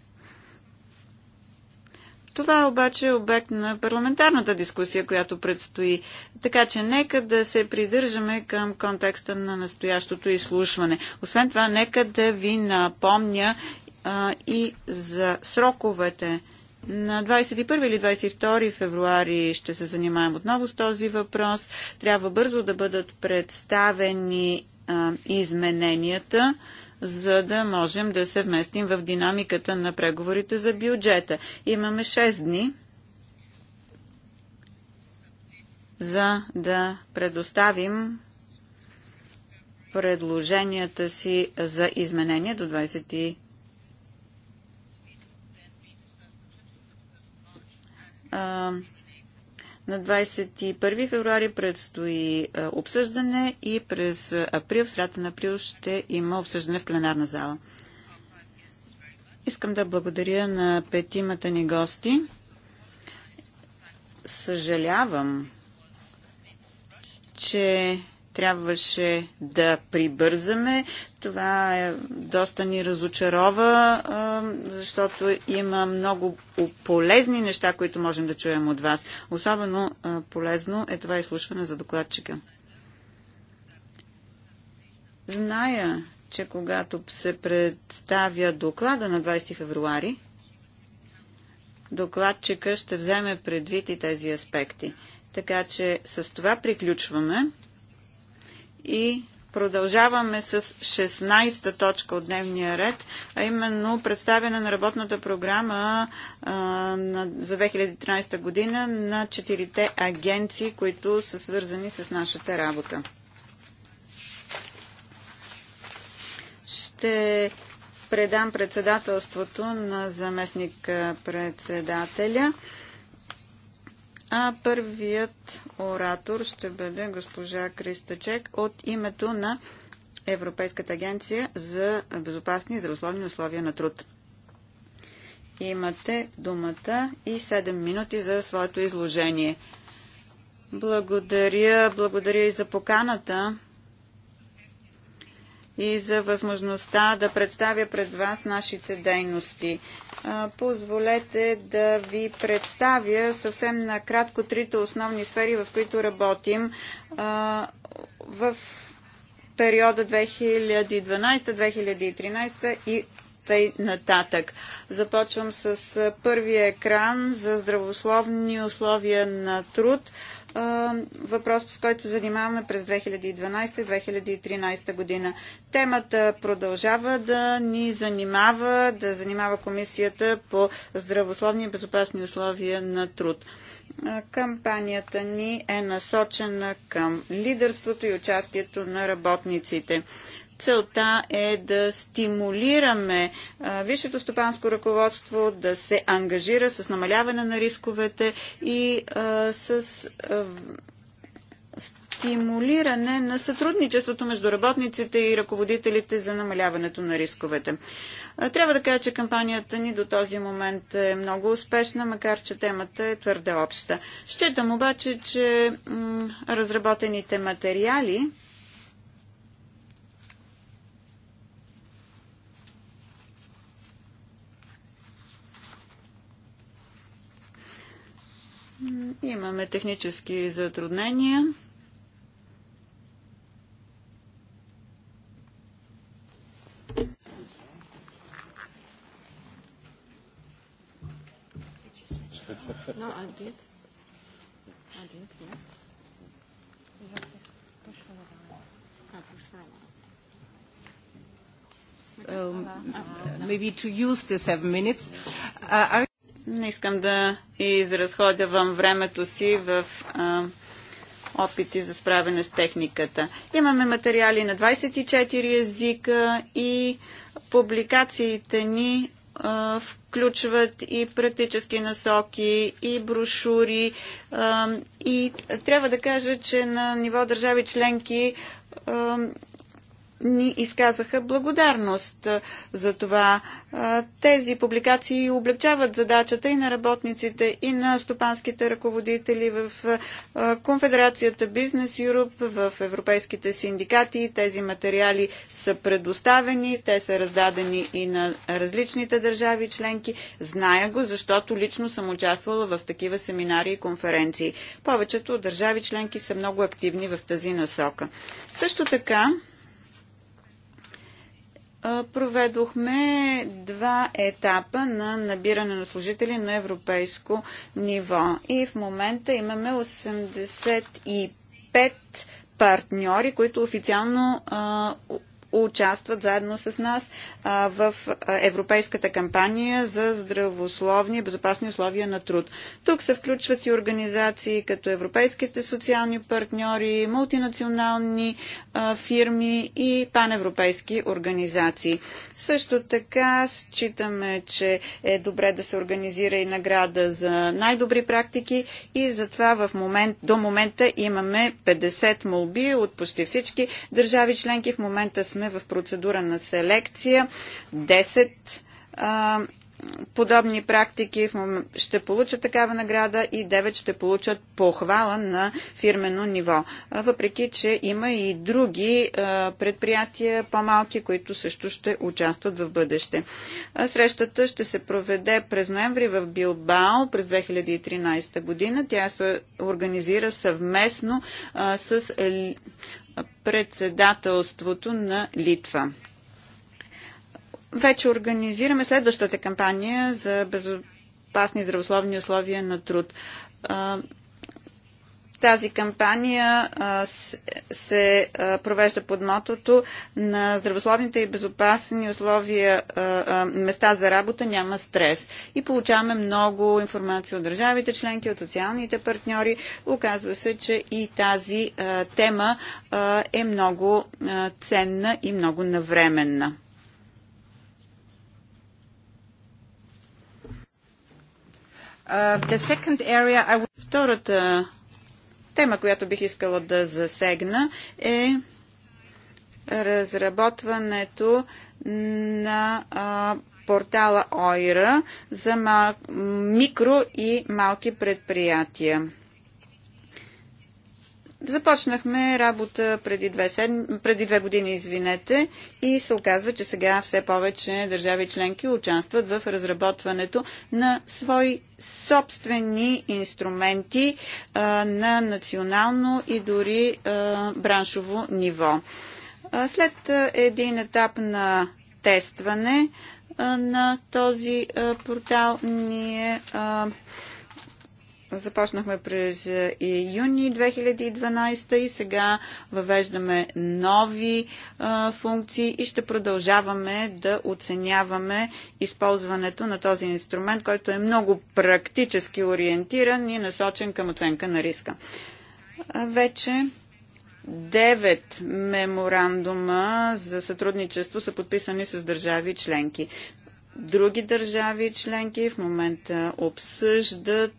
Това обаче е обект на парламентарната дискусия, която предстои. Така че нека да се придържаме към контекста на настоящото изслушване. Освен това, нека да ви напомня а, и за сроковете. На 21 или 22 февруари ще се занимаем отново с този въпрос. Трябва бързо да бъдат представени а, измененията, за да можем да се вместим в динамиката на преговорите за бюджета. Имаме 6 дни за да предоставим предложенията си за изменение до 21 а, на 21 февруари предстои обсъждане и през април, в средата на април ще има обсъждане в пленарна зала. Искам да благодаря на петимата ни гости. Съжалявам, че трябваше да прибързаме. Това е, доста ни разочарова, защото има много полезни неща, които можем да чуем от вас. Особено полезно е това изслушване за докладчика. Зная, че когато се представя доклада на 20 февруари, докладчика ще вземе предвид и тези аспекти. Така че с това приключваме. И продължаваме с 16-та точка от дневния ред, а именно представяне на работната програма а, на, за 2013 година на четирите агенции, които са свързани с нашата работа. Ще предам председателството на заместник председателя. А първият оратор ще бъде госпожа Криста Чек от името на Европейската агенция за безопасни и здравословни условия на труд. Имате думата и 7 минути за своето изложение. Благодаря, благодаря и за поканата и за възможността да представя пред вас нашите дейности. Позволете да ви представя съвсем накратко трите основни сфери, в които работим в периода 2012-2013 и и нататък. Започвам с първия екран за здравословни условия на труд въпрос, с който се занимаваме през 2012-2013 година. Темата продължава да ни занимава, да занимава Комисията по здравословни и безопасни условия на труд. Кампанията ни е насочена към лидерството и участието на работниците. Целта е да стимулираме висшето стопанско ръководство да се ангажира с намаляване на рисковете и с стимулиране на сътрудничеството между работниците и ръководителите за намаляването на рисковете. Трябва да кажа, че кампанията ни до този момент е много успешна, макар че темата е твърде обща. Считам обаче, че разработените материали Имаме технически затруднения. No, I did. I did, yeah. You have to push for a while. I push for a while. So, maybe to use the seven minutes. Uh, не искам да изразходявам времето си в а, опити за справяне с техниката. Имаме материали на 24 езика и публикациите ни а, включват и практически насоки, и брошури. А, и трябва да кажа, че на ниво държави членки ни изказаха благодарност за това. Тези публикации облегчават задачата и на работниците, и на стопанските ръководители в Конфедерацията Бизнес Юруп, в европейските синдикати. Тези материали са предоставени, те са раздадени и на различните държави членки. Зная го, защото лично съм участвала в такива семинари и конференции. Повечето държави членки са много активни в тази насока. Също така, проведохме два етапа на набиране на служители на европейско ниво. И в момента имаме 85 партньори, които официално а, участват заедно с нас а, в европейската кампания за здравословни и безопасни условия на труд. Тук се включват и организации като европейските социални партньори, мултинационални а, фирми и паневропейски организации. Също така считаме, че е добре да се организира и награда за най-добри практики и затова в момент, до момента имаме 50 молби от почти всички държави членки. В момента сме сме в процедура на селекция. 10 а, подобни практики ще получат такава награда и 9 ще получат похвала на фирмено ниво. Въпреки, че има и други предприятия, по-малки, които също ще участват в бъдеще. Срещата ще се проведе през ноември в Билбао през 2013 година. Тя се организира съвместно с председателството на Литва. Вече организираме следващата кампания за безопасни здравословни условия на труд. Тази кампания се провежда под мотото на здравословните и безопасни условия места за работа няма стрес. И получаваме много информация от държавите членки, от социалните партньори. Оказва се, че и тази тема е много ценна и много навременна. Uh, Втората Тема, която бих искала да засегна е разработването на портала ОИРА за микро и малки предприятия. Започнахме работа преди две, сед... преди две години, извинете, и се оказва, че сега все повече държави членки участват в разработването на свои собствени инструменти а, на национално и дори а, браншово ниво. А, след един етап на тестване на този портал ние Започнахме през е, юни 2012 и сега въвеждаме нови а, функции и ще продължаваме да оценяваме използването на този инструмент, който е много практически ориентиран и насочен към оценка на риска. Вече 9 меморандума за сътрудничество са подписани с държави членки. Други държави членки в момента обсъждат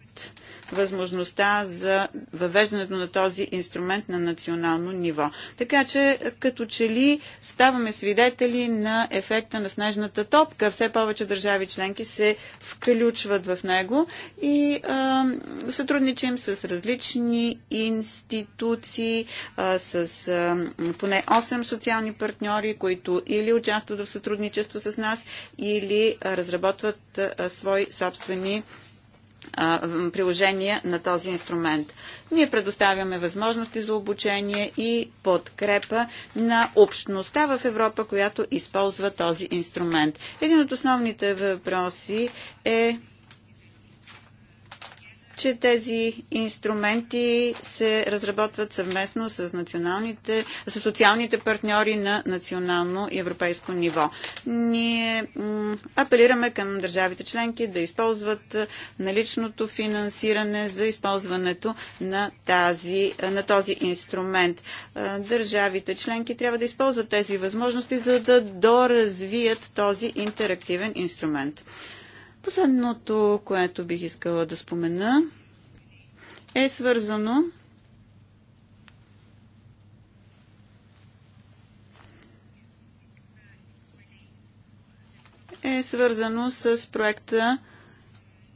възможността за въвеждането на този инструмент на национално ниво. Така че, като че ли ставаме свидетели на ефекта на снежната топка, все повече държави членки се включват в него и а, сътрудничим с различни институции, а, с а, поне 8 социални партньори, които или участват в сътрудничество с нас, или разработват а, свои собствени приложения на този инструмент. Ние предоставяме възможности за обучение и подкрепа на общността в Европа, която използва този инструмент. Един от основните въпроси е че тези инструменти се разработват съвместно с, националните, с социалните партньори на национално и европейско ниво. Ние апелираме към държавите членки да използват наличното финансиране за използването на, тази, на този инструмент. Държавите членки трябва да използват тези възможности, за да доразвият този интерактивен инструмент. Последното, което бих искала да спомена, е свързано е свързано с проекта,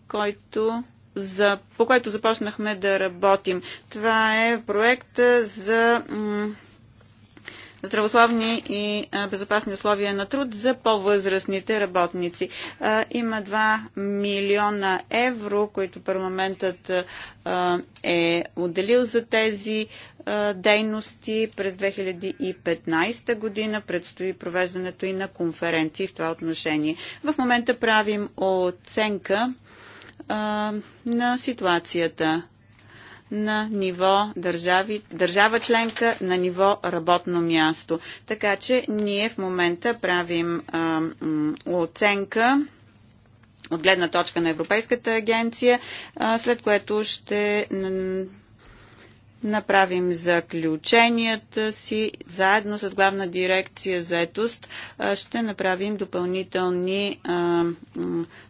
който за, по който започнахме да работим. Това е проект за м- здравословни и безопасни условия на труд за по-възрастните работници. Има 2 милиона евро, които парламентът е отделил за тези дейности през 2015 година. Предстои провеждането и на конференции в това отношение. В момента правим оценка на ситуацията на ниво държави, държава членка, на ниво работно място. Така че ние в момента правим а, оценка от гледна точка на Европейската агенция, а, след което ще направим заключенията си заедно с главна дирекция за етост. Ще направим допълнителни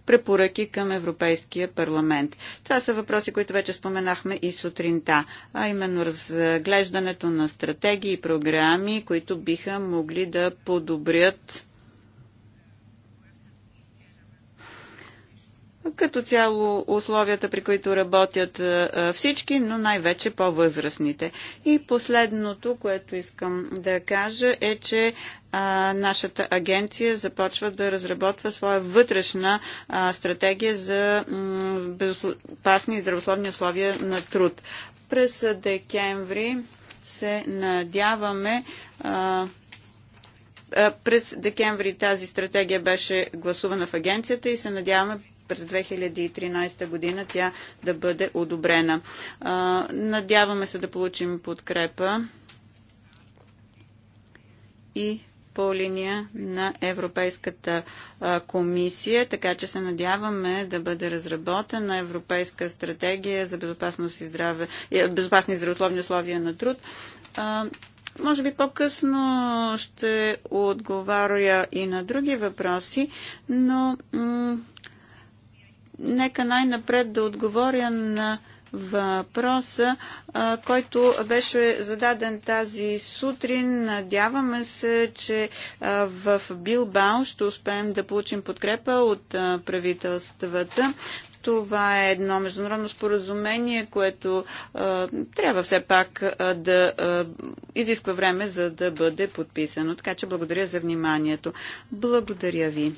препоръки към Европейския парламент. Това са въпроси, които вече споменахме и сутринта, а именно разглеждането на стратегии и програми, които биха могли да подобрят Като цяло условията, при които работят всички, но най-вече по-възрастните. И последното, което искам да кажа е, че нашата агенция започва да разработва своя вътрешна стратегия за безопасни и здравословни условия на труд. През декември се надяваме през декември тази стратегия беше гласувана в агенцията и се надяваме през 2013 година тя да бъде одобрена. Надяваме се да получим подкрепа и по линия на Европейската комисия, така че се надяваме да бъде разработена Европейска стратегия за безопасност и здраве, е, безопасни здравословни условия на труд. Може би по-късно ще отговаря и на други въпроси, но Нека най-напред да отговоря на въпроса, който беше зададен тази сутрин. Надяваме се, че в Билбао ще успеем да получим подкрепа от правителствата. Това е едно международно споразумение, което а, трябва все пак а, да а, изисква време, за да бъде подписано. Така че благодаря за вниманието. Благодаря ви.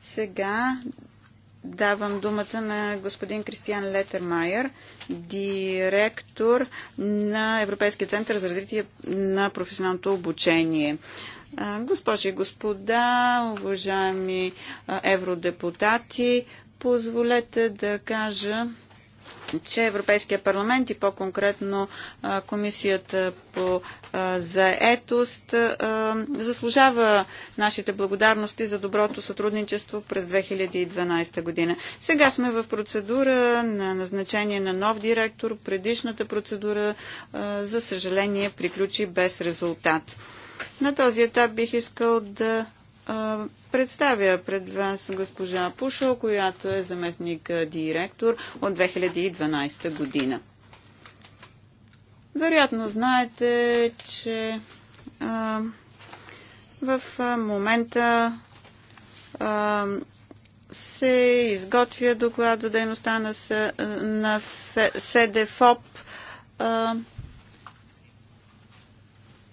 Сега Давам думата на господин Кристиан Летермайер, директор на Европейския център за развитие на професионалното обучение. Госпожи и господа, уважаеми евродепутати, позволете да кажа че Европейския парламент и по-конкретно Комисията по заетост заслужава нашите благодарности за доброто сътрудничество през 2012 година. Сега сме в процедура на назначение на нов директор. Предишната процедура, за съжаление, приключи без резултат. На този етап бих искал да представя пред вас госпожа Пушо, която е заместник директор от 2012 година. Вероятно знаете, че а, в момента а, се изготвя доклад за дейността на, на СДФОП. А,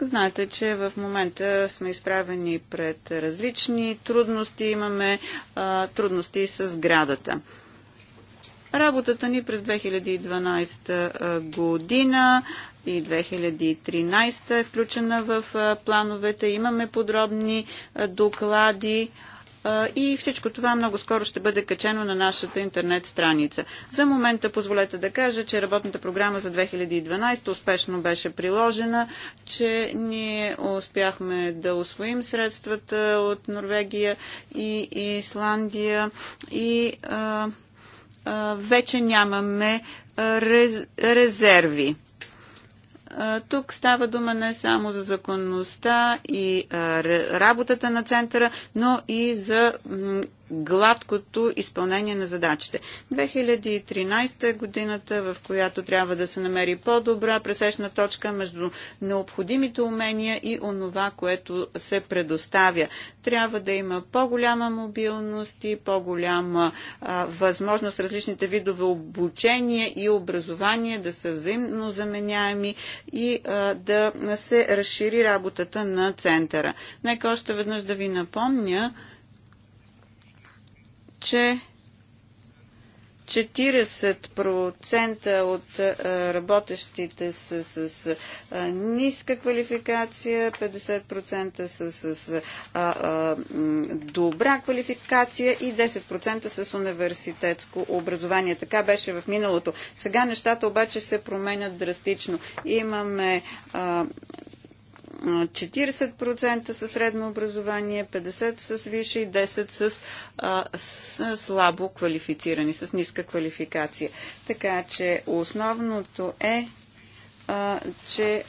Знаете, че в момента сме изправени пред различни трудности. Имаме а, трудности с градата. Работата ни през 2012 година и 2013 е включена в плановете. Имаме подробни доклади и всичко това много скоро ще бъде качено на нашата интернет страница. За момента позволете да кажа, че работната програма за 2012 успешно беше приложена, че ние успяхме да освоим средствата от Норвегия и Исландия и а, а, вече нямаме резерви. Тук става дума не само за законността и работата на центъра, но и за гладкото изпълнение на задачите. 2013 е годината, в която трябва да се намери по-добра пресечна точка между необходимите умения и онова, което се предоставя. Трябва да има по-голяма мобилност и по-голяма възможност различните видове обучение и образование да са взаимно заменяеми и а, да се разшири работата на центъра. Нека още веднъж да ви напомня, че 40% от работещите са с ниска квалификация, 50% са с добра квалификация и 10% с университетско образование. Така беше в миналото. Сега нещата обаче се променят драстично. Имаме 40% със средно образование, 50% с висше и 10% с, а, с слабо квалифицирани, с ниска квалификация. Така че основното е, а, че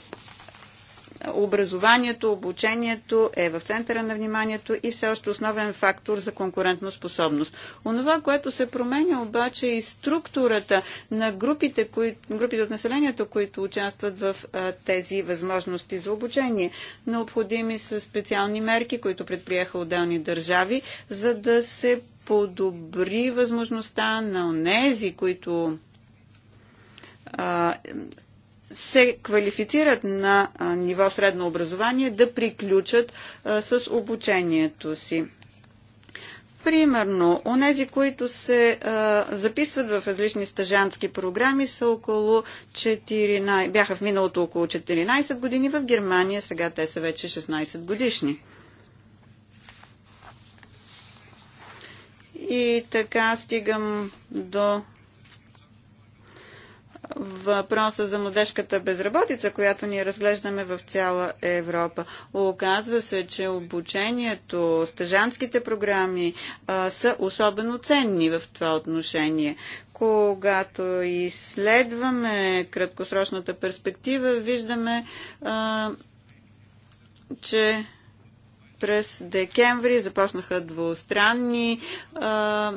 образованието, обучението е в центъра на вниманието и все още основен фактор за конкурентно способност. Онова, което се променя обаче е и структурата на групите, кои, групите от населението, които участват в а, тези възможности за обучение. Необходими са специални мерки, които предприеха отделни държави, за да се подобри възможността на онези, които се квалифицират на ниво средно образование, да приключат с обучението си. Примерно, онези, които се а, записват в различни стажантски програми, са около 14, бяха в миналото около 14 години, в Германия сега те са вече 16 годишни. И така стигам до въпроса за младежката безработица, която ние разглеждаме в цяла Европа. Оказва се, че обучението, стъжанските програми а, са особено ценни в това отношение. Когато изследваме краткосрочната перспектива, виждаме, а, че през декември започнаха двустранни а,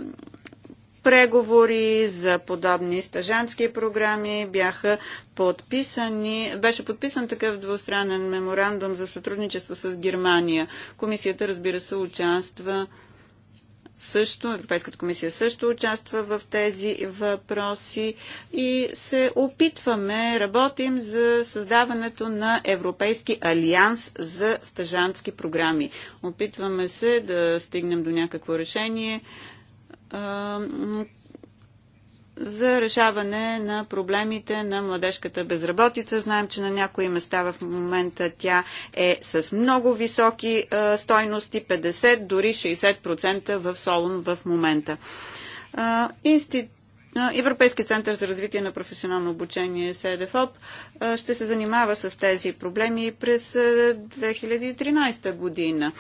преговори за подобни стажански програми бяха подписани, беше подписан такъв двустранен меморандум за сътрудничество с Германия. Комисията, разбира се, участва също, Европейската комисия също участва в тези въпроси и се опитваме, работим за създаването на Европейски алианс за стажантски програми. Опитваме се да стигнем до някакво решение за решаване на проблемите на младежката безработица. Знаем, че на някои места в момента тя е с много високи стойности, 50, дори 60% в Солун в момента. Институт Европейски център за развитие на професионално обучение СЕДЕФОП ще се занимава с тези проблеми през 2013 година.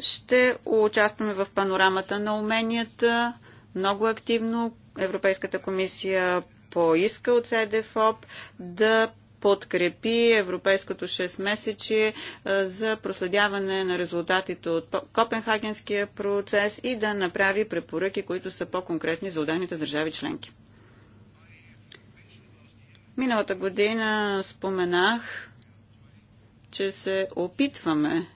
Ще участваме в панорамата на уменията много активно. Европейската комисия поиска от СДФОП да подкрепи европейското 6 месече за проследяване на резултатите от Копенхагенския процес и да направи препоръки, които са по-конкретни за отделните държави членки. Миналата година споменах, че се опитваме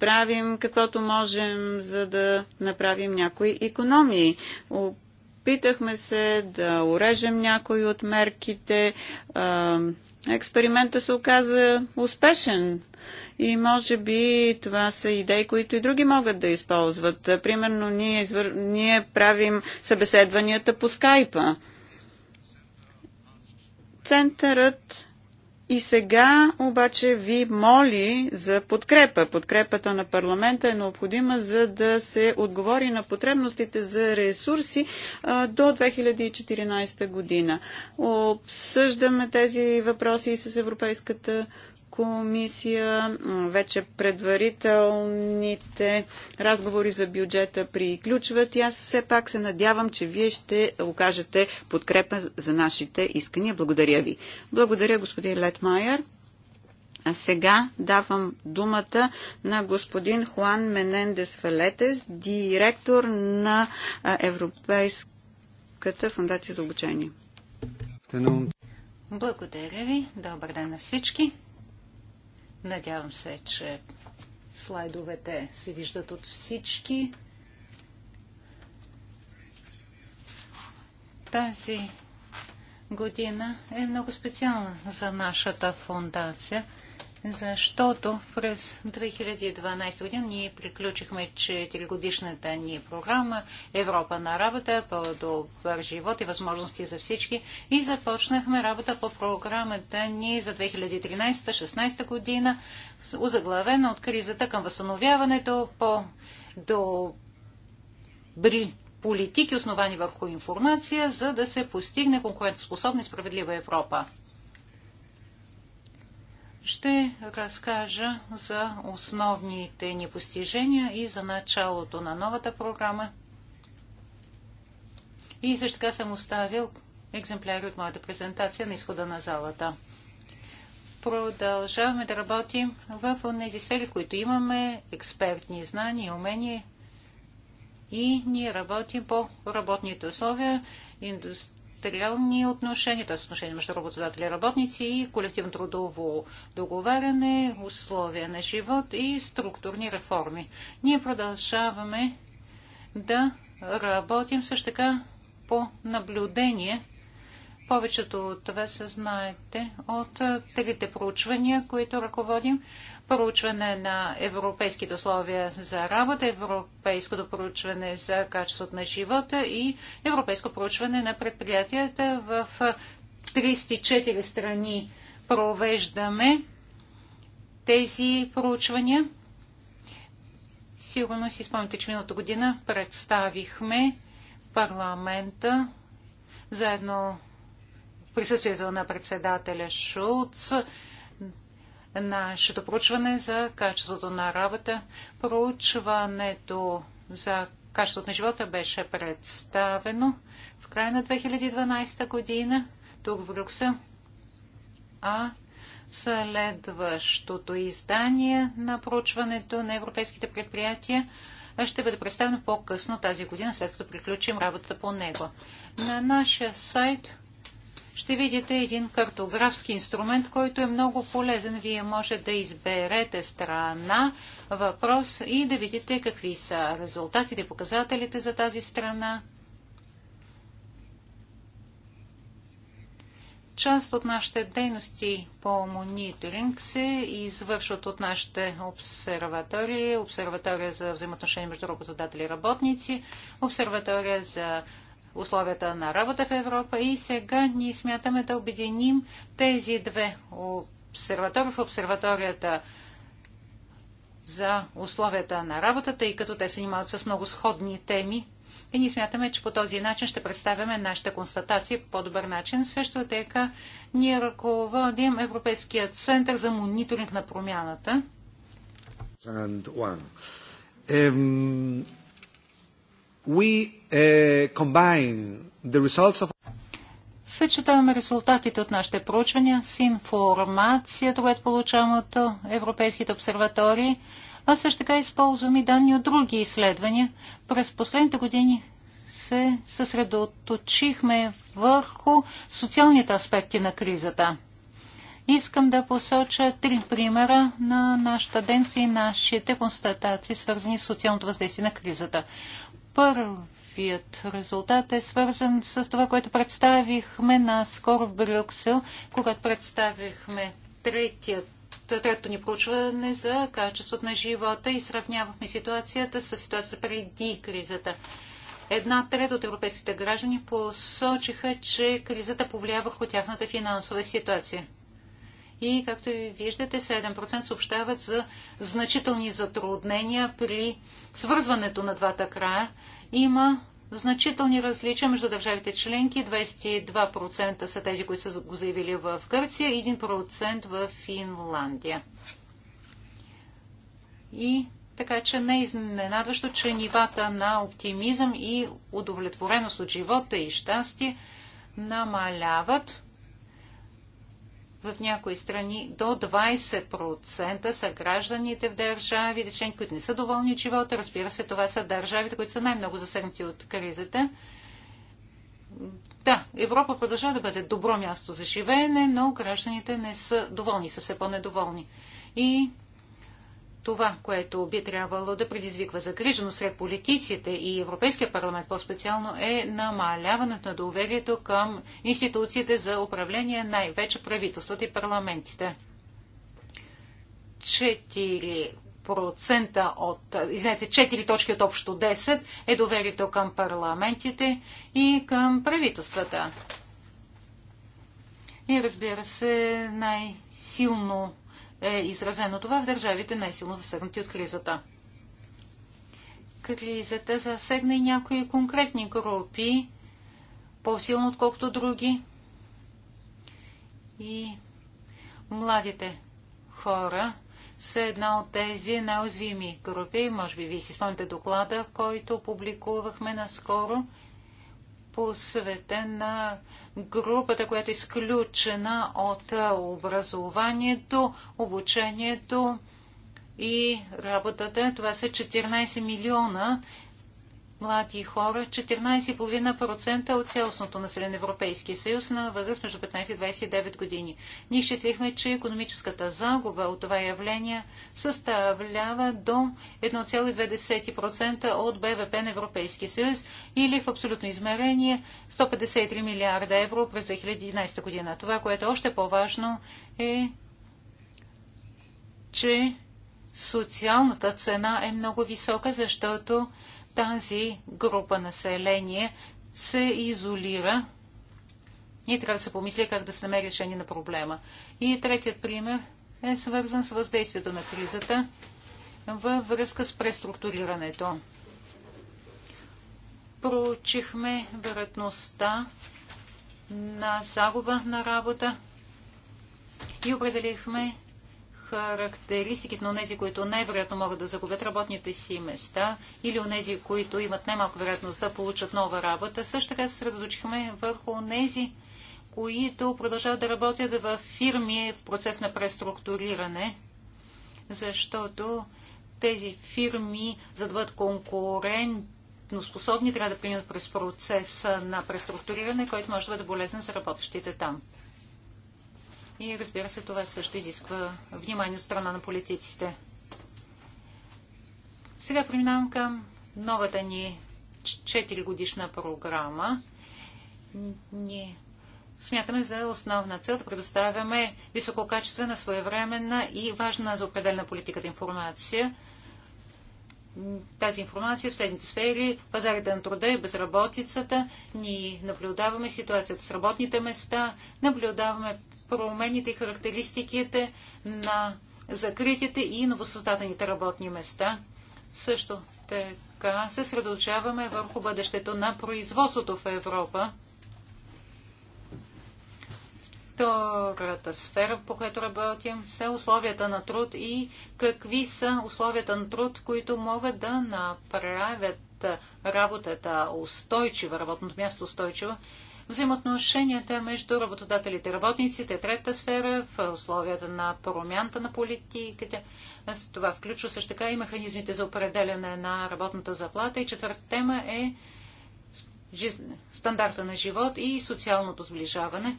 правим каквото можем, за да направим някои економии. Опитахме се да урежем някои от мерките. Експеримента се оказа успешен. И може би това са идеи, които и други могат да използват. Примерно ние, извър... ние правим събеседванията по скайпа. Центърът и сега обаче ви моли за подкрепа. Подкрепата на парламента е необходима, за да се отговори на потребностите за ресурси а, до 2014 година. Обсъждаме тези въпроси и с Европейската комисия. Вече предварителните разговори за бюджета приключват и аз все пак се надявам, че вие ще окажете подкрепа за нашите искания. Благодаря ви. Благодаря, господин Летмайер. А сега давам думата на господин Хуан Менендес Фалетес, директор на Европейската фундация за обучение. Благодаря ви. Добър ден на всички. Надявам се, че слайдовете се виждат от всички. Тази година е много специална за нашата фундация – защото през 2012 година ние приключихме 4-годишната ни програма Европа на работа, по-добър живот и възможности за всички и започнахме работа по програмата ни за 2013-16 година, озаглавена от кризата към възстановяването по добри политики, основани върху информация, за да се постигне конкурентоспособна и справедлива Европа ще разкажа за основните ни постижения и за началото на новата програма. И също така съм оставил екземпляри от моята презентация на изхода на залата. Продължаваме да работим в тези сфери, в които имаме експертни знания и умения и ние работим по работните условия, индустри индустриални отношения, т.е. отношения между работодатели и работници и колективно трудово договаряне, условия на живот и структурни реформи. Ние продължаваме да работим също така по наблюдение. Повечето от това се знаете от трите проучвания, които ръководим проучване на европейските условия за работа, европейското проучване за качеството на живота и европейско проучване на предприятията в 34 страни провеждаме тези проучвания. Сигурно си спомните, че миналата година представихме в парламента заедно в присъствието на председателя Шулц нашето проучване за качеството на работа. Проучването за качеството на живота беше представено в края на 2012 година тук в Брюксел. А следващото издание на проучването на европейските предприятия ще бъде представено по-късно тази година, след като приключим работата по него. На нашия сайт ще видите един картографски инструмент, който е много полезен. Вие може да изберете страна, въпрос и да видите какви са резултатите, показателите за тази страна. Част от нашите дейности по мониторинг се извършват от нашите обсерватории, обсерватория за взаимоотношения между работодатели и работници, обсерватория за условията на работа в Европа и сега ние смятаме да обединим тези две обсерватори в обсерваторията за условията на работата и като те се занимават с много сходни теми. И ние смятаме, че по този начин ще представяме нашите констатации по добър начин. Също така ние ръководим Европейския център за мониторинг на промяната. And one. Uh, Съчетаваме резултатите от нашите проучвания с информацията, която получаваме от европейските обсерватории, а също така използваме данни от други изследвания. През последните години се съсредоточихме върху социалните аспекти на кризата. Искам да посоча три примера на нашата ден и нашите констатации, свързани с социалното въздействие на кризата. Първият резултат е свързан с това, което представихме наскоро в Брюксел, когато представихме третият трето ни проучване за качеството на живота и сравнявахме ситуацията с ситуацията преди кризата. Една трета от европейските граждани посочиха, че кризата повлия върху тяхната финансова ситуация. И, както ви виждате, 7% съобщават за значителни затруднения при свързването на двата края има значителни различия между държавите членки. 22% са тези, които са го заявили в Гърция, 1% в Финландия. И така че не е изненадващо, че нивата на оптимизъм и удовлетвореност от живота и щастие намаляват в някои страни до 20% са гражданите в държави, членки, които не са доволни от живота. Разбира се, това са държавите, които са най-много засегнати от кризата. Да, Европа продължава да бъде добро място за живеене, но гражданите не са доволни, са все по-недоволни. И това, което би трябвало да предизвиква загриженост сред политиците и Европейския парламент по-специално е намаляването на доверието към институциите за управление, най-вече правителствата и парламентите. 4% от, извинете, 4 точки от общо 10 е доверието към парламентите и към правителствата. И разбира се, най-силно е изразено това в държавите най-силно засегнати от кризата. Кризата засегна и някои конкретни групи, по-силно отколкото други. И младите хора са една от тези най-уязвими групи. Може би вие си спомните доклада, който публикувахме наскоро, посветен на групата, която е изключена от образованието, обучението и работата. Това са 14 милиона млади хора, 14,5% от цялостното население на Европейския съюз на възраст между 15 и 29 години. Ние изчислихме, че економическата загуба от това явление съставлява до 1,2% от БВП на Европейския съюз или в абсолютно измерение 153 милиарда евро през 2011 година. Това, което е още по-важно е, че социалната цена е много висока, защото тази група население се изолира и трябва да се помисли как да се намери решение на проблема. И третият пример е свързан с въздействието на кризата във връзка с преструктурирането. Проучихме вероятността на загуба на работа и определихме характеристиките на тези, които най-вероятно могат да загубят работните си места или у тези, които имат най-малко вероятност да получат нова работа. Също така се средоточихме върху тези, които продължават да работят в фирми в процес на преструктуриране, защото тези фирми, за да бъдат конкурентно способни, трябва да преминат през процеса на преструктуриране, който може да бъде болезнен за работещите там. И разбира се, това също изисква внимание от страна на политиците. Сега преминавам към новата ни 4 годишна програма. ни смятаме за основна цел да предоставяме висококачествена, своевременна и важна за определена политиката информация. Тази информация в следните сфери – пазарите на труда и безработицата. Ни наблюдаваме ситуацията с работните места, наблюдаваме промените и характеристиките на закритите и новосъздадените работни места. Също така се средочаваме върху бъдещето на производството в Европа. Втората сфера, по която работим, са условията на труд и какви са условията на труд, които могат да направят работата устойчива, работното място устойчиво взаимоотношенията между работодателите и работниците, трета сфера в условията на промяната на политиките. това включва също така и механизмите за определяне на работната заплата. И четвърта тема е стандарта на живот и социалното сближаване.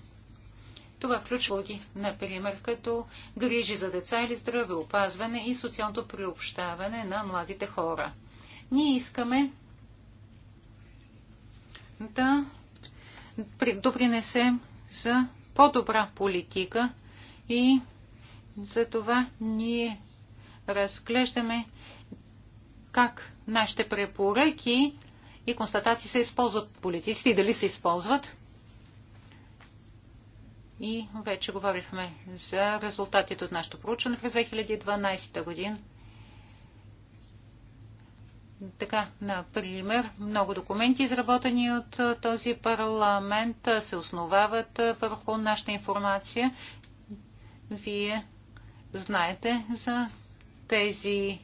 Това включва услуги, например, като грижи за деца или здраве, опазване и социалното приобщаване на младите хора. Ние искаме да допринесем за по-добра политика и за това ние разглеждаме как нашите препоръки и констатации се използват политиците и дали се използват. И вече говорихме за резултатите от нашето проучване през 2012 година. Така, например, много документи, изработени от този парламент, се основават върху нашата информация. Вие знаете за тези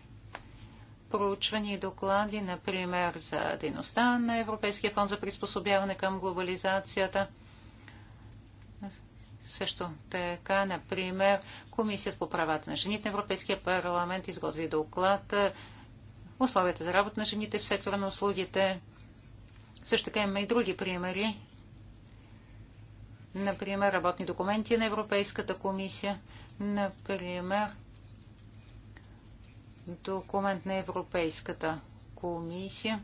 проучвани доклади, например, за дейността на Европейския фонд за приспособяване към глобализацията. Също така, например, Комисията по правата на жените на Европейския парламент изготви доклад условията за работа на жените в сектора на услугите. Също така имаме и други примери. Например, работни документи на Европейската комисия. Например, документ на Европейската комисия.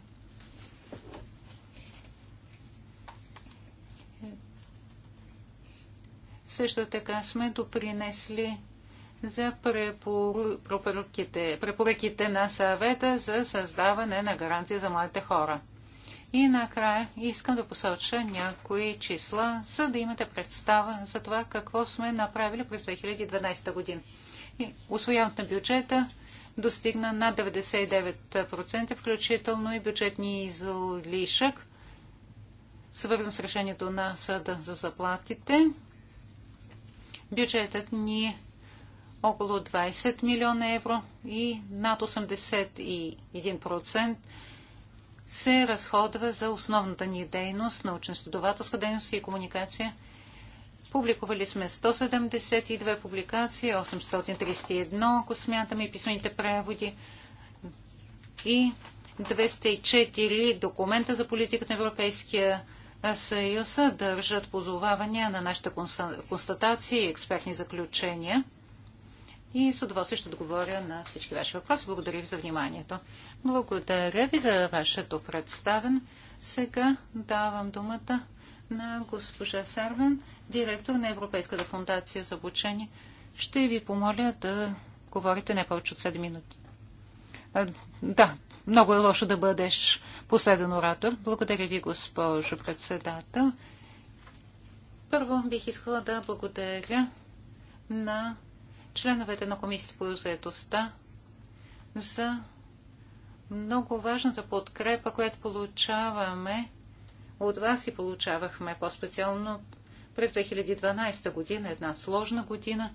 Също така сме допринесли за препоръките на съвета за създаване на гаранция за младите хора. И накрая искам да посоча някои числа, за да имате представа за това какво сме направили през 2012 година. Освояването на бюджета достигна над 99%, включително и бюджетни излишък, свързан с решението на съда за заплатите. Бюджетът ни около 20 милиона евро и над 81% се разходва за основната ни дейност, научно-изследователска дейност и комуникация. Публикували сме 172 публикации, 831, ако смятаме и писмените преводи и 204 документа за политиката на Европейския съюз държат позовавания на нашите констатации и експертни заключения и с удоволствие ще отговоря на всички ваши въпроси. Благодаря ви за вниманието. Благодаря ви за вашето представен. Сега давам думата на госпожа Сарвен, директор на Европейската фундация за обучение. Ще ви помоля да говорите не повече от 7 минути. А, да, много е лошо да бъдеш последен оратор. Благодаря ви, госпожо председател. Първо бих искала да благодаря на членовете на Комисията по заедостта за много важната подкрепа, която получаваме от вас и получавахме по-специално през 2012 година, една сложна година.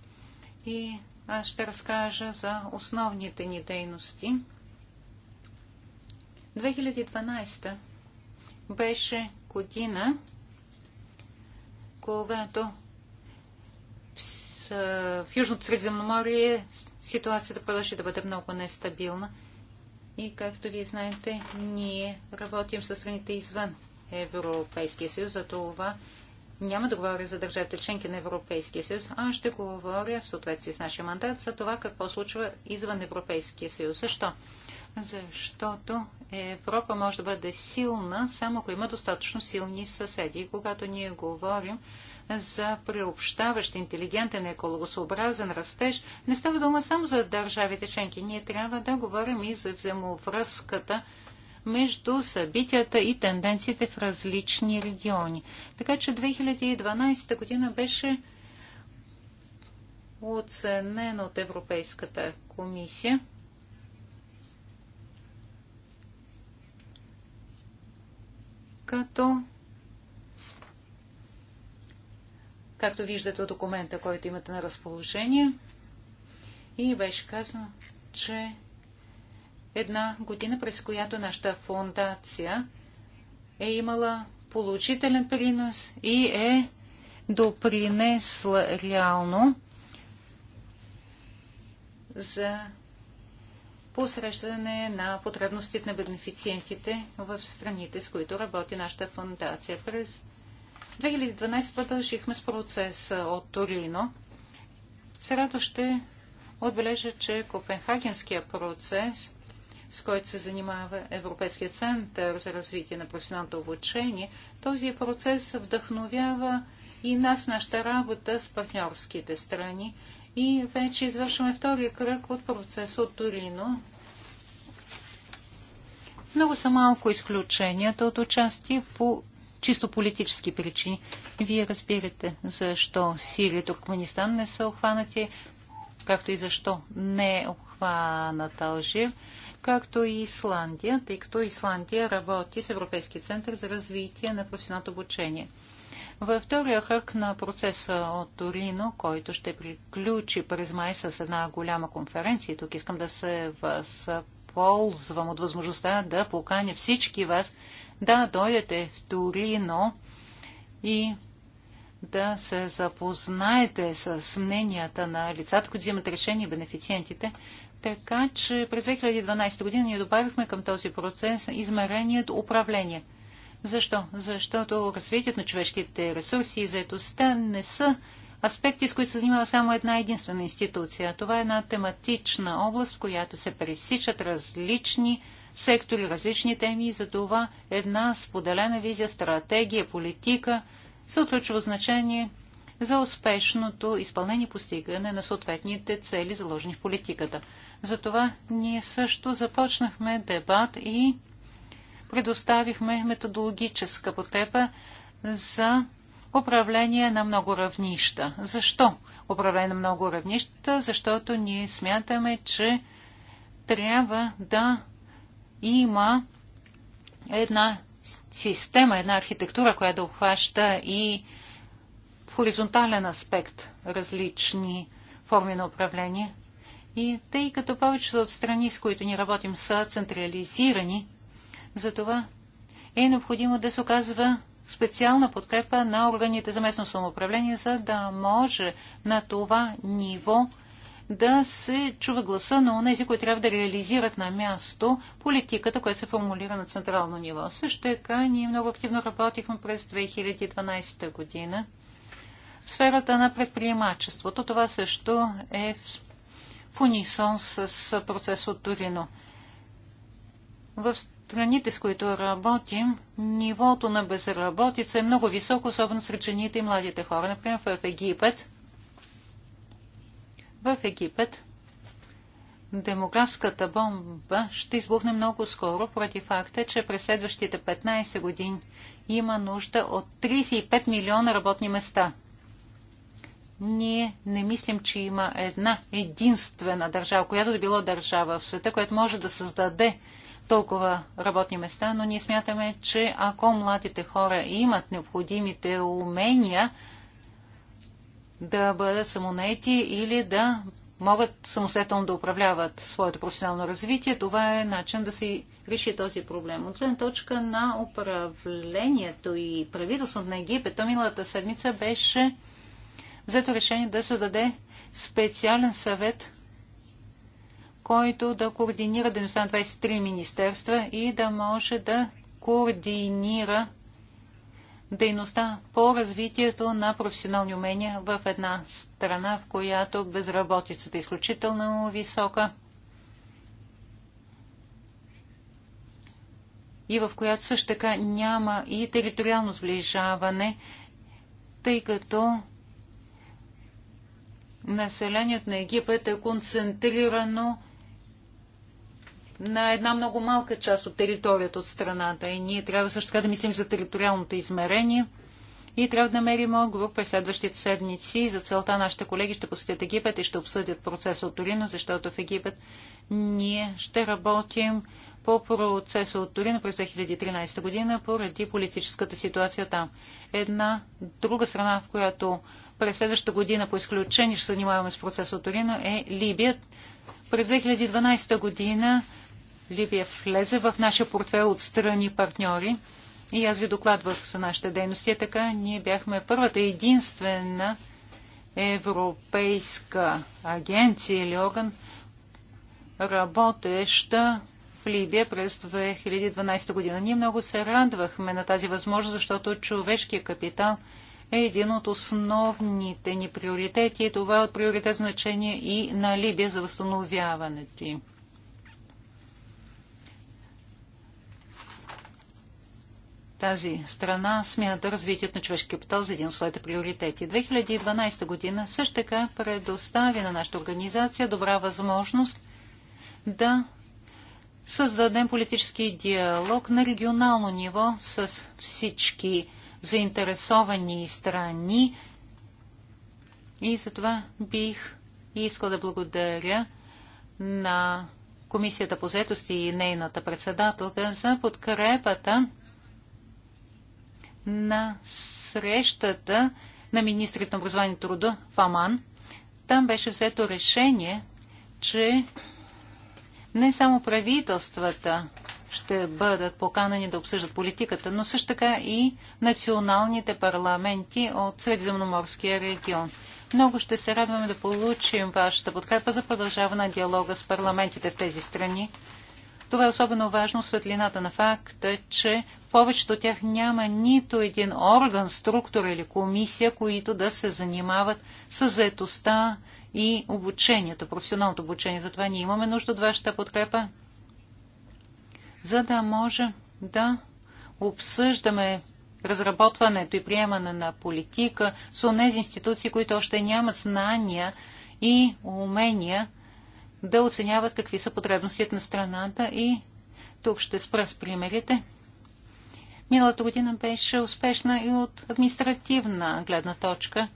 И аз ще разкажа за основните ни дейности. 2012 беше година, когато в Южното Средиземноморие ситуацията продължи да бъде много нестабилна. И както вие знаете, ние работим със страните извън Европейския съюз, за това няма да говоря за държавите членки на Европейския съюз, а ще говоря в съответствие с нашия мандат за това какво случва извън Европейския съюз. Защо? Защото Европа може да бъде силна, само ако има достатъчно силни съседи. когато ние говорим за приобщаващ, интелигентен, екологосообразен растеж, не става дума само за държавите членки. Ние трябва да говорим и за взаимовръзката между събитията и тенденциите в различни региони. Така че 2012 година беше оценен от Европейската комисия. като както виждате от документа, който имате на разположение. И беше казано, че една година, през която нашата фундация е имала положителен принос и е допринесла реално за посрещане на потребностите на бенефициентите в страните, с които работи нашата фундация. През 2012 продължихме с процес от Торино. Сега ще отбележа, че Копенхагенския процес, с който се занимава Европейския център за развитие на професионалното обучение, този процес вдъхновява и нас, нашата работа с партньорските страни. И вече извършваме втория кръг от процеса от Торино. Много са малко изключенията от участие по чисто политически причини. Вие разбирате защо Сирия и Туркменистан не са охванати, както и защо не е охванат Алжир, както и Исландия, тъй като Исландия работи с Европейския център за развитие на професионалното обучение. Във втория хък на процеса от Торино, който ще приключи през май с една голяма конференция, тук искам да се възползвам от възможността да поканя всички вас да дойдете в Торино и да се запознаете с мненията на лицата, които взимат решение, и бенефициентите. Така че през 2012 година ние добавихме към този процес измерението управление. Защо? Защото развитието на човешките ресурси и заетостта не са аспекти, с които се занимава само една единствена институция. Това е една тематична област, в която се пресичат различни сектори, различни теми и за това една споделена визия, стратегия, политика са от ключово значение за успешното изпълнение и постигане на съответните цели, заложени в политиката. Затова ние също започнахме дебат и предоставихме методологическа подкрепа за управление на много равнища. Защо управление на много равнища? Защото ние смятаме, че трябва да има една система, една архитектура, която да обхваща и в хоризонтален аспект различни форми на управление. И тъй като повечето от страни, с които ни работим, са централизирани, затова е необходимо да се оказва специална подкрепа на органите за местно самоуправление, за да може на това ниво да се чува гласа на онези, които трябва да реализират на място политиката, която се формулира на централно ниво. Също така ние много активно работихме през 2012 година в сферата на предприемачеството. Това също е в унисон с процес от Торино. В страните, с които работим, нивото на безработица е много високо, особено сред жените и младите хора. Например, в Египет в Египет демографската бомба ще избухне много скоро поради факта, че през следващите 15 години има нужда от 35 милиона работни места. Ние не мислим, че има една единствена държава, която да било държава в света, която може да създаде толкова работни места, но ние смятаме, че ако младите хора имат необходимите умения, да бъдат самонети или да могат самостоятелно да управляват своето професионално развитие. Това е начин да се реши този проблем. От гледна точка на управлението и правителството на Египет, то миналата седмица беше взето решение да се даде специален съвет, който да координира дейността на 23 министерства и да може да координира дейността по развитието на професионални умения в една страна, в която безработицата е изключително висока и в която също така няма и териториално сближаване, тъй като населението на Египет е концентрирано на една много малка част от територията от страната. И ние трябва също така да мислим за териториалното измерение. И трябва да намерим отговор през следващите седмици. За целта нашите колеги ще посетят Египет и ще обсъдят процеса от Торино, защото в Египет ние ще работим по процеса от Торино през 2013 година поради политическата ситуация там. Една друга страна, в която през следващата година по изключение ще се занимаваме с процеса от Торино е Либия. През 2012 година Ливия влезе в нашия портфел от страни партньори и аз ви докладвах за нашите дейности. Е така ние бяхме първата единствена европейска агенция или орган, работеща в Либия през 2012 година. Ние много се радвахме на тази възможност, защото човешкият капитал е един от основните ни приоритети и това е от приоритет значение и на Либия за възстановяването им. тази страна смята развитието на човешки капитал за един от своите приоритети. 2012 година също така предостави на нашата организация добра възможност да създадем политически диалог на регионално ниво с всички заинтересовани страни. И затова бих искал да благодаря на Комисията по заетост и нейната председателка за подкрепата на срещата на министрите на и труда в Аман. Там беше взето решение, че не само правителствата ще бъдат поканани да обсъждат политиката, но също така и националните парламенти от Средиземноморския регион. Много ще се радваме да получим вашата подкрепа за продължаване на диалога с парламентите в тези страни. Това е особено важно светлината на факта, че повечето от тях няма нито един орган, структура или комисия, които да се занимават с заетостта и обучението, професионалното обучение. Затова ние имаме нужда от вашата подкрепа, за да може да обсъждаме разработването и приемане на политика с онези институции, които още нямат знания и умения да оценяват какви са потребностите на страната и тук ще спра с примерите. Миналата година беше успешна и от административна гледна точка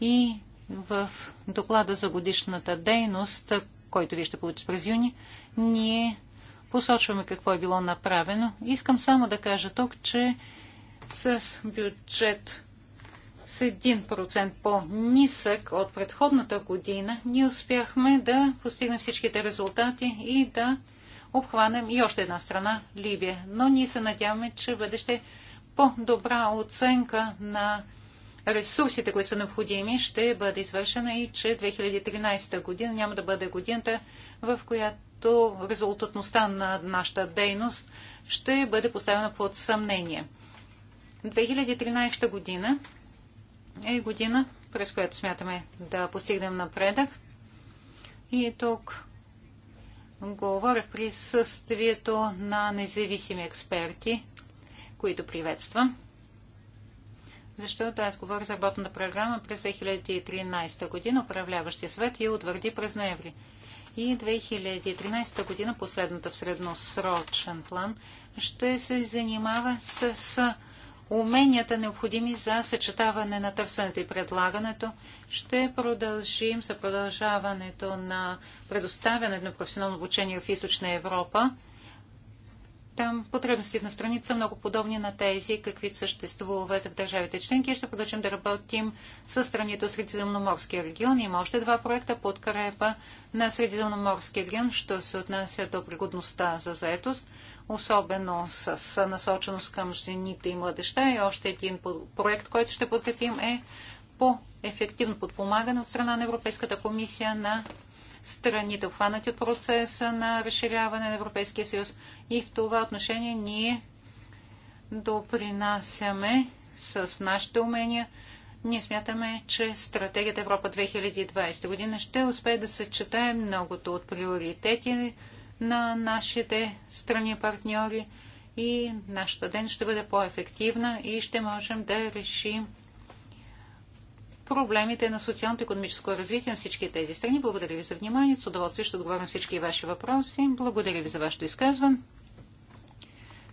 и в доклада за годишната дейност, който вие ще получите през юни, ние посочваме какво е било направено. Искам само да кажа тук, че с бюджет с 1% по-нисък от предходната година, ние успяхме да постигнем всичките резултати и да обхванем и още една страна – Либия. Но ние се надяваме, че бъдеще по-добра оценка на ресурсите, които са необходими, ще бъде извършена и че 2013 година няма да бъде годината, в която резултатността на нашата дейност ще бъде поставена под съмнение. 2013 година е година, през която смятаме да постигнем напредък. И тук говоря в присъствието на независими експерти, които приветствам. Защото аз говоря за работната програма през 2013 година, управляващия свет я утвърди през ноември. И 2013 година, последната в средносрочен план, ще се занимава с уменията необходими за съчетаване на търсенето и предлагането, ще продължим за продължаването на предоставянето на професионално обучение в Източна Европа. Там потребностите на страните са много подобни на тези, какви съществуват в държавите членки. Ще продължим да работим с страните от Средиземноморския регион. Има още два проекта подкрепа на Средиземноморския регион, що се отнася до пригодността за заетост особено с насоченост към жените и младеща. И още един проект, който ще подкрепим е по-ефективно подпомагане от страна на Европейската комисия на страните, обхванати от процеса на разширяване на Европейския съюз. И в това отношение ние допринасяме с нашите умения. Ние смятаме, че стратегията Европа 2020 година ще успее да съчетаем многото от приоритети на нашите страни партньори и нашата ден ще бъде по-ефективна и ще можем да решим проблемите на социално-економическо развитие на всички тези страни. Благодаря ви за вниманието. С удоволствие ще отговоря на всички ваши въпроси. Благодаря ви за вашето изказване.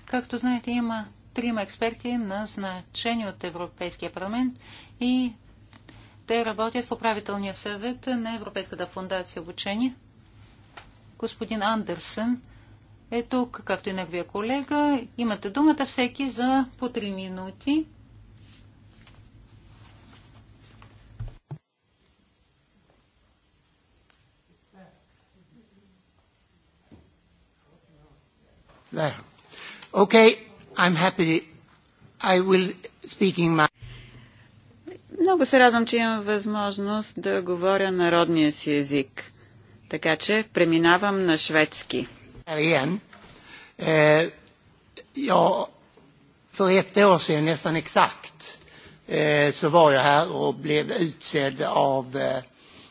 Както знаете, има трима експерти на значени от Европейския парламент и те работят в управителния съвет на Европейската фундация обучение. Господин Андерсен е тук, както и неговия колега. Имате думата всеки за по три минути. there. Okay, I'm happy. I will speak in my... Много се радвам, че имам възможност да говоря народния си език. Така че преминавам на шведски. Igen. Eh, för ett år sedan nästan exakt så var jag här och blev utsedd av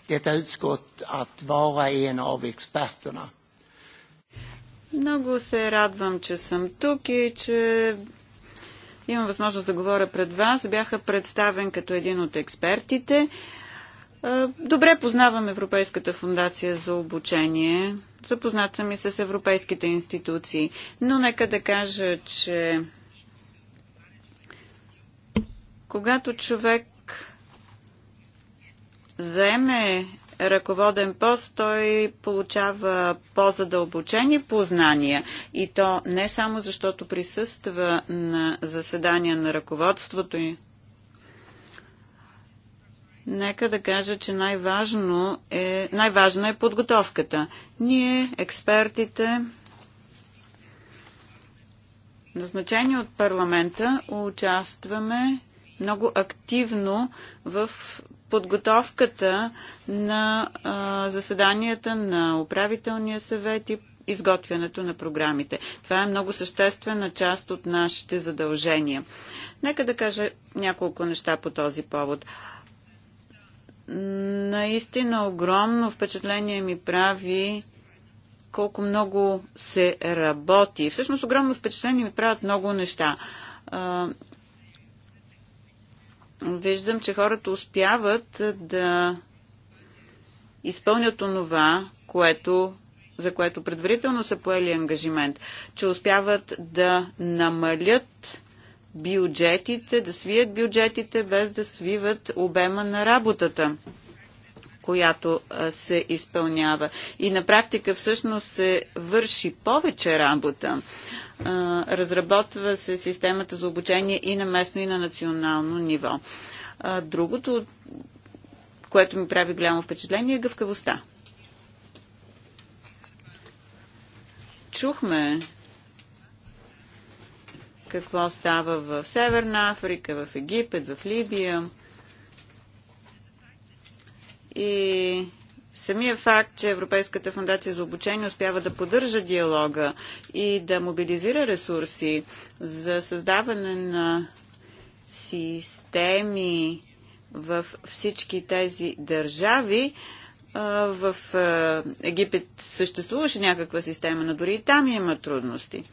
detta utskott att vara en av experterna много се радвам, че съм тук и че имам възможност да говоря пред вас. Бяха представен като един от експертите. Добре познавам Европейската фундация за обучение. Запознат съм и с европейските институции. Но нека да кажа, че когато човек заеме ръководен пост, той получава по-задълбочени познания и то не само защото присъства на заседания на ръководството Нека да кажа, че най-важно е, най-важна е подготовката. Ние, експертите, назначени от парламента, участваме много активно в подготовката на а, заседанията на управителния съвет и изготвянето на програмите. Това е много съществена част от нашите задължения. Нека да кажа няколко неща по този повод. Наистина огромно впечатление ми прави колко много се работи. Всъщност огромно впечатление ми правят много неща виждам, че хората успяват да изпълнят онова, което, за което предварително са поели ангажимент, че успяват да намалят бюджетите, да свият бюджетите, без да свиват обема на работата която се изпълнява. И на практика всъщност се върши повече работа разработва се системата за обучение и на местно, и на национално ниво. Другото, което ми прави голямо впечатление, е гъвкавостта. Чухме какво става в Северна Африка, в Египет, в Либия. И Самия факт, че Европейската фундация за обучение успява да поддържа диалога и да мобилизира ресурси за създаване на системи в всички тези държави, в Египет съществуваше някаква система, но дори и там има трудности.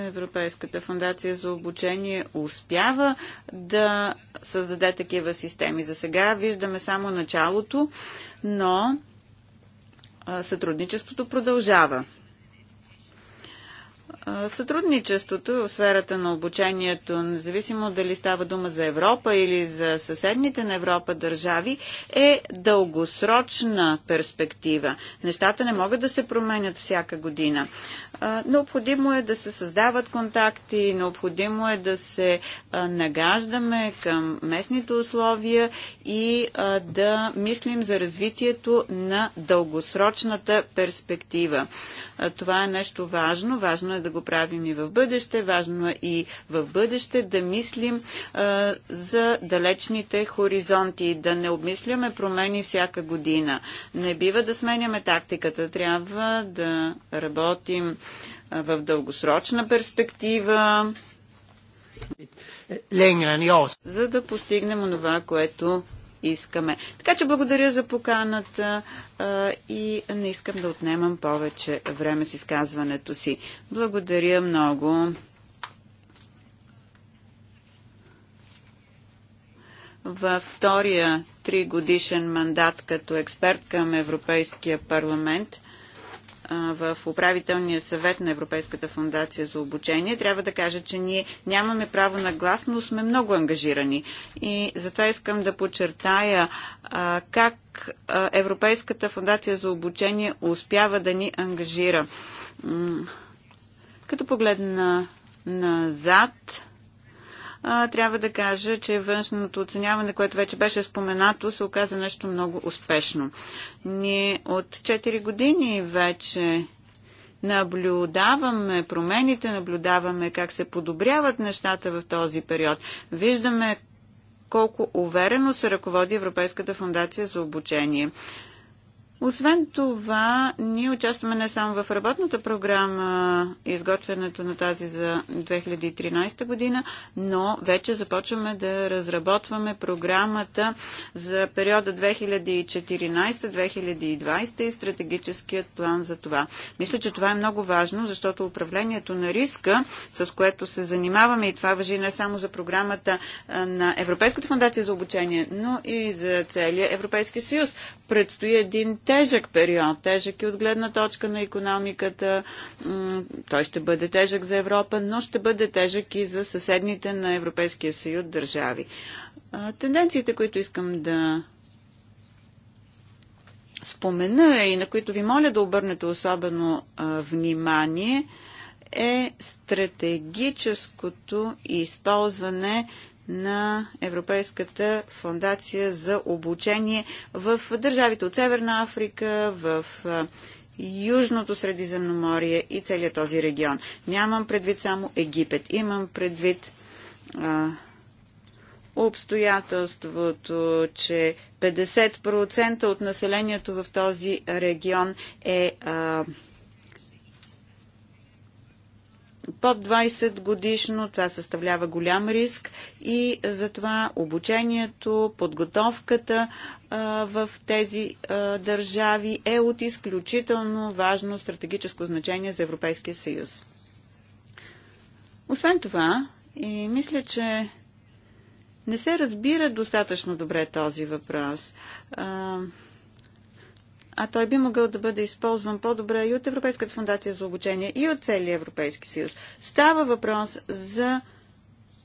Европейската фундация за обучение успява да създаде такива системи. За сега виждаме само началото, но сътрудничеството продължава. Сътрудничеството в сферата на обучението, независимо дали става дума за Европа или за съседните на Европа държави, е дългосрочна перспектива. Нещата не могат да се променят всяка година. Необходимо е да се създават контакти, необходимо е да се нагаждаме към местните условия и да мислим за развитието на дългосрочната перспектива. Това е нещо важно. Важно е да го го правим и в бъдеще. Важно е и в бъдеще да мислим а, за далечните хоризонти, да не обмисляме промени всяка година. Не бива да сменяме тактиката. Трябва да работим а, в дългосрочна перспектива, за да постигнем онова, което искаме. Така че благодаря за поканата а, и не искам да отнемам повече време с изказването си. Благодаря много. във втория тригодишен мандат като експерт към Европейския парламент в управителния съвет на Европейската фундация за обучение, трябва да кажа, че ние нямаме право на глас, но сме много ангажирани. И затова искам да подчертая как Европейската фундация за обучение успява да ни ангажира. Като погледна назад, трябва да кажа, че външното оценяване, което вече беше споменато, се оказа нещо много успешно. Ние от 4 години вече наблюдаваме промените, наблюдаваме как се подобряват нещата в този период. Виждаме колко уверено се ръководи Европейската фундация за обучение. Освен това, ние участваме не само в работната програма, изготвянето на тази за 2013 година, но вече започваме да разработваме програмата за периода 2014-2020 и стратегическият план за това. Мисля, че това е много важно, защото управлението на риска, с което се занимаваме, и това въжи не само за програмата на Европейската фундация за обучение, но и за целия Европейски съюз. Предстои един тежък период, тежък и от гледна точка на економиката. Той ще бъде тежък за Европа, но ще бъде тежък и за съседните на Европейския съюз държави. Тенденциите, които искам да спомена и на които ви моля да обърнете особено внимание, е стратегическото използване на Европейската фундация за обучение в държавите от Северна Африка, в Южното Средиземноморие и целият този регион. Нямам предвид само Египет. Имам предвид а, обстоятелството, че 50% от населението в този регион е а, под 20 годишно. Това съставлява голям риск и затова обучението, подготовката в тези държави е от изключително важно стратегическо значение за Европейския съюз. Освен това, и мисля, че не се разбира достатъчно добре този въпрос. А, а той би могъл да бъде използван по-добре и от Европейската фундация за обучение, и от целия Европейски съюз. Става въпрос за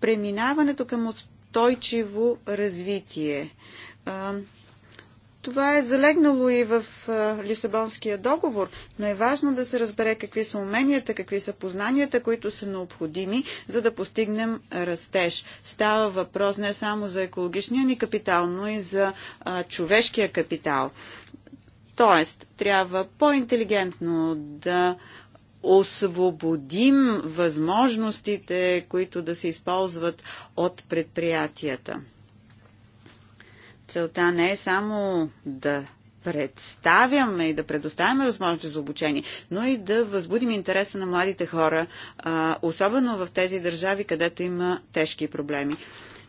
преминаването към устойчиво развитие. Това е залегнало и в Лисабонския договор, но е важно да се разбере какви са уменията, какви са познанията, които са необходими, за да постигнем растеж. Става въпрос не само за екологичния ни капитал, но и за човешкия капитал. Тоест, трябва по-интелигентно да освободим възможностите, които да се използват от предприятията. Целта не е само да представяме и да предоставяме възможности за обучение, но и да възбудим интереса на младите хора, особено в тези държави, където има тежки проблеми.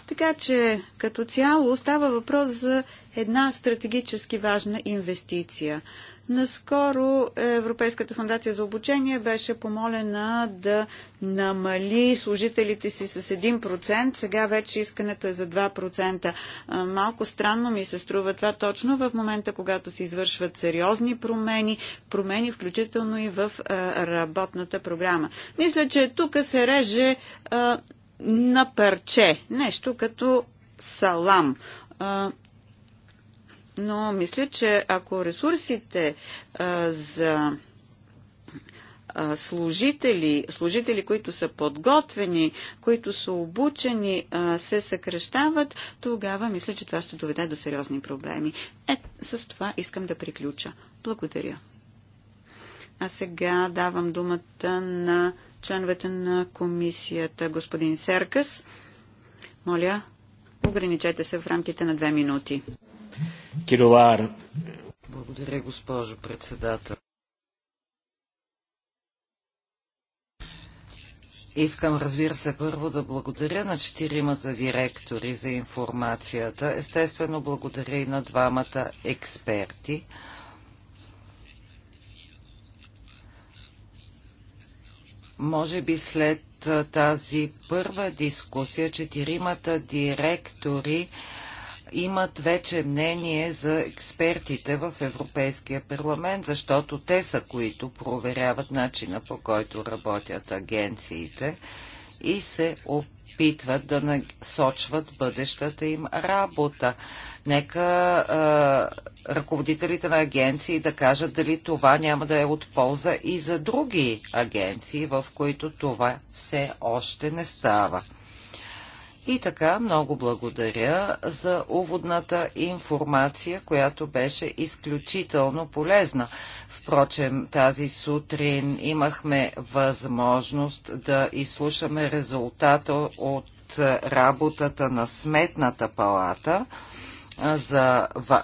Така че като цяло става въпрос за една стратегически важна инвестиция. Наскоро Европейската фундация за обучение беше помолена да намали служителите си с 1%. Сега вече искането е за 2%. Малко странно ми се струва това точно в момента, когато се извършват сериозни промени, промени включително и в работната програма. Мисля, че тук се реже а, на парче. Нещо като салам. А, но мисля, че ако ресурсите а, за а, служители, служители, които са подготвени, които са обучени, а, се съкрещават, тогава мисля, че това ще доведе до сериозни проблеми. Е, с това искам да приключа. Благодаря. А сега давам думата на членовете на комисията, господин Серкас. Моля, ограничете се в рамките на две минути. Quiero Благодаря, госпожо председател. Искам, разбира се, първо да благодаря на четиримата директори за информацията. Естествено, благодаря и на двамата експерти. Може би след тази първа дискусия четиримата директори имат вече мнение за експертите в Европейския парламент, защото те са, които проверяват начина по който работят агенциите и се опитват да насочват бъдещата им работа. Нека а, ръководителите на агенции да кажат дали това няма да е от полза и за други агенции, в които това все още не става. И така, много благодаря за уводната информация, която беше изключително полезна. Впрочем, тази сутрин имахме възможност да изслушаме резултата от работата на Сметната палата за ва...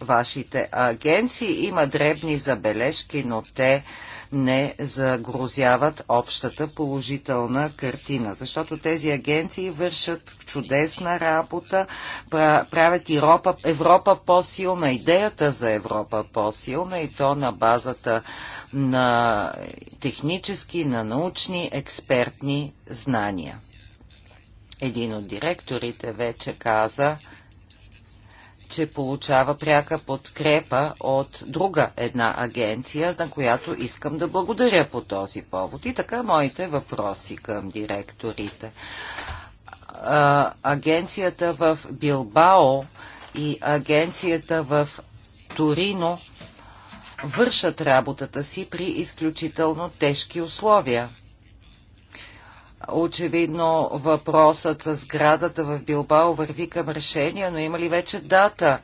вашите агенции. Има дребни забележки, но те не загрозяват общата положителна картина. Защото тези агенции вършат чудесна работа, правят Европа, Европа по-силна, идеята за Европа по-силна и то на базата на технически, на научни, експертни знания. Един от директорите вече каза, че получава пряка подкрепа от друга една агенция, на която искам да благодаря по този повод. И така моите въпроси към директорите. Агенцията в Билбао и агенцията в Торино вършат работата си при изключително тежки условия – Очевидно въпросът с градата в Билбао върви към решение, но има ли вече дата?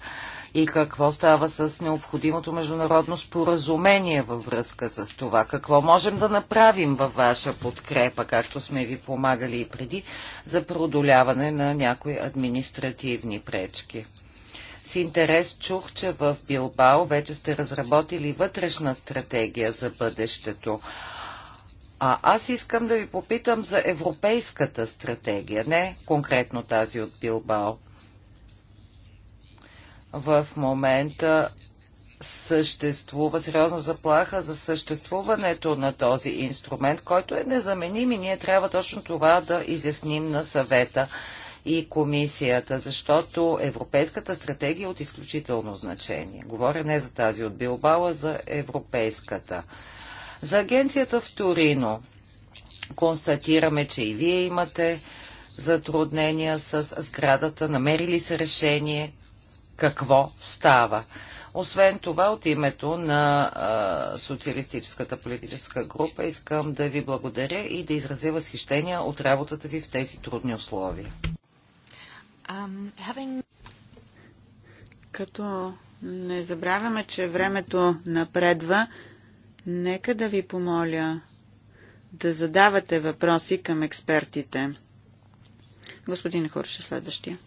И какво става с необходимото международно споразумение във връзка с това? Какво можем да направим във ваша подкрепа, както сме ви помагали и преди, за продоляване на някои административни пречки? С интерес чух, че в Билбао вече сте разработили вътрешна стратегия за бъдещето. А аз искам да ви попитам за европейската стратегия, не конкретно тази от Билбао. В момента съществува сериозна заплаха за съществуването на този инструмент, който е незаменим и ние трябва точно това да изясним на съвета и комисията, защото европейската стратегия е от изключително значение. Говоря не за тази от Билбала, за европейската за агенцията в Торино констатираме, че и вие имате затруднения с сградата. Намерили се решение? Какво става? Освен това, от името на а, социалистическата политическа група искам да ви благодаря и да изразя възхищение от работата ви в тези трудни условия. Um, having... Като не забравяме, че времето напредва, Нека да ви помоля да задавате въпроси към експертите. Господин Хорше, следващия.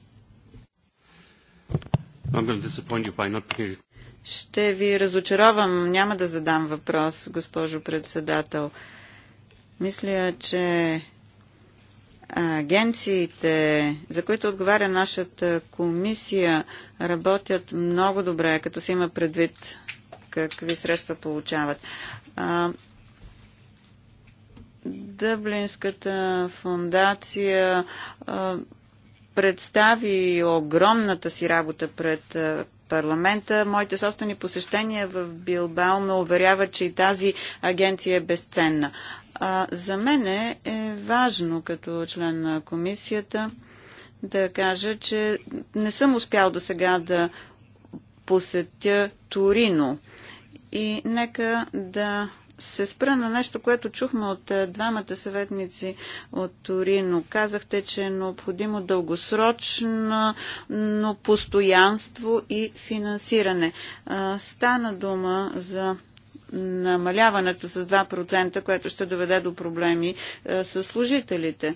Ще ви разочаровам. Няма да задам въпрос, госпожо председател. Мисля, че агенциите, за които отговаря нашата комисия, работят много добре, като се има предвид какви средства получават. Дъблинската фундация представи огромната си работа пред парламента. Моите собствени посещения в Билбао ме уверяват, че и тази агенция е безценна. А, за мен е, е важно като член на комисията да кажа, че не съм успял до сега да посетя Торино. И нека да се спра на нещо, което чухме от е, двамата съветници от Торино. Казахте, че е необходимо дългосрочно но постоянство и финансиране. Стана дума за намаляването с 2%, което ще доведе до проблеми е, с служителите.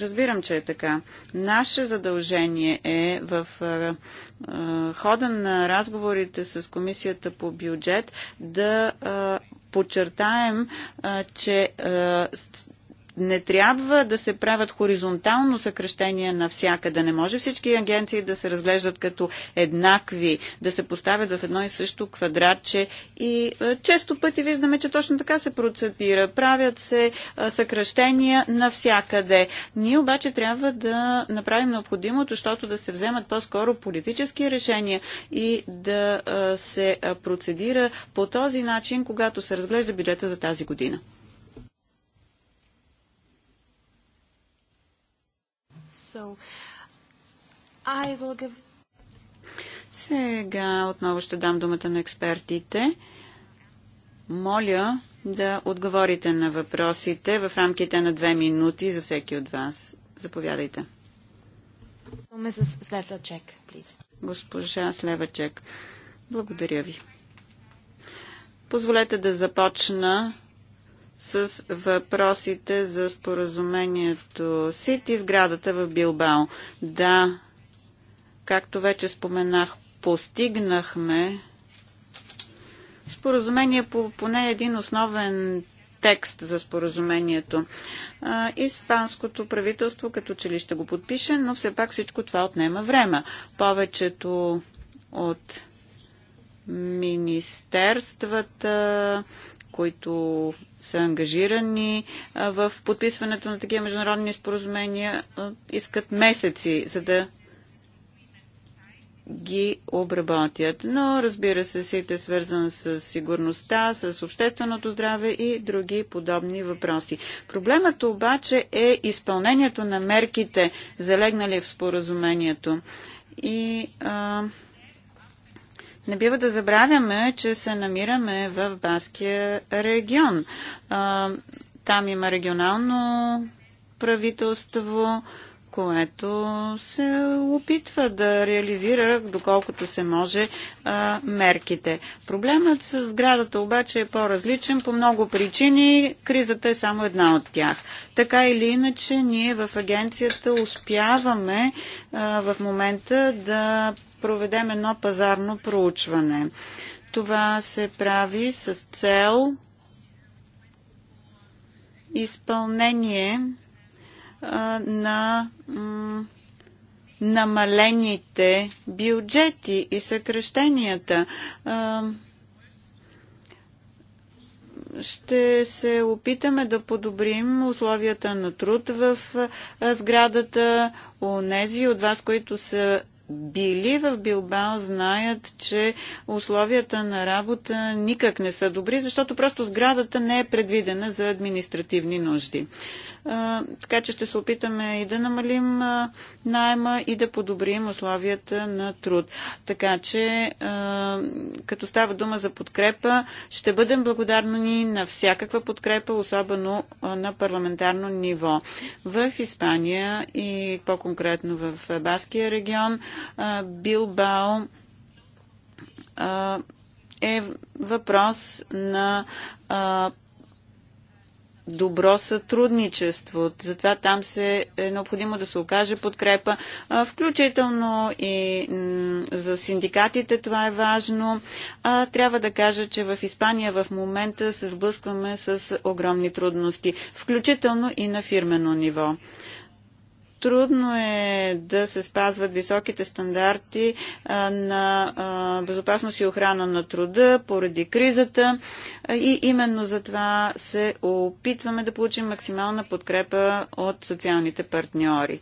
Разбирам, че е така. Наше задължение е в хода на разговорите с комисията по бюджет да подчертаем, че не трябва да се правят хоризонтално съкръщения навсякъде. Не може всички агенции да се разглеждат като еднакви, да се поставят в едно и също квадратче. И е, често пъти виждаме, че точно така се процедира. Правят се е, съкръщения навсякъде. Ние обаче трябва да направим необходимото, защото да се вземат по-скоро политически решения и да е, се процедира по този начин, когато се разглежда бюджета за тази година. So I will give... Сега отново ще дам думата на експертите. Моля да отговорите на въпросите в рамките на две минути за всеки от вас. Заповядайте. Госпожа Слевачек, благодаря ви. Позволете да започна с въпросите за споразумението СИТ и сградата в Билбао. Да, както вече споменах, постигнахме споразумение по поне един основен текст за споразумението. испанското правителство като че ли ще го подпише, но все пак всичко това отнема време. Повечето от министерствата които са ангажирани в подписването на такива международни споразумения, искат месеци, за да ги обработят. Но, разбира се, сит е свързан с сигурността, с общественото здраве и други подобни въпроси. Проблемът обаче е изпълнението на мерките, залегнали в споразумението. И а, не бива да забравяме, че се намираме в Баския регион. Там има регионално правителство, което се опитва да реализира доколкото се може мерките. Проблемът с сградата обаче е по-различен по много причини. Кризата е само една от тях. Така или иначе, ние в агенцията успяваме в момента да проведем едно пазарно проучване. Това се прави с цел изпълнение а, на намалените бюджети и съкрещенията. А, ще се опитаме да подобрим условията на труд в сградата. Онези от вас, които са били в Билбао, знаят, че условията на работа никак не са добри, защото просто сградата не е предвидена за административни нужди. така че ще се опитаме и да намалим найма и да подобрим условията на труд. Така че, като става дума за подкрепа, ще бъдем благодарни на всякаква подкрепа, особено на парламентарно ниво. В Испания и по-конкретно в Баския регион, Билбао е въпрос на добро сътрудничество. Затова там се е необходимо да се окаже подкрепа, включително и за синдикатите това е важно. Трябва да кажа, че в Испания в момента се сблъскваме с огромни трудности, включително и на фирмено ниво. Трудно е да се спазват високите стандарти на безопасност и охрана на труда поради кризата и именно за това се опитваме да получим максимална подкрепа от социалните партньори.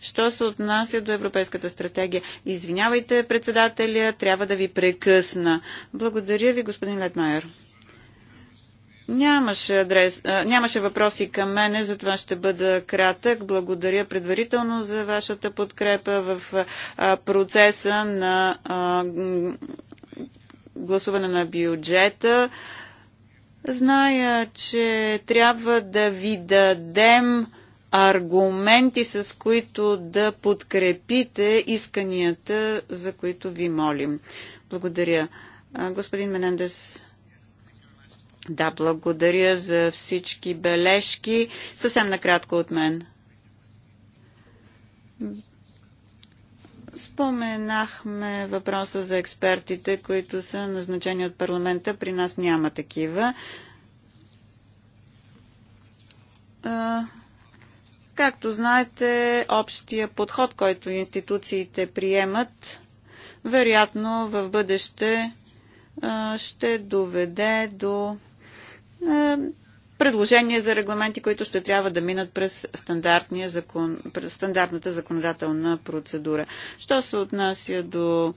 Що се отнася до Европейската стратегия? Извинявайте, председателя, трябва да ви прекъсна. Благодаря ви, господин Летмайер. Нямаше, адрес, а, нямаше въпроси към мене, затова ще бъда кратък. Благодаря предварително за вашата подкрепа в а, процеса на а, гласуване на бюджета. Зная, че трябва да ви дадем аргументи, с които да подкрепите исканията, за които ви молим. Благодаря. Господин Менендес. Да, благодаря за всички бележки. Съвсем накратко от мен. Споменахме въпроса за експертите, които са назначени от парламента. При нас няма такива. Както знаете, общия подход, който институциите приемат, вероятно в бъдеще ще доведе до е, предложения за регламенти, които ще трябва да минат през, закон, през стандартната законодателна процедура. Що се отнася до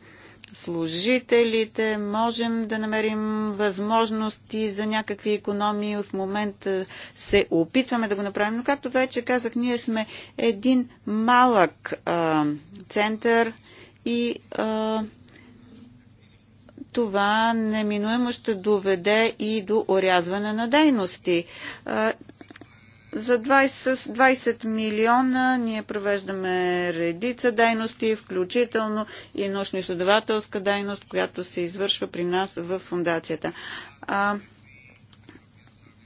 служителите, можем да намерим възможности за някакви економии. В момента се опитваме да го направим, но както вече казах, ние сме един малък а, център и а, това неминуемо ще доведе и до орязване на дейности. За 20, с 20 милиона ние провеждаме редица дейности, включително и научно-изследователска дейност, която се извършва при нас в фундацията. А,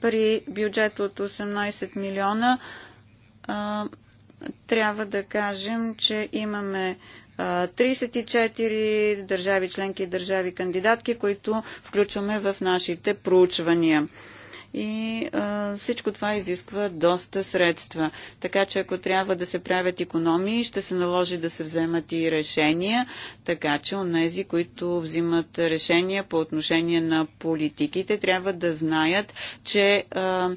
при бюджет от 18 милиона а, трябва да кажем, че имаме а, 34 държави членки и държави кандидатки, които включваме в нашите проучвания и а, всичко това изисква доста средства. Така че ако трябва да се правят економии, ще се наложи да се вземат и решения, така че онези, които взимат решения по отношение на политиките, трябва да знаят, че а,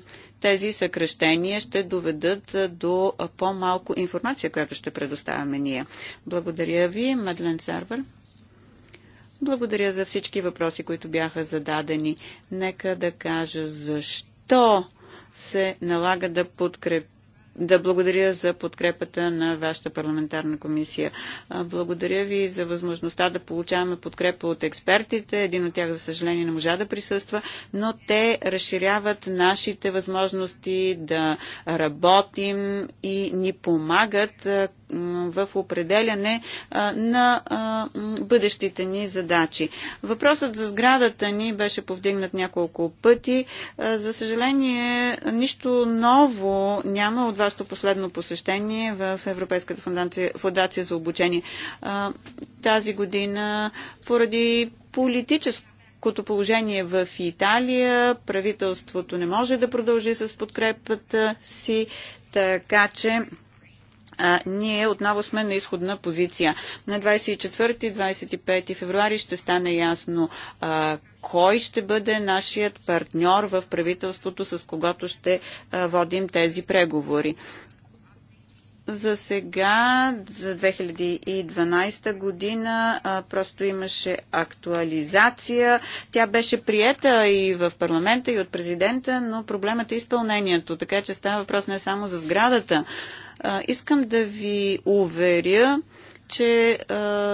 тези съкръщения ще доведат до по-малко информация, която ще предоставяме ние. Благодаря ви, Мадлен Сарвер. Благодаря за всички въпроси, които бяха зададени. Нека да кажа защо се налага да подкрепим да благодаря за подкрепата на вашата парламентарна комисия. Благодаря ви за възможността да получаваме подкрепа от експертите. Един от тях, за съжаление, не можа да присъства, но те разширяват нашите възможности да работим и ни помагат в определяне на бъдещите ни задачи. Въпросът за сградата ни беше повдигнат няколко пъти. За съжаление, нищо ново няма от вашето последно посещение в Европейската фундация, за обучение. Тази година, поради политическо тежкото положение в Италия. Правителството не може да продължи с подкрепата си, така че а, ние отново сме на изходна позиция. На 24-25 февруари ще стане ясно а, кой ще бъде нашият партньор в правителството, с когото ще а, водим тези преговори. За сега, за 2012 година, а, просто имаше актуализация. Тя беше приета и в парламента, и от президента, но проблемът е изпълнението. Така че става въпрос не само за сградата, Искам да ви уверя, че а,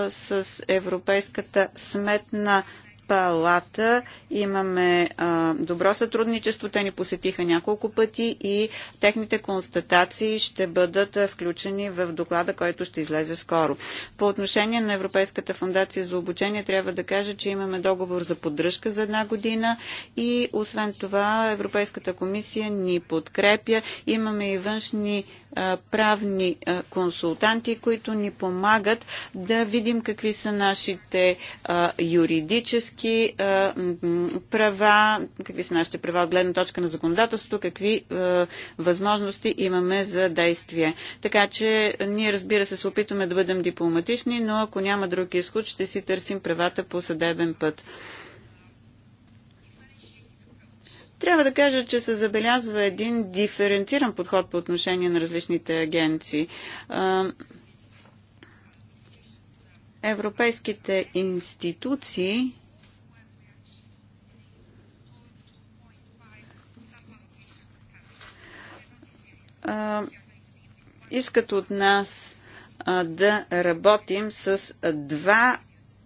с Европейската сметна палата имаме а, добро сътрудничество. Те ни посетиха няколко пъти и техните констатации ще бъдат а, включени в доклада, който ще излезе скоро. По отношение на Европейската фундация за обучение трябва да кажа, че имаме договор за поддръжка за една година и освен това Европейската комисия ни подкрепя. Имаме и външни а, правни а, консултанти, които ни помагат да видим какви са нашите а, юридически всички а, права, какви са нашите права от гледна точка на законодателството, какви а, възможности имаме за действие. Така че ние разбира се се опитваме да бъдем дипломатични, но ако няма друг изход, ще си търсим правата по съдебен път. Трябва да кажа, че се забелязва един диференциран подход по отношение на различните агенции. Европейските институции искат от нас да работим с два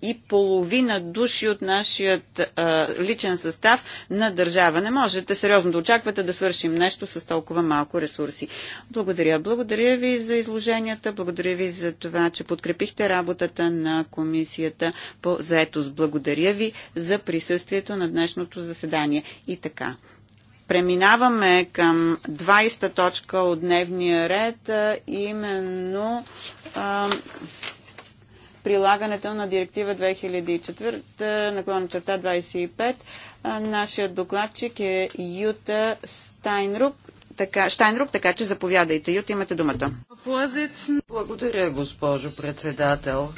и половина души от нашият а, личен състав на държава. Не можете сериозно да очаквате да свършим нещо с толкова малко ресурси. Благодаря. Благодаря ви за изложенията. Благодаря ви за това, че подкрепихте работата на комисията по заетост. Благодаря ви за присъствието на днешното заседание. И така преминаваме към 20-та точка от дневния ред, именно а, прилагането на директива 2004 наклон черта 25. нашият докладчик е Юта Стайнрук. Така, Штайнрук, така че заповядайте. Юта, имате думата. Благодаря, госпожо председател.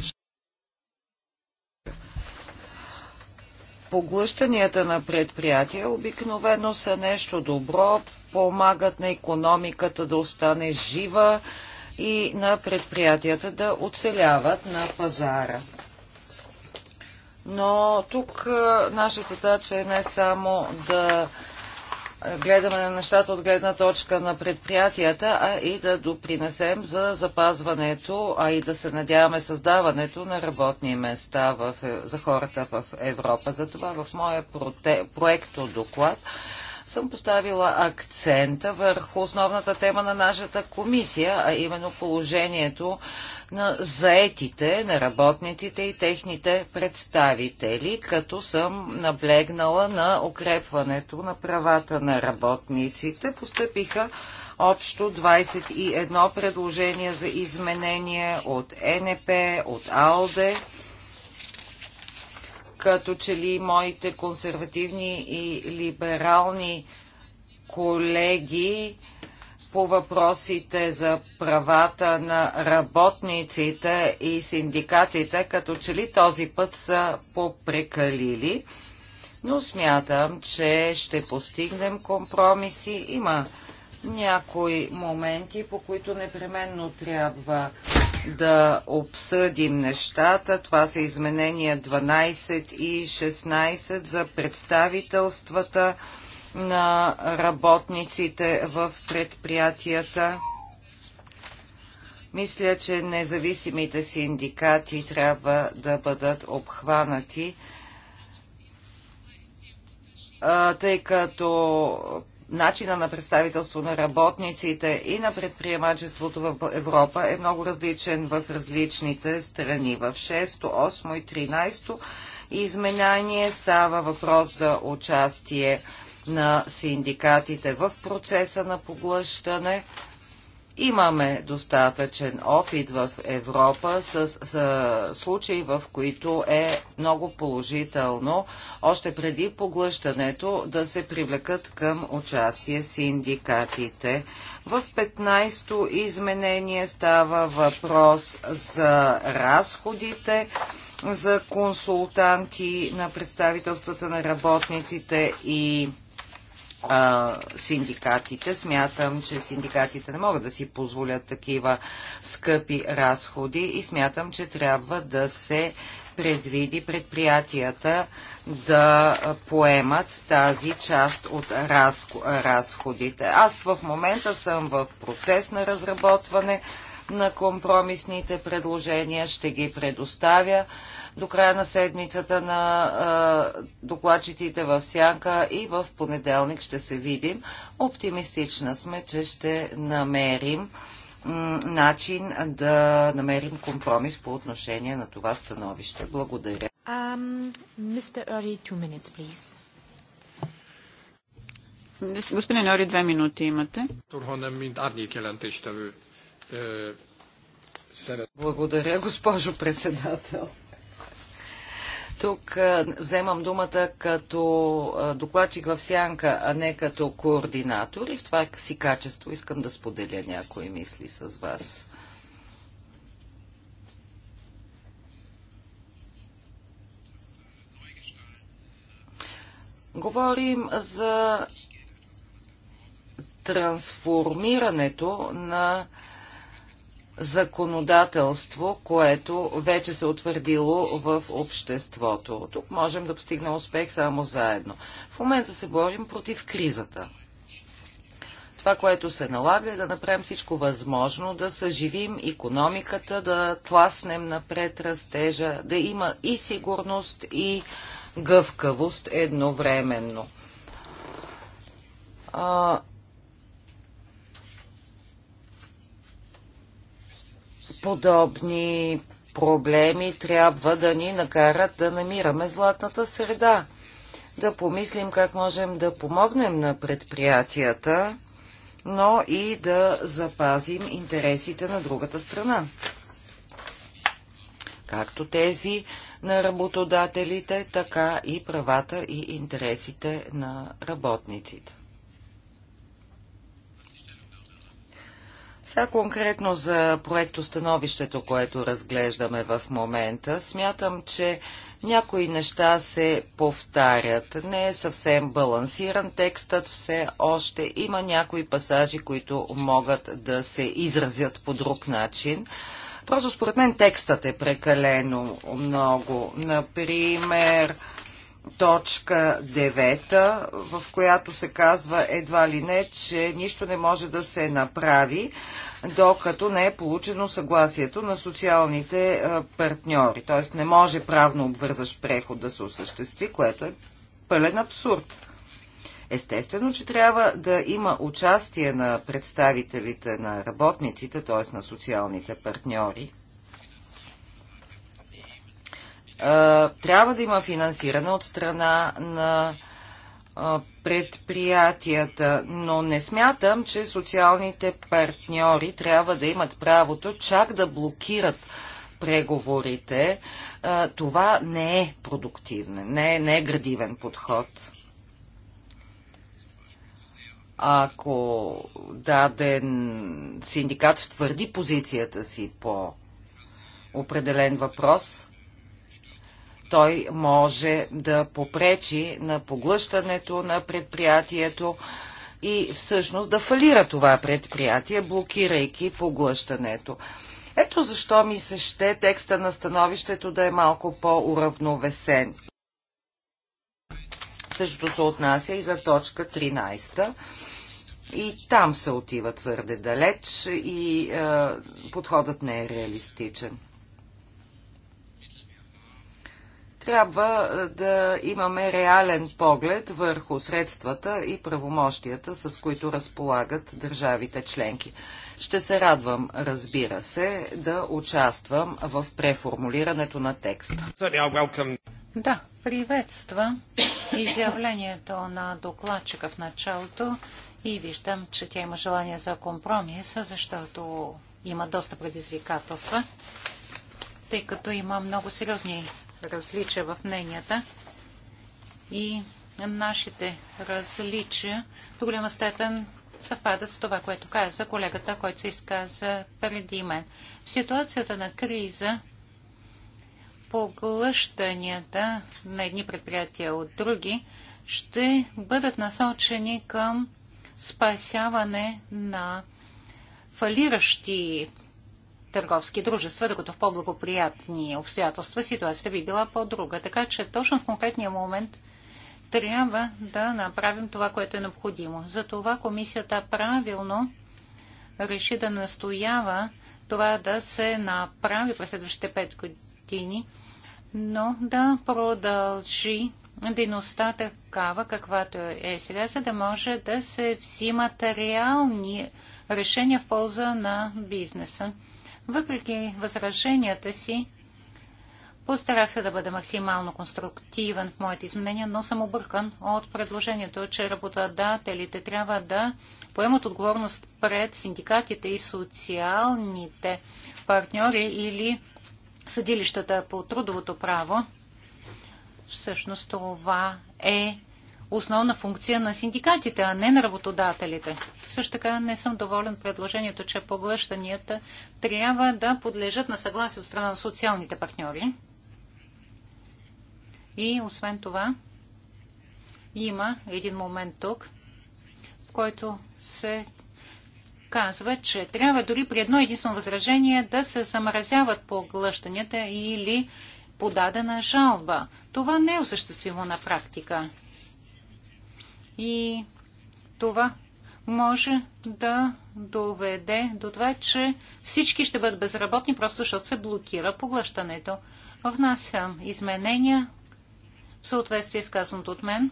поглъщанията на предприятия обикновено са нещо добро, помагат на економиката да остане жива и на предприятията да оцеляват на пазара. Но тук наша задача е не само да гледаме на нещата от гледна точка на предприятията, а и да допринесем за запазването, а и да се надяваме създаването на работни места в, е, за хората в Европа. Затова в моя проекто доклад съм поставила акцента върху основната тема на нашата комисия, а именно положението на заетите, на работниците и техните представители, като съм наблегнала на укрепването на правата на работниците. Постъпиха общо 21 предложения за изменение от НП, от АЛДЕ като че ли моите консервативни и либерални колеги по въпросите за правата на работниците и синдикатите, като че ли този път са попрекалили, но смятам, че ще постигнем компромиси. Има някои моменти, по които непременно трябва да обсъдим нещата. Това са изменения 12 и 16 за представителствата на работниците в предприятията. Мисля, че независимите синдикати трябва да бъдат обхванати, тъй като начина на представителство на работниците и на предприемачеството в Европа е много различен в различните страни. В 6, 8 и 13 изменение става въпрос за участие на синдикатите в процеса на поглъщане Имаме достатъчен опит в Европа с, с случаи, в които е много положително още преди поглъщането да се привлекат към участие синдикатите. В 15-то изменение става въпрос за разходите за консултанти на представителствата на работниците и а, синдикатите. Смятам, че синдикатите не могат да си позволят такива скъпи разходи и смятам, че трябва да се предвиди предприятията да поемат тази част от разходите. Аз в момента съм в процес на разработване на компромисните предложения, ще ги предоставя до края на седмицата на докладчиците в Сянка и в понеделник ще се видим. Оптимистична сме, че ще намерим начин да намерим компромис по отношение на това становище. Благодаря. Um, minutes, Господин Ори, две минути имате. Е, е, Благодаря, госпожо председател. Тук вземам думата като докладчик в сянка, а не като координатор и в това си качество искам да споделя някои мисли с вас. Говорим за трансформирането на законодателство, което вече се утвърдило в обществото. Тук можем да постигнем успех само заедно. В момента се борим против кризата. Това, което се налага е да направим всичко възможно, да съживим економиката, да тласнем напред растежа, да има и сигурност, и гъвкавост едновременно подобни проблеми трябва да ни накарат да намираме златната среда, да помислим как можем да помогнем на предприятията, но и да запазим интересите на другата страна. Както тези на работодателите, така и правата и интересите на работниците. Сега конкретно за проектостановището, което разглеждаме в момента, смятам, че някои неща се повтарят. Не е съвсем балансиран текстът, все още има някои пасажи, които могат да се изразят по друг начин. Просто според мен текстът е прекалено много. Например, точка 9, в която се казва едва ли не, че нищо не може да се направи, докато не е получено съгласието на социалните е, партньори. Т.е. не може правно обвързащ преход да се осъществи, което е пълен абсурд. Естествено, че трябва да има участие на представителите на работниците, т.е. на социалните партньори трябва да има финансиране от страна на предприятията, но не смятам, че социалните партньори трябва да имат правото чак да блокират преговорите. Това не е продуктивно, не е, не е градивен подход. Ако даден синдикат твърди позицията си по определен въпрос, той може да попречи на поглъщането на предприятието и всъщност да фалира това предприятие, блокирайки поглъщането. Ето защо ми се ще текста на становището да е малко по-уравновесен. Същото се отнася и за точка 13. И там се отива твърде далеч и е, подходът не е реалистичен. трябва е, да имаме реален поглед върху средствата и правомощията, с които разполагат държавите членки. Ще се радвам, разбира се, да участвам в преформулирането на текста. Да, приветства изявлението на докладчика в началото и виждам, че тя има желание за компромис, защото има доста предизвикателства, тъй като има много сериозни различия в мненията и нашите различия до голяма степен съвпадат с това, което каза колегата, който се изказа преди мен. В ситуацията на криза поглъщанията на едни предприятия от други ще бъдат насочени към спасяване на фалиращи търговски дружества, докато в по-благоприятни обстоятелства ситуацията би била по-друга. Така че точно в конкретния момент трябва да направим това, което е необходимо. Затова комисията правилно реши да настоява това да се направи през следващите 5 години, но да продължи дейността такава, каквато е сега, за да може да се взимат реални решения в полза на бизнеса. Въпреки възраженията си, постарах се да бъда максимално конструктивен в моите изменения, но съм объркан от предложението, че работодателите трябва да поемат отговорност пред синдикатите и социалните партньори или съдилищата по трудовото право. Всъщност това е основна функция на синдикатите, а не на работодателите. Също така не съм доволен предложението, че поглъщанията трябва да подлежат на съгласие от страна на социалните партньори. И освен това, има един момент тук, в който се казва, че трябва дори при едно единствено възражение да се замразяват поглъщанията или подадена жалба. Това не е осъществимо на практика. И това може да доведе до това, че всички ще бъдат безработни, просто защото се блокира поглъщането. Внасям изменения в съответствие с казаното от мен.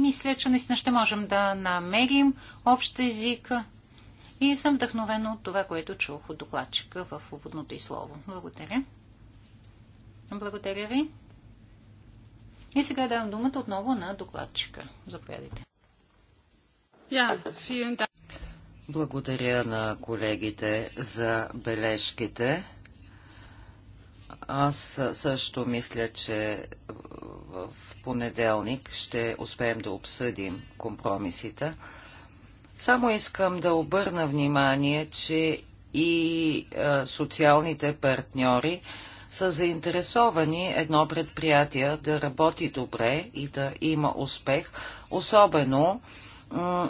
Мисля, че наистина ще можем да намерим общ език и съм вдъхновен от това, което чух от докладчика в уводното и слово. Благодаря. Благодаря ви. И сега давам думата отново на докладчика. Заповядайте. Благодаря на колегите за бележките. Аз също мисля, че в понеделник ще успеем да обсъдим компромисите. Само искам да обърна внимание, че и е, социалните партньори са заинтересовани едно предприятие да работи добре и да има успех, особено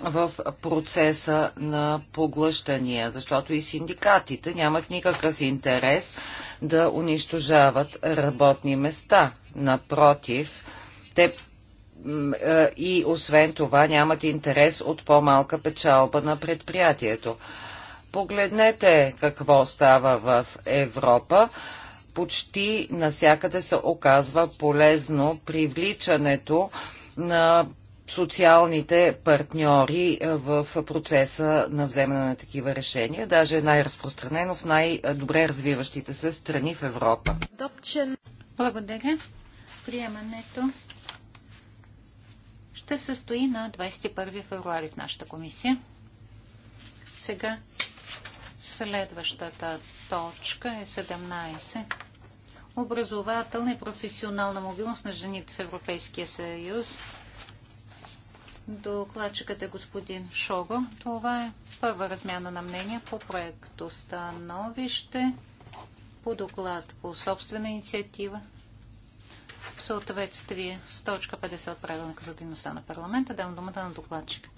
в процеса на поглъщания, защото и синдикатите нямат никакъв интерес да унищожават работни места. Напротив, те е, и освен това нямат интерес от по-малка печалба на предприятието. Погледнете какво става в Европа почти насякъде се оказва полезно привличането на социалните партньори е, в процеса на вземане на такива решения, даже най-разпространено в най-добре развиващите се страни в Европа. Добчен. Благодаря. Приемането ще се състои на 21 февруари в нашата комисия. Сега Следващата точка е 17. Образователна и професионална мобилност на жените в Европейския съюз. Докладчикът е господин Шого. Това е първа размяна на мнения по проекто становище по доклад по собствена инициатива в съответствие с точка 50 от правилника за дейността на парламента. Давам думата на докладчика.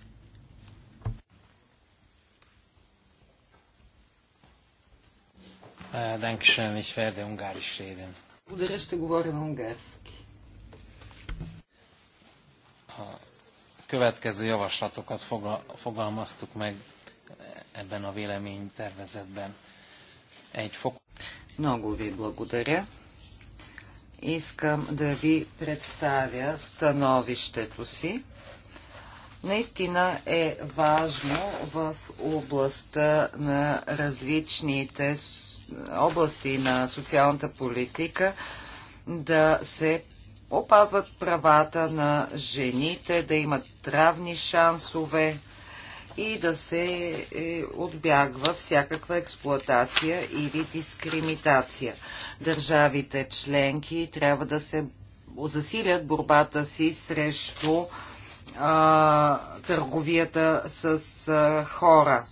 Dankeschön, ich werde Ungarisch reden. Благодаря, ще говоря на унгарски. A következő javaslatokat fogalmaztuk meg е, ebben a véleménytervezetben. Egy fok... Много ви благодаря. Искам да ви представя становището си наистина е важно в областта на различните области на социалната политика да се опазват правата на жените, да имат равни шансове и да се е, отбягва всякаква експлоатация или дискриминация. Държавите членки трябва да се засилят борбата си срещу а, търговията с а, хора,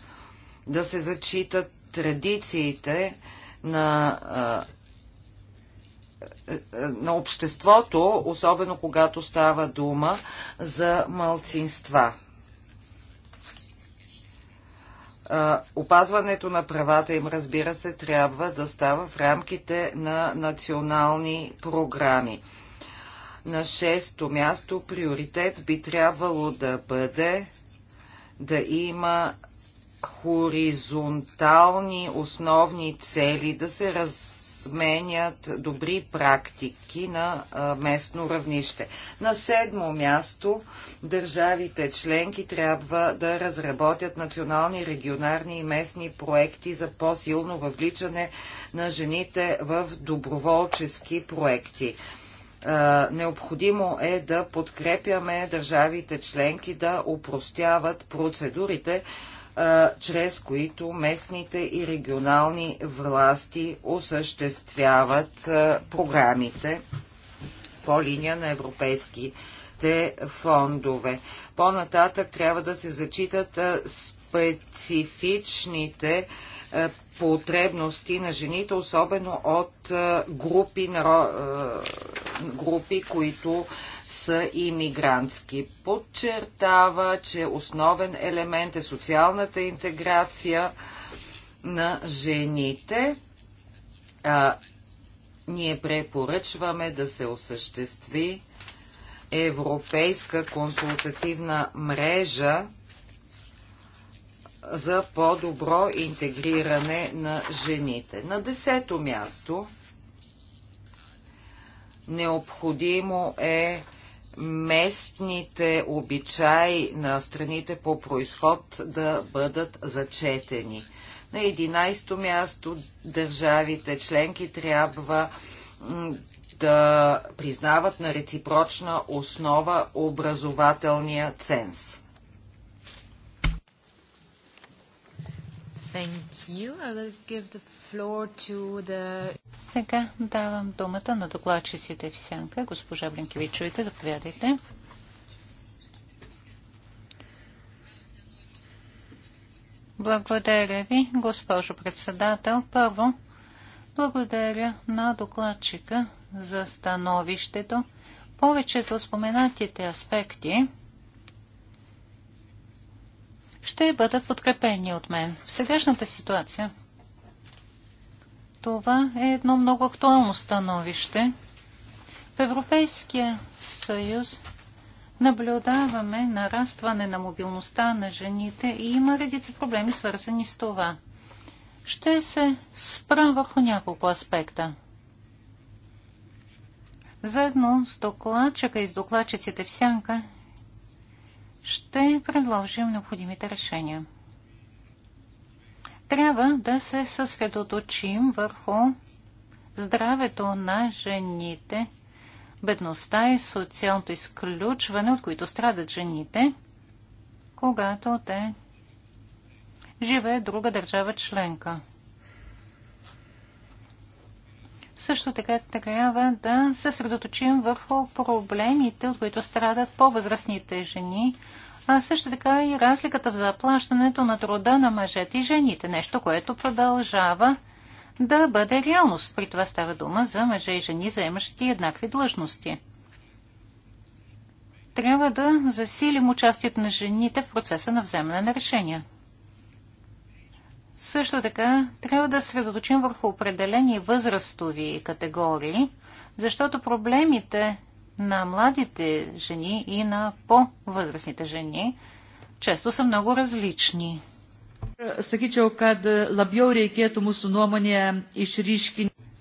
да се зачитат традициите на е, е, на обществото, особено когато става дума за малцинства. Опазването на правата им, разбира се, трябва да става в рамките на национални програми. На шесто място приоритет би трябвало да бъде да има хоризонтални основни цели, да се разменят добри практики на местно равнище. На седмо място държавите членки трябва да разработят национални, регионални и местни проекти за по-силно въвличане на жените в доброволчески проекти необходимо е да подкрепяме държавите членки да упростяват процедурите чрез които местните и регионални власти осъществяват програмите по линия на европейските фондове. По-нататък трябва да се зачитат специфичните потребности на жените, особено от групи, групи които са иммигрантски. Подчертава, че основен елемент е социалната интеграция на жените. А, ние препоръчваме да се осъществи европейска консултативна мрежа за по-добро интегриране на жените. На десето място необходимо е местните обичаи на страните по происход да бъдат зачетени. На 11-то място държавите членки трябва да признават на реципрочна основа образователния ценз. Thank you. I will give the сега давам думата на докладчиците в сянка. Госпожа Блинкевичовите, заповядайте. Благодаря ви, госпожо председател. Първо, благодаря на докладчика за становището. Повечето споменатите аспекти ще бъдат подкрепени от мен. В сегашната ситуация това е едно много актуално становище. В Европейския съюз наблюдаваме нарастване на мобилността на жените и има редица проблеми, свързани с това. Ще се спра върху няколко аспекта. Заедно с докладчика и с докладчиците в сянка ще предложим необходимите решения. Трябва да се съсредоточим върху здравето на жените, бедността и социалното изключване, от които страдат жените, когато те живеят друга държава членка. Също така трябва да се средоточим върху проблемите, от които страдат по-възрастните жени, а също така и разликата в заплащането на труда на мъжете и жените, нещо, което продължава да бъде реалност. При това става дума за мъже и жени, заемащи еднакви длъжности. Трябва да засилим участието на жените в процеса на вземане на решения. Също така трябва да средоточим върху определени възрастови категории, защото проблемите на младите жени и на по-възрастните жени често са много различни.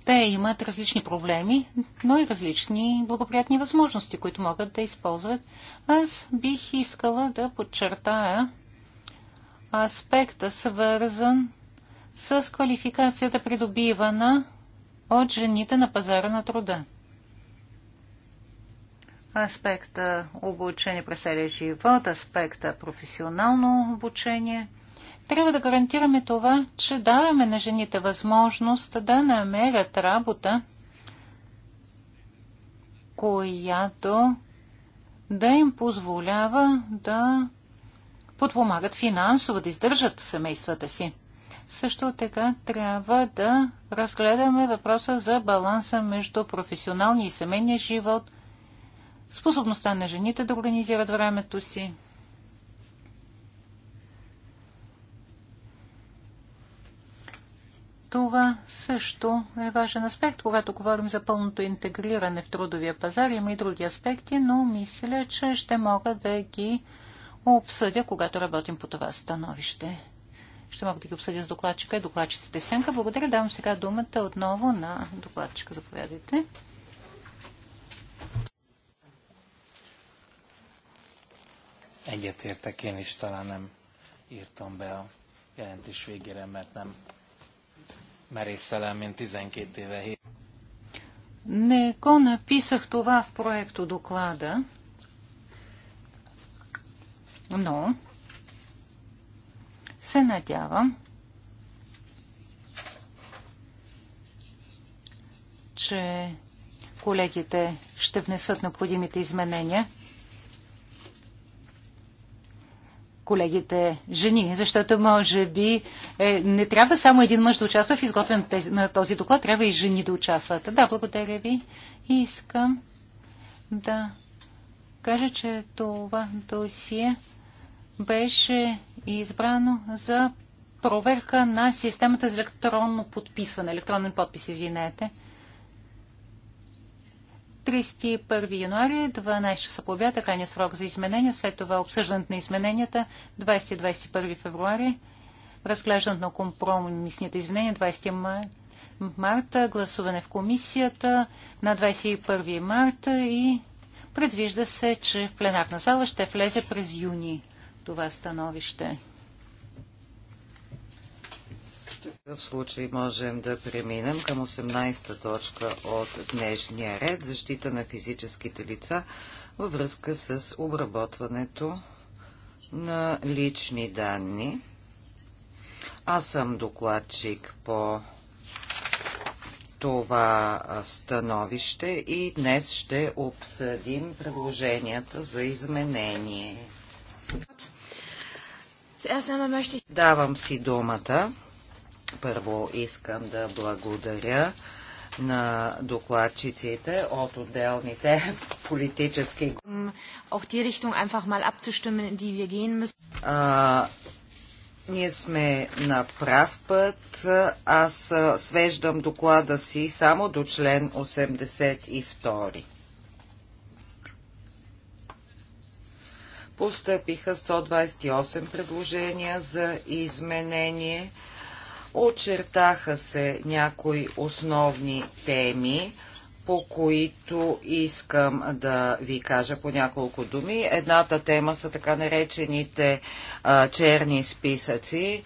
Те имат различни проблеми, но и различни благоприятни възможности, които могат да използват. Аз бих искала да подчертая аспекта, свързан с квалификацията, придобивана от жените на пазара на труда аспекта обучение през целия живот, аспекта професионално обучение. Трябва да гарантираме това, че даваме на жените възможност да намерят работа, която да им позволява да подпомагат финансово, да издържат семействата си. Също така трябва да разгледаме въпроса за баланса между професионалния и семейния живот – способността на жените да организират времето си. Това също е важен аспект, когато говорим за пълното интегриране в трудовия пазар. Има и други аспекти, но мисля, че ще мога да ги обсъдя, когато работим по това становище. Ще мога да ги обсъдя с докладчика и докладчиците в Благодаря. Давам сега думата отново на докладчика. Заповядайте. Egyetértek én is, talán nem írtam be a jelentés végére, mert nem merészelem, mint 12 hét. Не го написах това в проекто доклада, но се надявам, че колегите ще внесат необходимите изменения – колегите жени, защото може би е, не трябва само един мъж да участва в изготвянето на този доклад, трябва и жени да участват. Да, благодаря ви. Искам да кажа, че това досие беше избрано за проверка на системата за електронно подписване, електронен подпис, извинете. 31 януари, 12 часа по обяд, е крайния срок за изменения, след това обсъждането на измененията, 20-21 февруари, разглеждането на компромисните изменения, 20 май, марта, гласуване в комисията на 21 марта и предвижда се, че в пленарна зала ще влезе през юни това становище. В случай можем да преминем към 18-та точка от днешния ред – защита на физическите лица във връзка с обработването на лични данни. Аз съм докладчик по това становище и днес ще обсъдим предложенията за изменение. Давам си думата първо искам да благодаря на докладчиците от отделните политически Auf die Richtung einfach mal abzustimmen, in die wir gehen müssen. А, ние сме на прав път. Аз свеждам доклада си само до член 82. Постъпиха 128 предложения за изменение. Очертаха се някои основни теми, по които искам да ви кажа по няколко думи. Едната тема са така наречените а, черни списъци,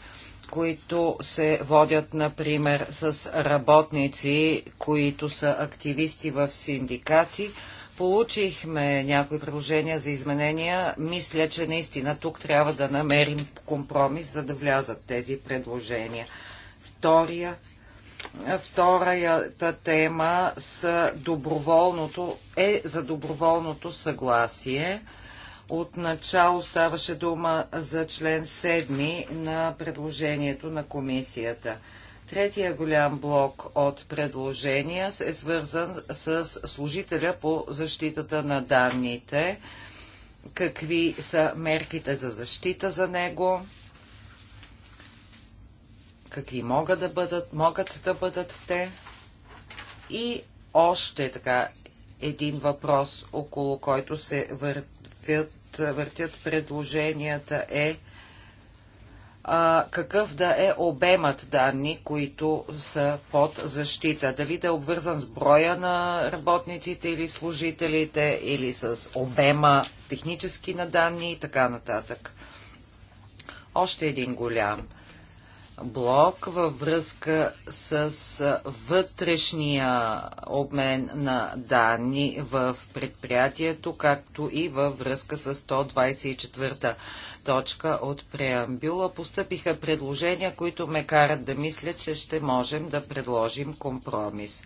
които се водят, например, с работници, които са активисти в синдикати. Получихме някои предложения за изменения. Мисля, че наистина тук трябва да намерим компромис, за да влязат тези предложения. Втория, е, втората тема са доброволното, е за доброволното съгласие. Отначало ставаше дума за член 7 на предложението на комисията. Третия голям блок от предложения е свързан с служителя по защитата на данните, какви са мерките за защита за него, какви могат да бъдат, могат да бъдат те. И още така един въпрос, около който се въртят, въртят предложенията е а, какъв да е обемът данни, които са под защита. Дали да е обвързан с броя на работниците или служителите, или с обема технически на данни и така нататък. Още един голям блок във връзка с вътрешния обмен на данни в предприятието, както и във връзка с 124-та точка от преамбюла. Постъпиха предложения, които ме карат да мисля, че ще можем да предложим компромис.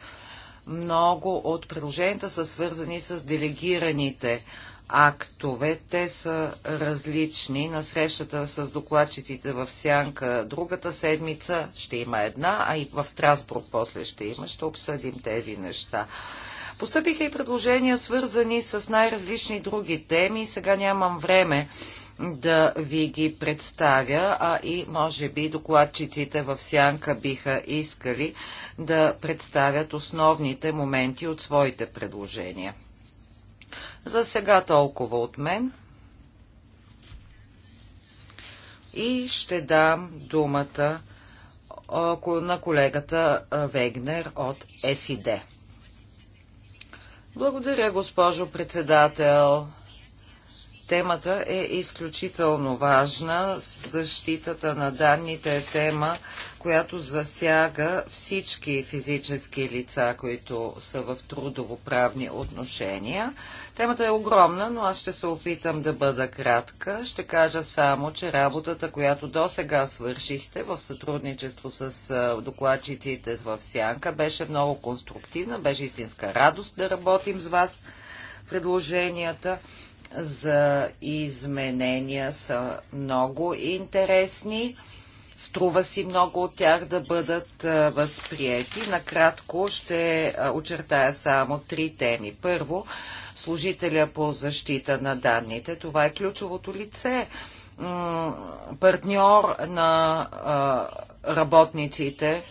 Много от предложенията са свързани с делегираните актове. Те са различни. На срещата с докладчиците в Сянка другата седмица ще има една, а и в Страсбург после ще има. Ще обсъдим тези неща. Постъпиха и предложения, свързани с най-различни други теми. Сега нямам време да ви ги представя, а и може би докладчиците в Сянка биха искали да представят основните моменти от своите предложения. За сега толкова от мен. И ще дам думата на колегата Вегнер от СИД. Благодаря, госпожо председател. Темата е изключително важна. Защитата на данните е тема, която засяга всички физически лица, които са в трудовоправни отношения. Темата е огромна, но аз ще се опитам да бъда кратка. Ще кажа само, че работата, която до сега свършихте в сътрудничество с докладчиците в Сянка, беше много конструктивна, беше истинска радост да работим с вас. Предложенията за изменения са много интересни. Струва си много от тях да бъдат възприяти. Накратко ще очертая само три теми. Първо, служителя по защита на данните. Това е ключовото лице, партньор на работниците,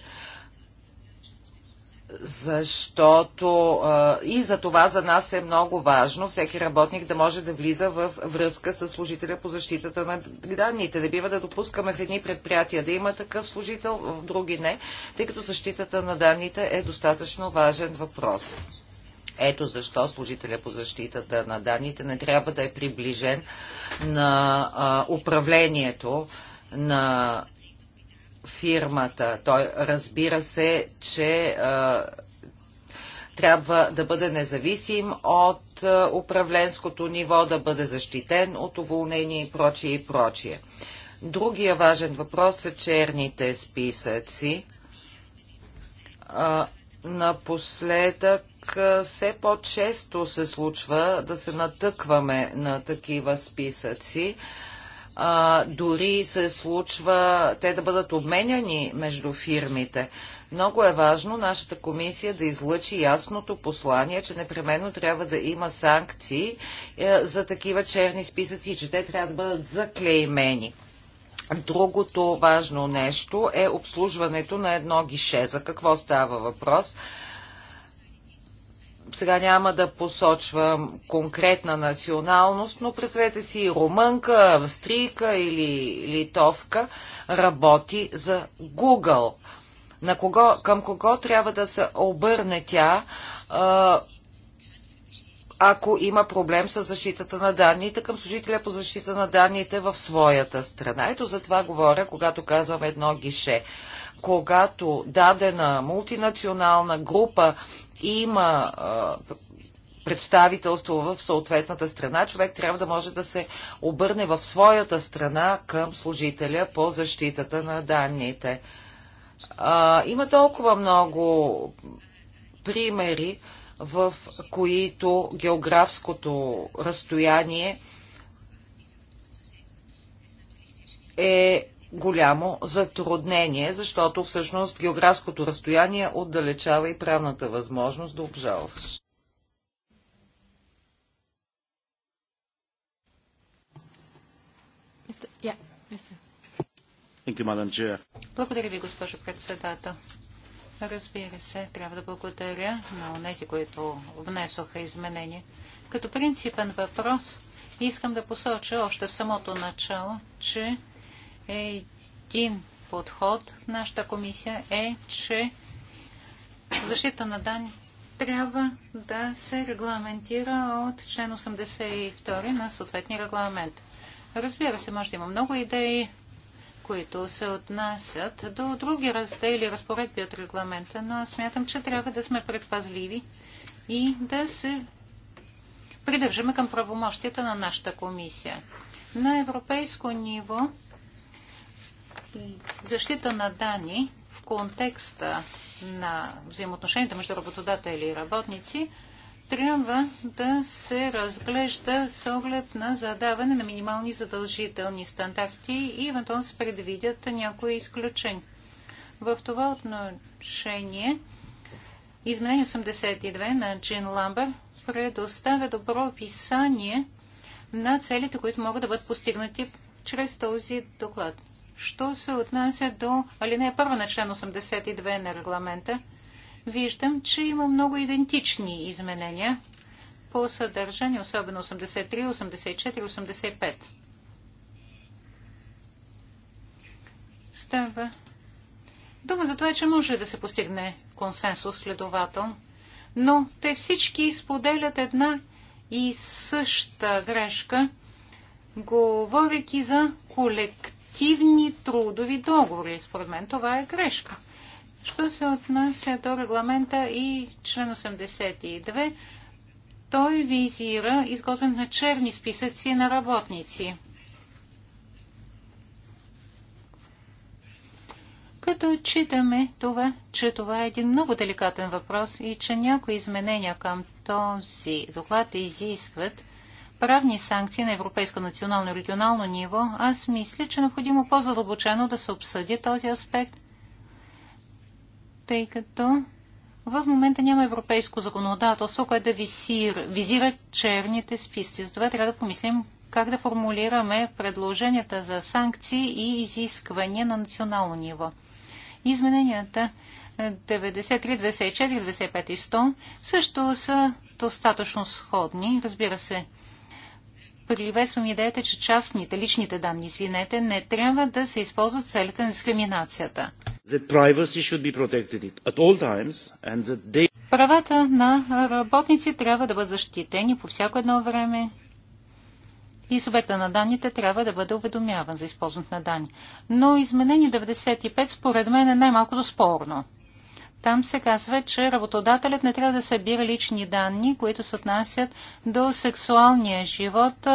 защото а, и за това за нас е много важно всеки работник да може да влиза в връзка с служителя по защитата на данните. Да бива да допускаме в едни предприятия да има такъв служител, в други не, тъй като защитата на данните е достатъчно важен въпрос. Ето защо служителя по защитата на данните не трябва да е приближен на а, управлението на фирмата. Той разбира се, че трябва да бъде независим от управленското ниво, да бъде защитен от уволнение и прочие и прочие. Другия важен въпрос са черните списъци. Напоследък все по-често се случва да се натъкваме на такива списъци а, дори се случва те да бъдат обменяни между фирмите. Много е важно нашата комисия да излъчи ясното послание, че непременно трябва да има санкции е, за такива черни списъци и че те трябва да бъдат заклеймени. Другото важно нещо е обслужването на едно гише. За какво става въпрос? сега няма да посочвам конкретна националност, но представете си румънка, австрийка или литовка работи за Google. На кого, към кого трябва да се обърне тя а, ако има проблем с защитата на данните към служителя по защита на данните в своята страна. Ето за това говоря, когато казвам едно гише. Когато дадена мултинационална група има представителство в съответната страна, човек трябва да може да се обърне в своята страна към служителя по защитата на данните. има толкова много примери, в които географското разстояние е голямо затруднение, защото всъщност географското разстояние отдалечава и правната възможност да обжалваш. Благодаря ви, госпожо председател. Разбира се, трябва да благодаря на тези, които внесоха изменения. Като принципен въпрос искам да посоча още в самото начало, че един подход в нашата комисия е, че защита на данни трябва да се регламентира от член 82 на съответния регламент. Разбира се, може да има много идеи които се отнасят до други раздели разпоредби от регламента, но аз смятам, че трябва да сме предпазливи и да се придържаме към правомощията на нашата комисия. На европейско ниво защита на данни в контекста на взаимоотношенията между работодатели и работници трябва да се разглежда с оглед на задаване на минимални задължителни стандарти и евентуално се предвидят някои изключения. В това отношение изменение 82 на Джин Ламбър предоставя добро описание на целите, които могат да бъдат постигнати чрез този доклад. Що се отнася до алинея 1 на член 82 на регламента, виждам, че има много идентични изменения по съдържание, особено 83, 84, 85. Става дума за това, че може да се постигне консенсус следовател, но те всички споделят една и съща грешка, говоряки за колективни трудови договори. Според мен това е грешка. Що се отнася до регламента и член 82, той визира изготвянето на черни списъци на работници. Като отчитаме това, че това е един много деликатен въпрос и че някои изменения към този доклад изискват правни санкции на европейско, национално и регионално ниво, аз мисля, че е необходимо по-задълбочено да се обсъди този аспект – тъй като в момента няма европейско законодателство, което да визира, визира черните списъци. Затова трябва да помислим как да формулираме предложенията за санкции и изисквания на национално ниво. Измененията 93, 24, 25 и 100 също са достатъчно сходни. Разбира се, приветствам идеята, че частните, личните данни, извинете, не трябва да се използват целите на дискриминацията. They... Правата на работници трябва да бъдат защитени по всяко едно време и субекта на данните трябва да бъде уведомяван за използването на данни. Но изменение 95 според мен е най-малкото спорно. Там се казва, че работодателят не трябва да събира лични данни, които се отнасят до сексуалния живот,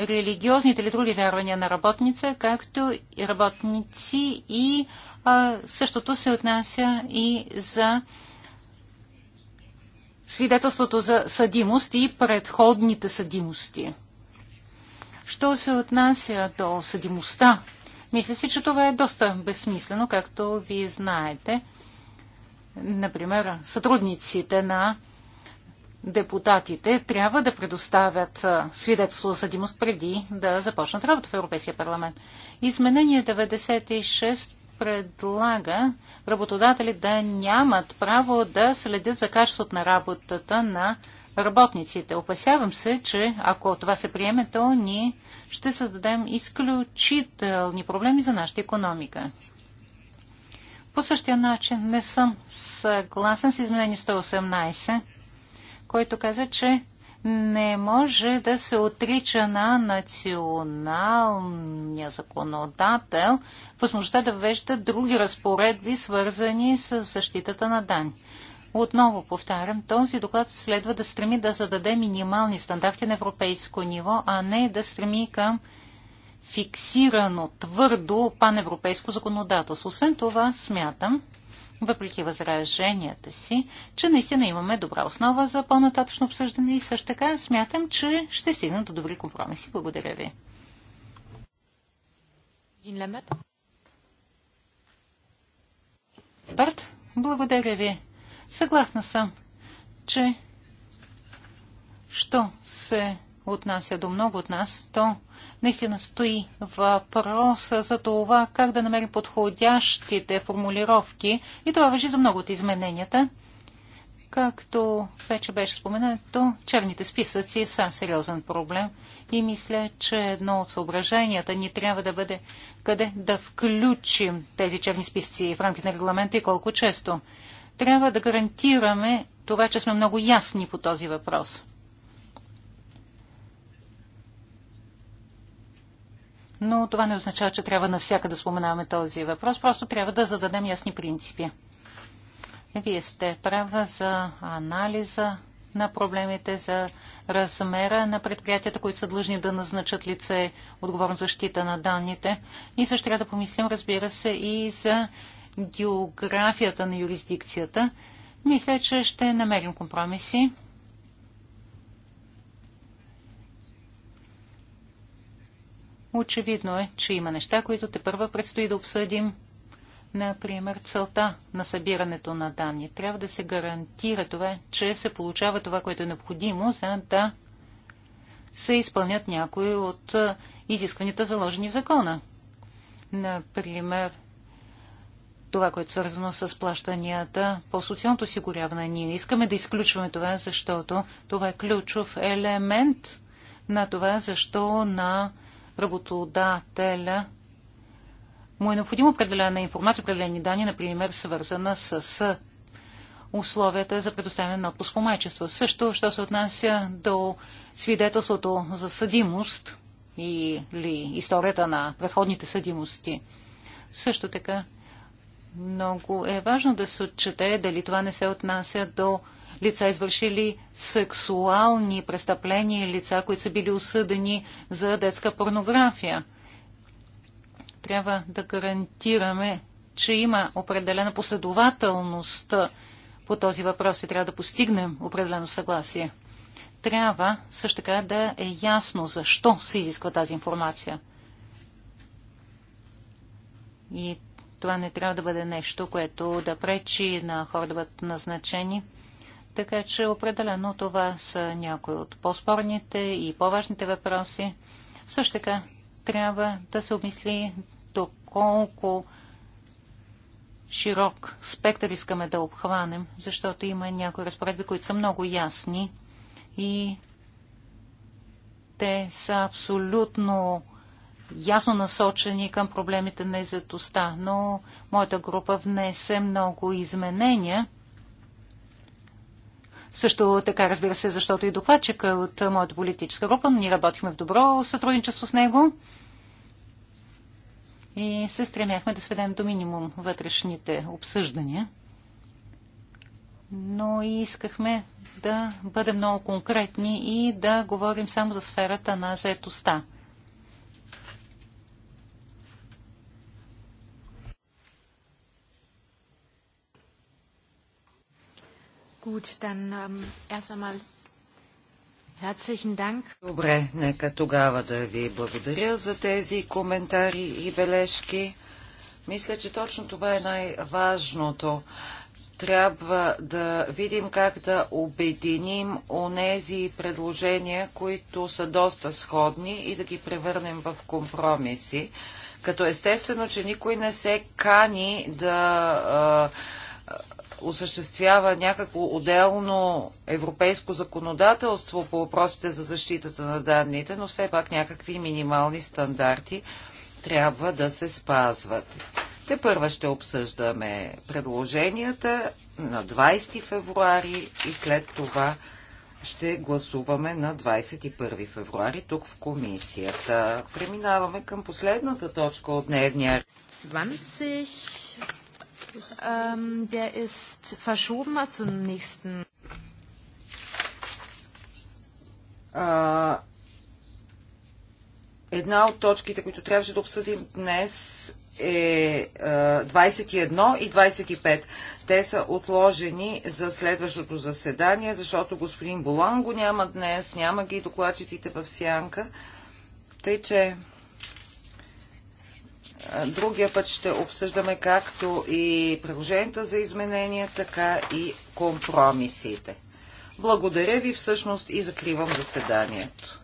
религиозните или други вярвания на работница, както и работници и а, същото се отнася и за свидетелството за съдимост и предходните съдимости. Що се отнася до съдимостта, мисля си, че това е доста безсмислено, както вие знаете – Например, сътрудниците на депутатите трябва да предоставят свидетелство за съдимост преди да започнат работа в Европейския парламент. Изменение 96 предлага работодатели да нямат право да следят за качеството на работата на работниците. Опасявам се, че ако това се приеме, то ние ще създадем изключителни проблеми за нашата економика. По същия начин не съм съгласен с изменение 118, който казва, че не може да се отрича на националния законодател възможността да вежда други разпоредби, свързани с защитата на данни. Отново повтарям, този доклад следва да стреми да зададе минимални стандарти на европейско ниво, а не да стреми към фиксирано твърдо паневропейско законодателство. Освен това, смятам, въпреки възраженията си, че наистина имаме добра основа за по-нататъчно обсъждане и също така смятам, че ще стигна до добри компромиси. Благодаря ви. Барт, благодаря ви. Съгласна съм, че що се отнася до много от нас, то наистина стои въпроса за това как да намерим подходящите формулировки и това въжи за много от измененията. Както вече беше споменато, черните списъци са сериозен проблем и мисля, че едно от съображенията ни трябва да бъде къде да включим тези черни списъци в рамките на регламента и колко често. Трябва да гарантираме това, че сме много ясни по този въпрос. но това не означава, че трябва навсяка да споменаваме този въпрос. Просто трябва да зададем ясни принципи. Вие сте права за анализа на проблемите за размера на предприятията, които са длъжни да назначат лице отговорно защита на данните. И също трябва да помислим, разбира се, и за географията на юрисдикцията. Мисля, че ще намерим компромиси. Очевидно е, че има неща, които те първа предстои да обсъдим. Например, целта на събирането на данни. Трябва да се гарантира това, че се получава това, което е необходимо, за да се изпълнят някои от изискванията, заложени в закона. Например, това, което е свързано с плащанията по социалното осигуряване. Ние искаме да изключваме това, защото това е ключов елемент на това, защо на работодателя му е необходима определена информация, определени данни, например, свързана с условията за предоставяне на отпуск по майчество. Също, що се отнася до свидетелството за съдимост или историята на предходните съдимости. Също така, много е важно да се отчете дали това не се отнася до лица, извършили сексуални престъпления, лица, които са били осъдени за детска порнография. Трябва да гарантираме, че има определена последователност по този въпрос и трябва да постигнем определено съгласие. Трябва също така да е ясно защо се изисква тази информация. И това не трябва да бъде нещо, което да пречи на хора да бъдат назначени така че определено това са някои от по-спорните и по-важните въпроси. Също така трябва да се обмисли доколко широк спектър искаме да обхванем, защото има някои разпоредби, които са много ясни и те са абсолютно ясно насочени към проблемите на изетостта, но моята група внесе много изменения също така, разбира се, защото и докладчика от моята политическа група, но ние работихме в добро сътрудничество с него и се стремяхме да сведем до минимум вътрешните обсъждания. Но и искахме да бъдем много конкретни и да говорим само за сферата на заетостта. Gut, dann ähm, erst einmal herzlichen Dank. Добре, нека тогава да ви благодаря за тези коментари и бележки. Мисля, че точно това е най-важното. Трябва да видим как да обединим онези предложения, които са доста сходни и да ги превърнем в компромиси. Като естествено, че никой не се кани да а, осъществява някакво отделно европейско законодателство по въпросите за защитата на данните, но все пак някакви минимални стандарти трябва да се спазват. Те първа ще обсъждаме предложенията на 20 февруари и след това ще гласуваме на 21 февруари тук в комисията. Преминаваме към последната точка от дневния. 20 Ähm, der ist verschoben zum nächsten. А, една от точките, които трябваше да обсъдим днес е 21 и 25. Те са отложени за следващото заседание, защото господин Болан го няма днес, няма ги докладчиците в сянка. Тъй, че Другия път ще обсъждаме както и предложенията за изменения, така и компромисите. Благодаря ви всъщност и закривам заседанието.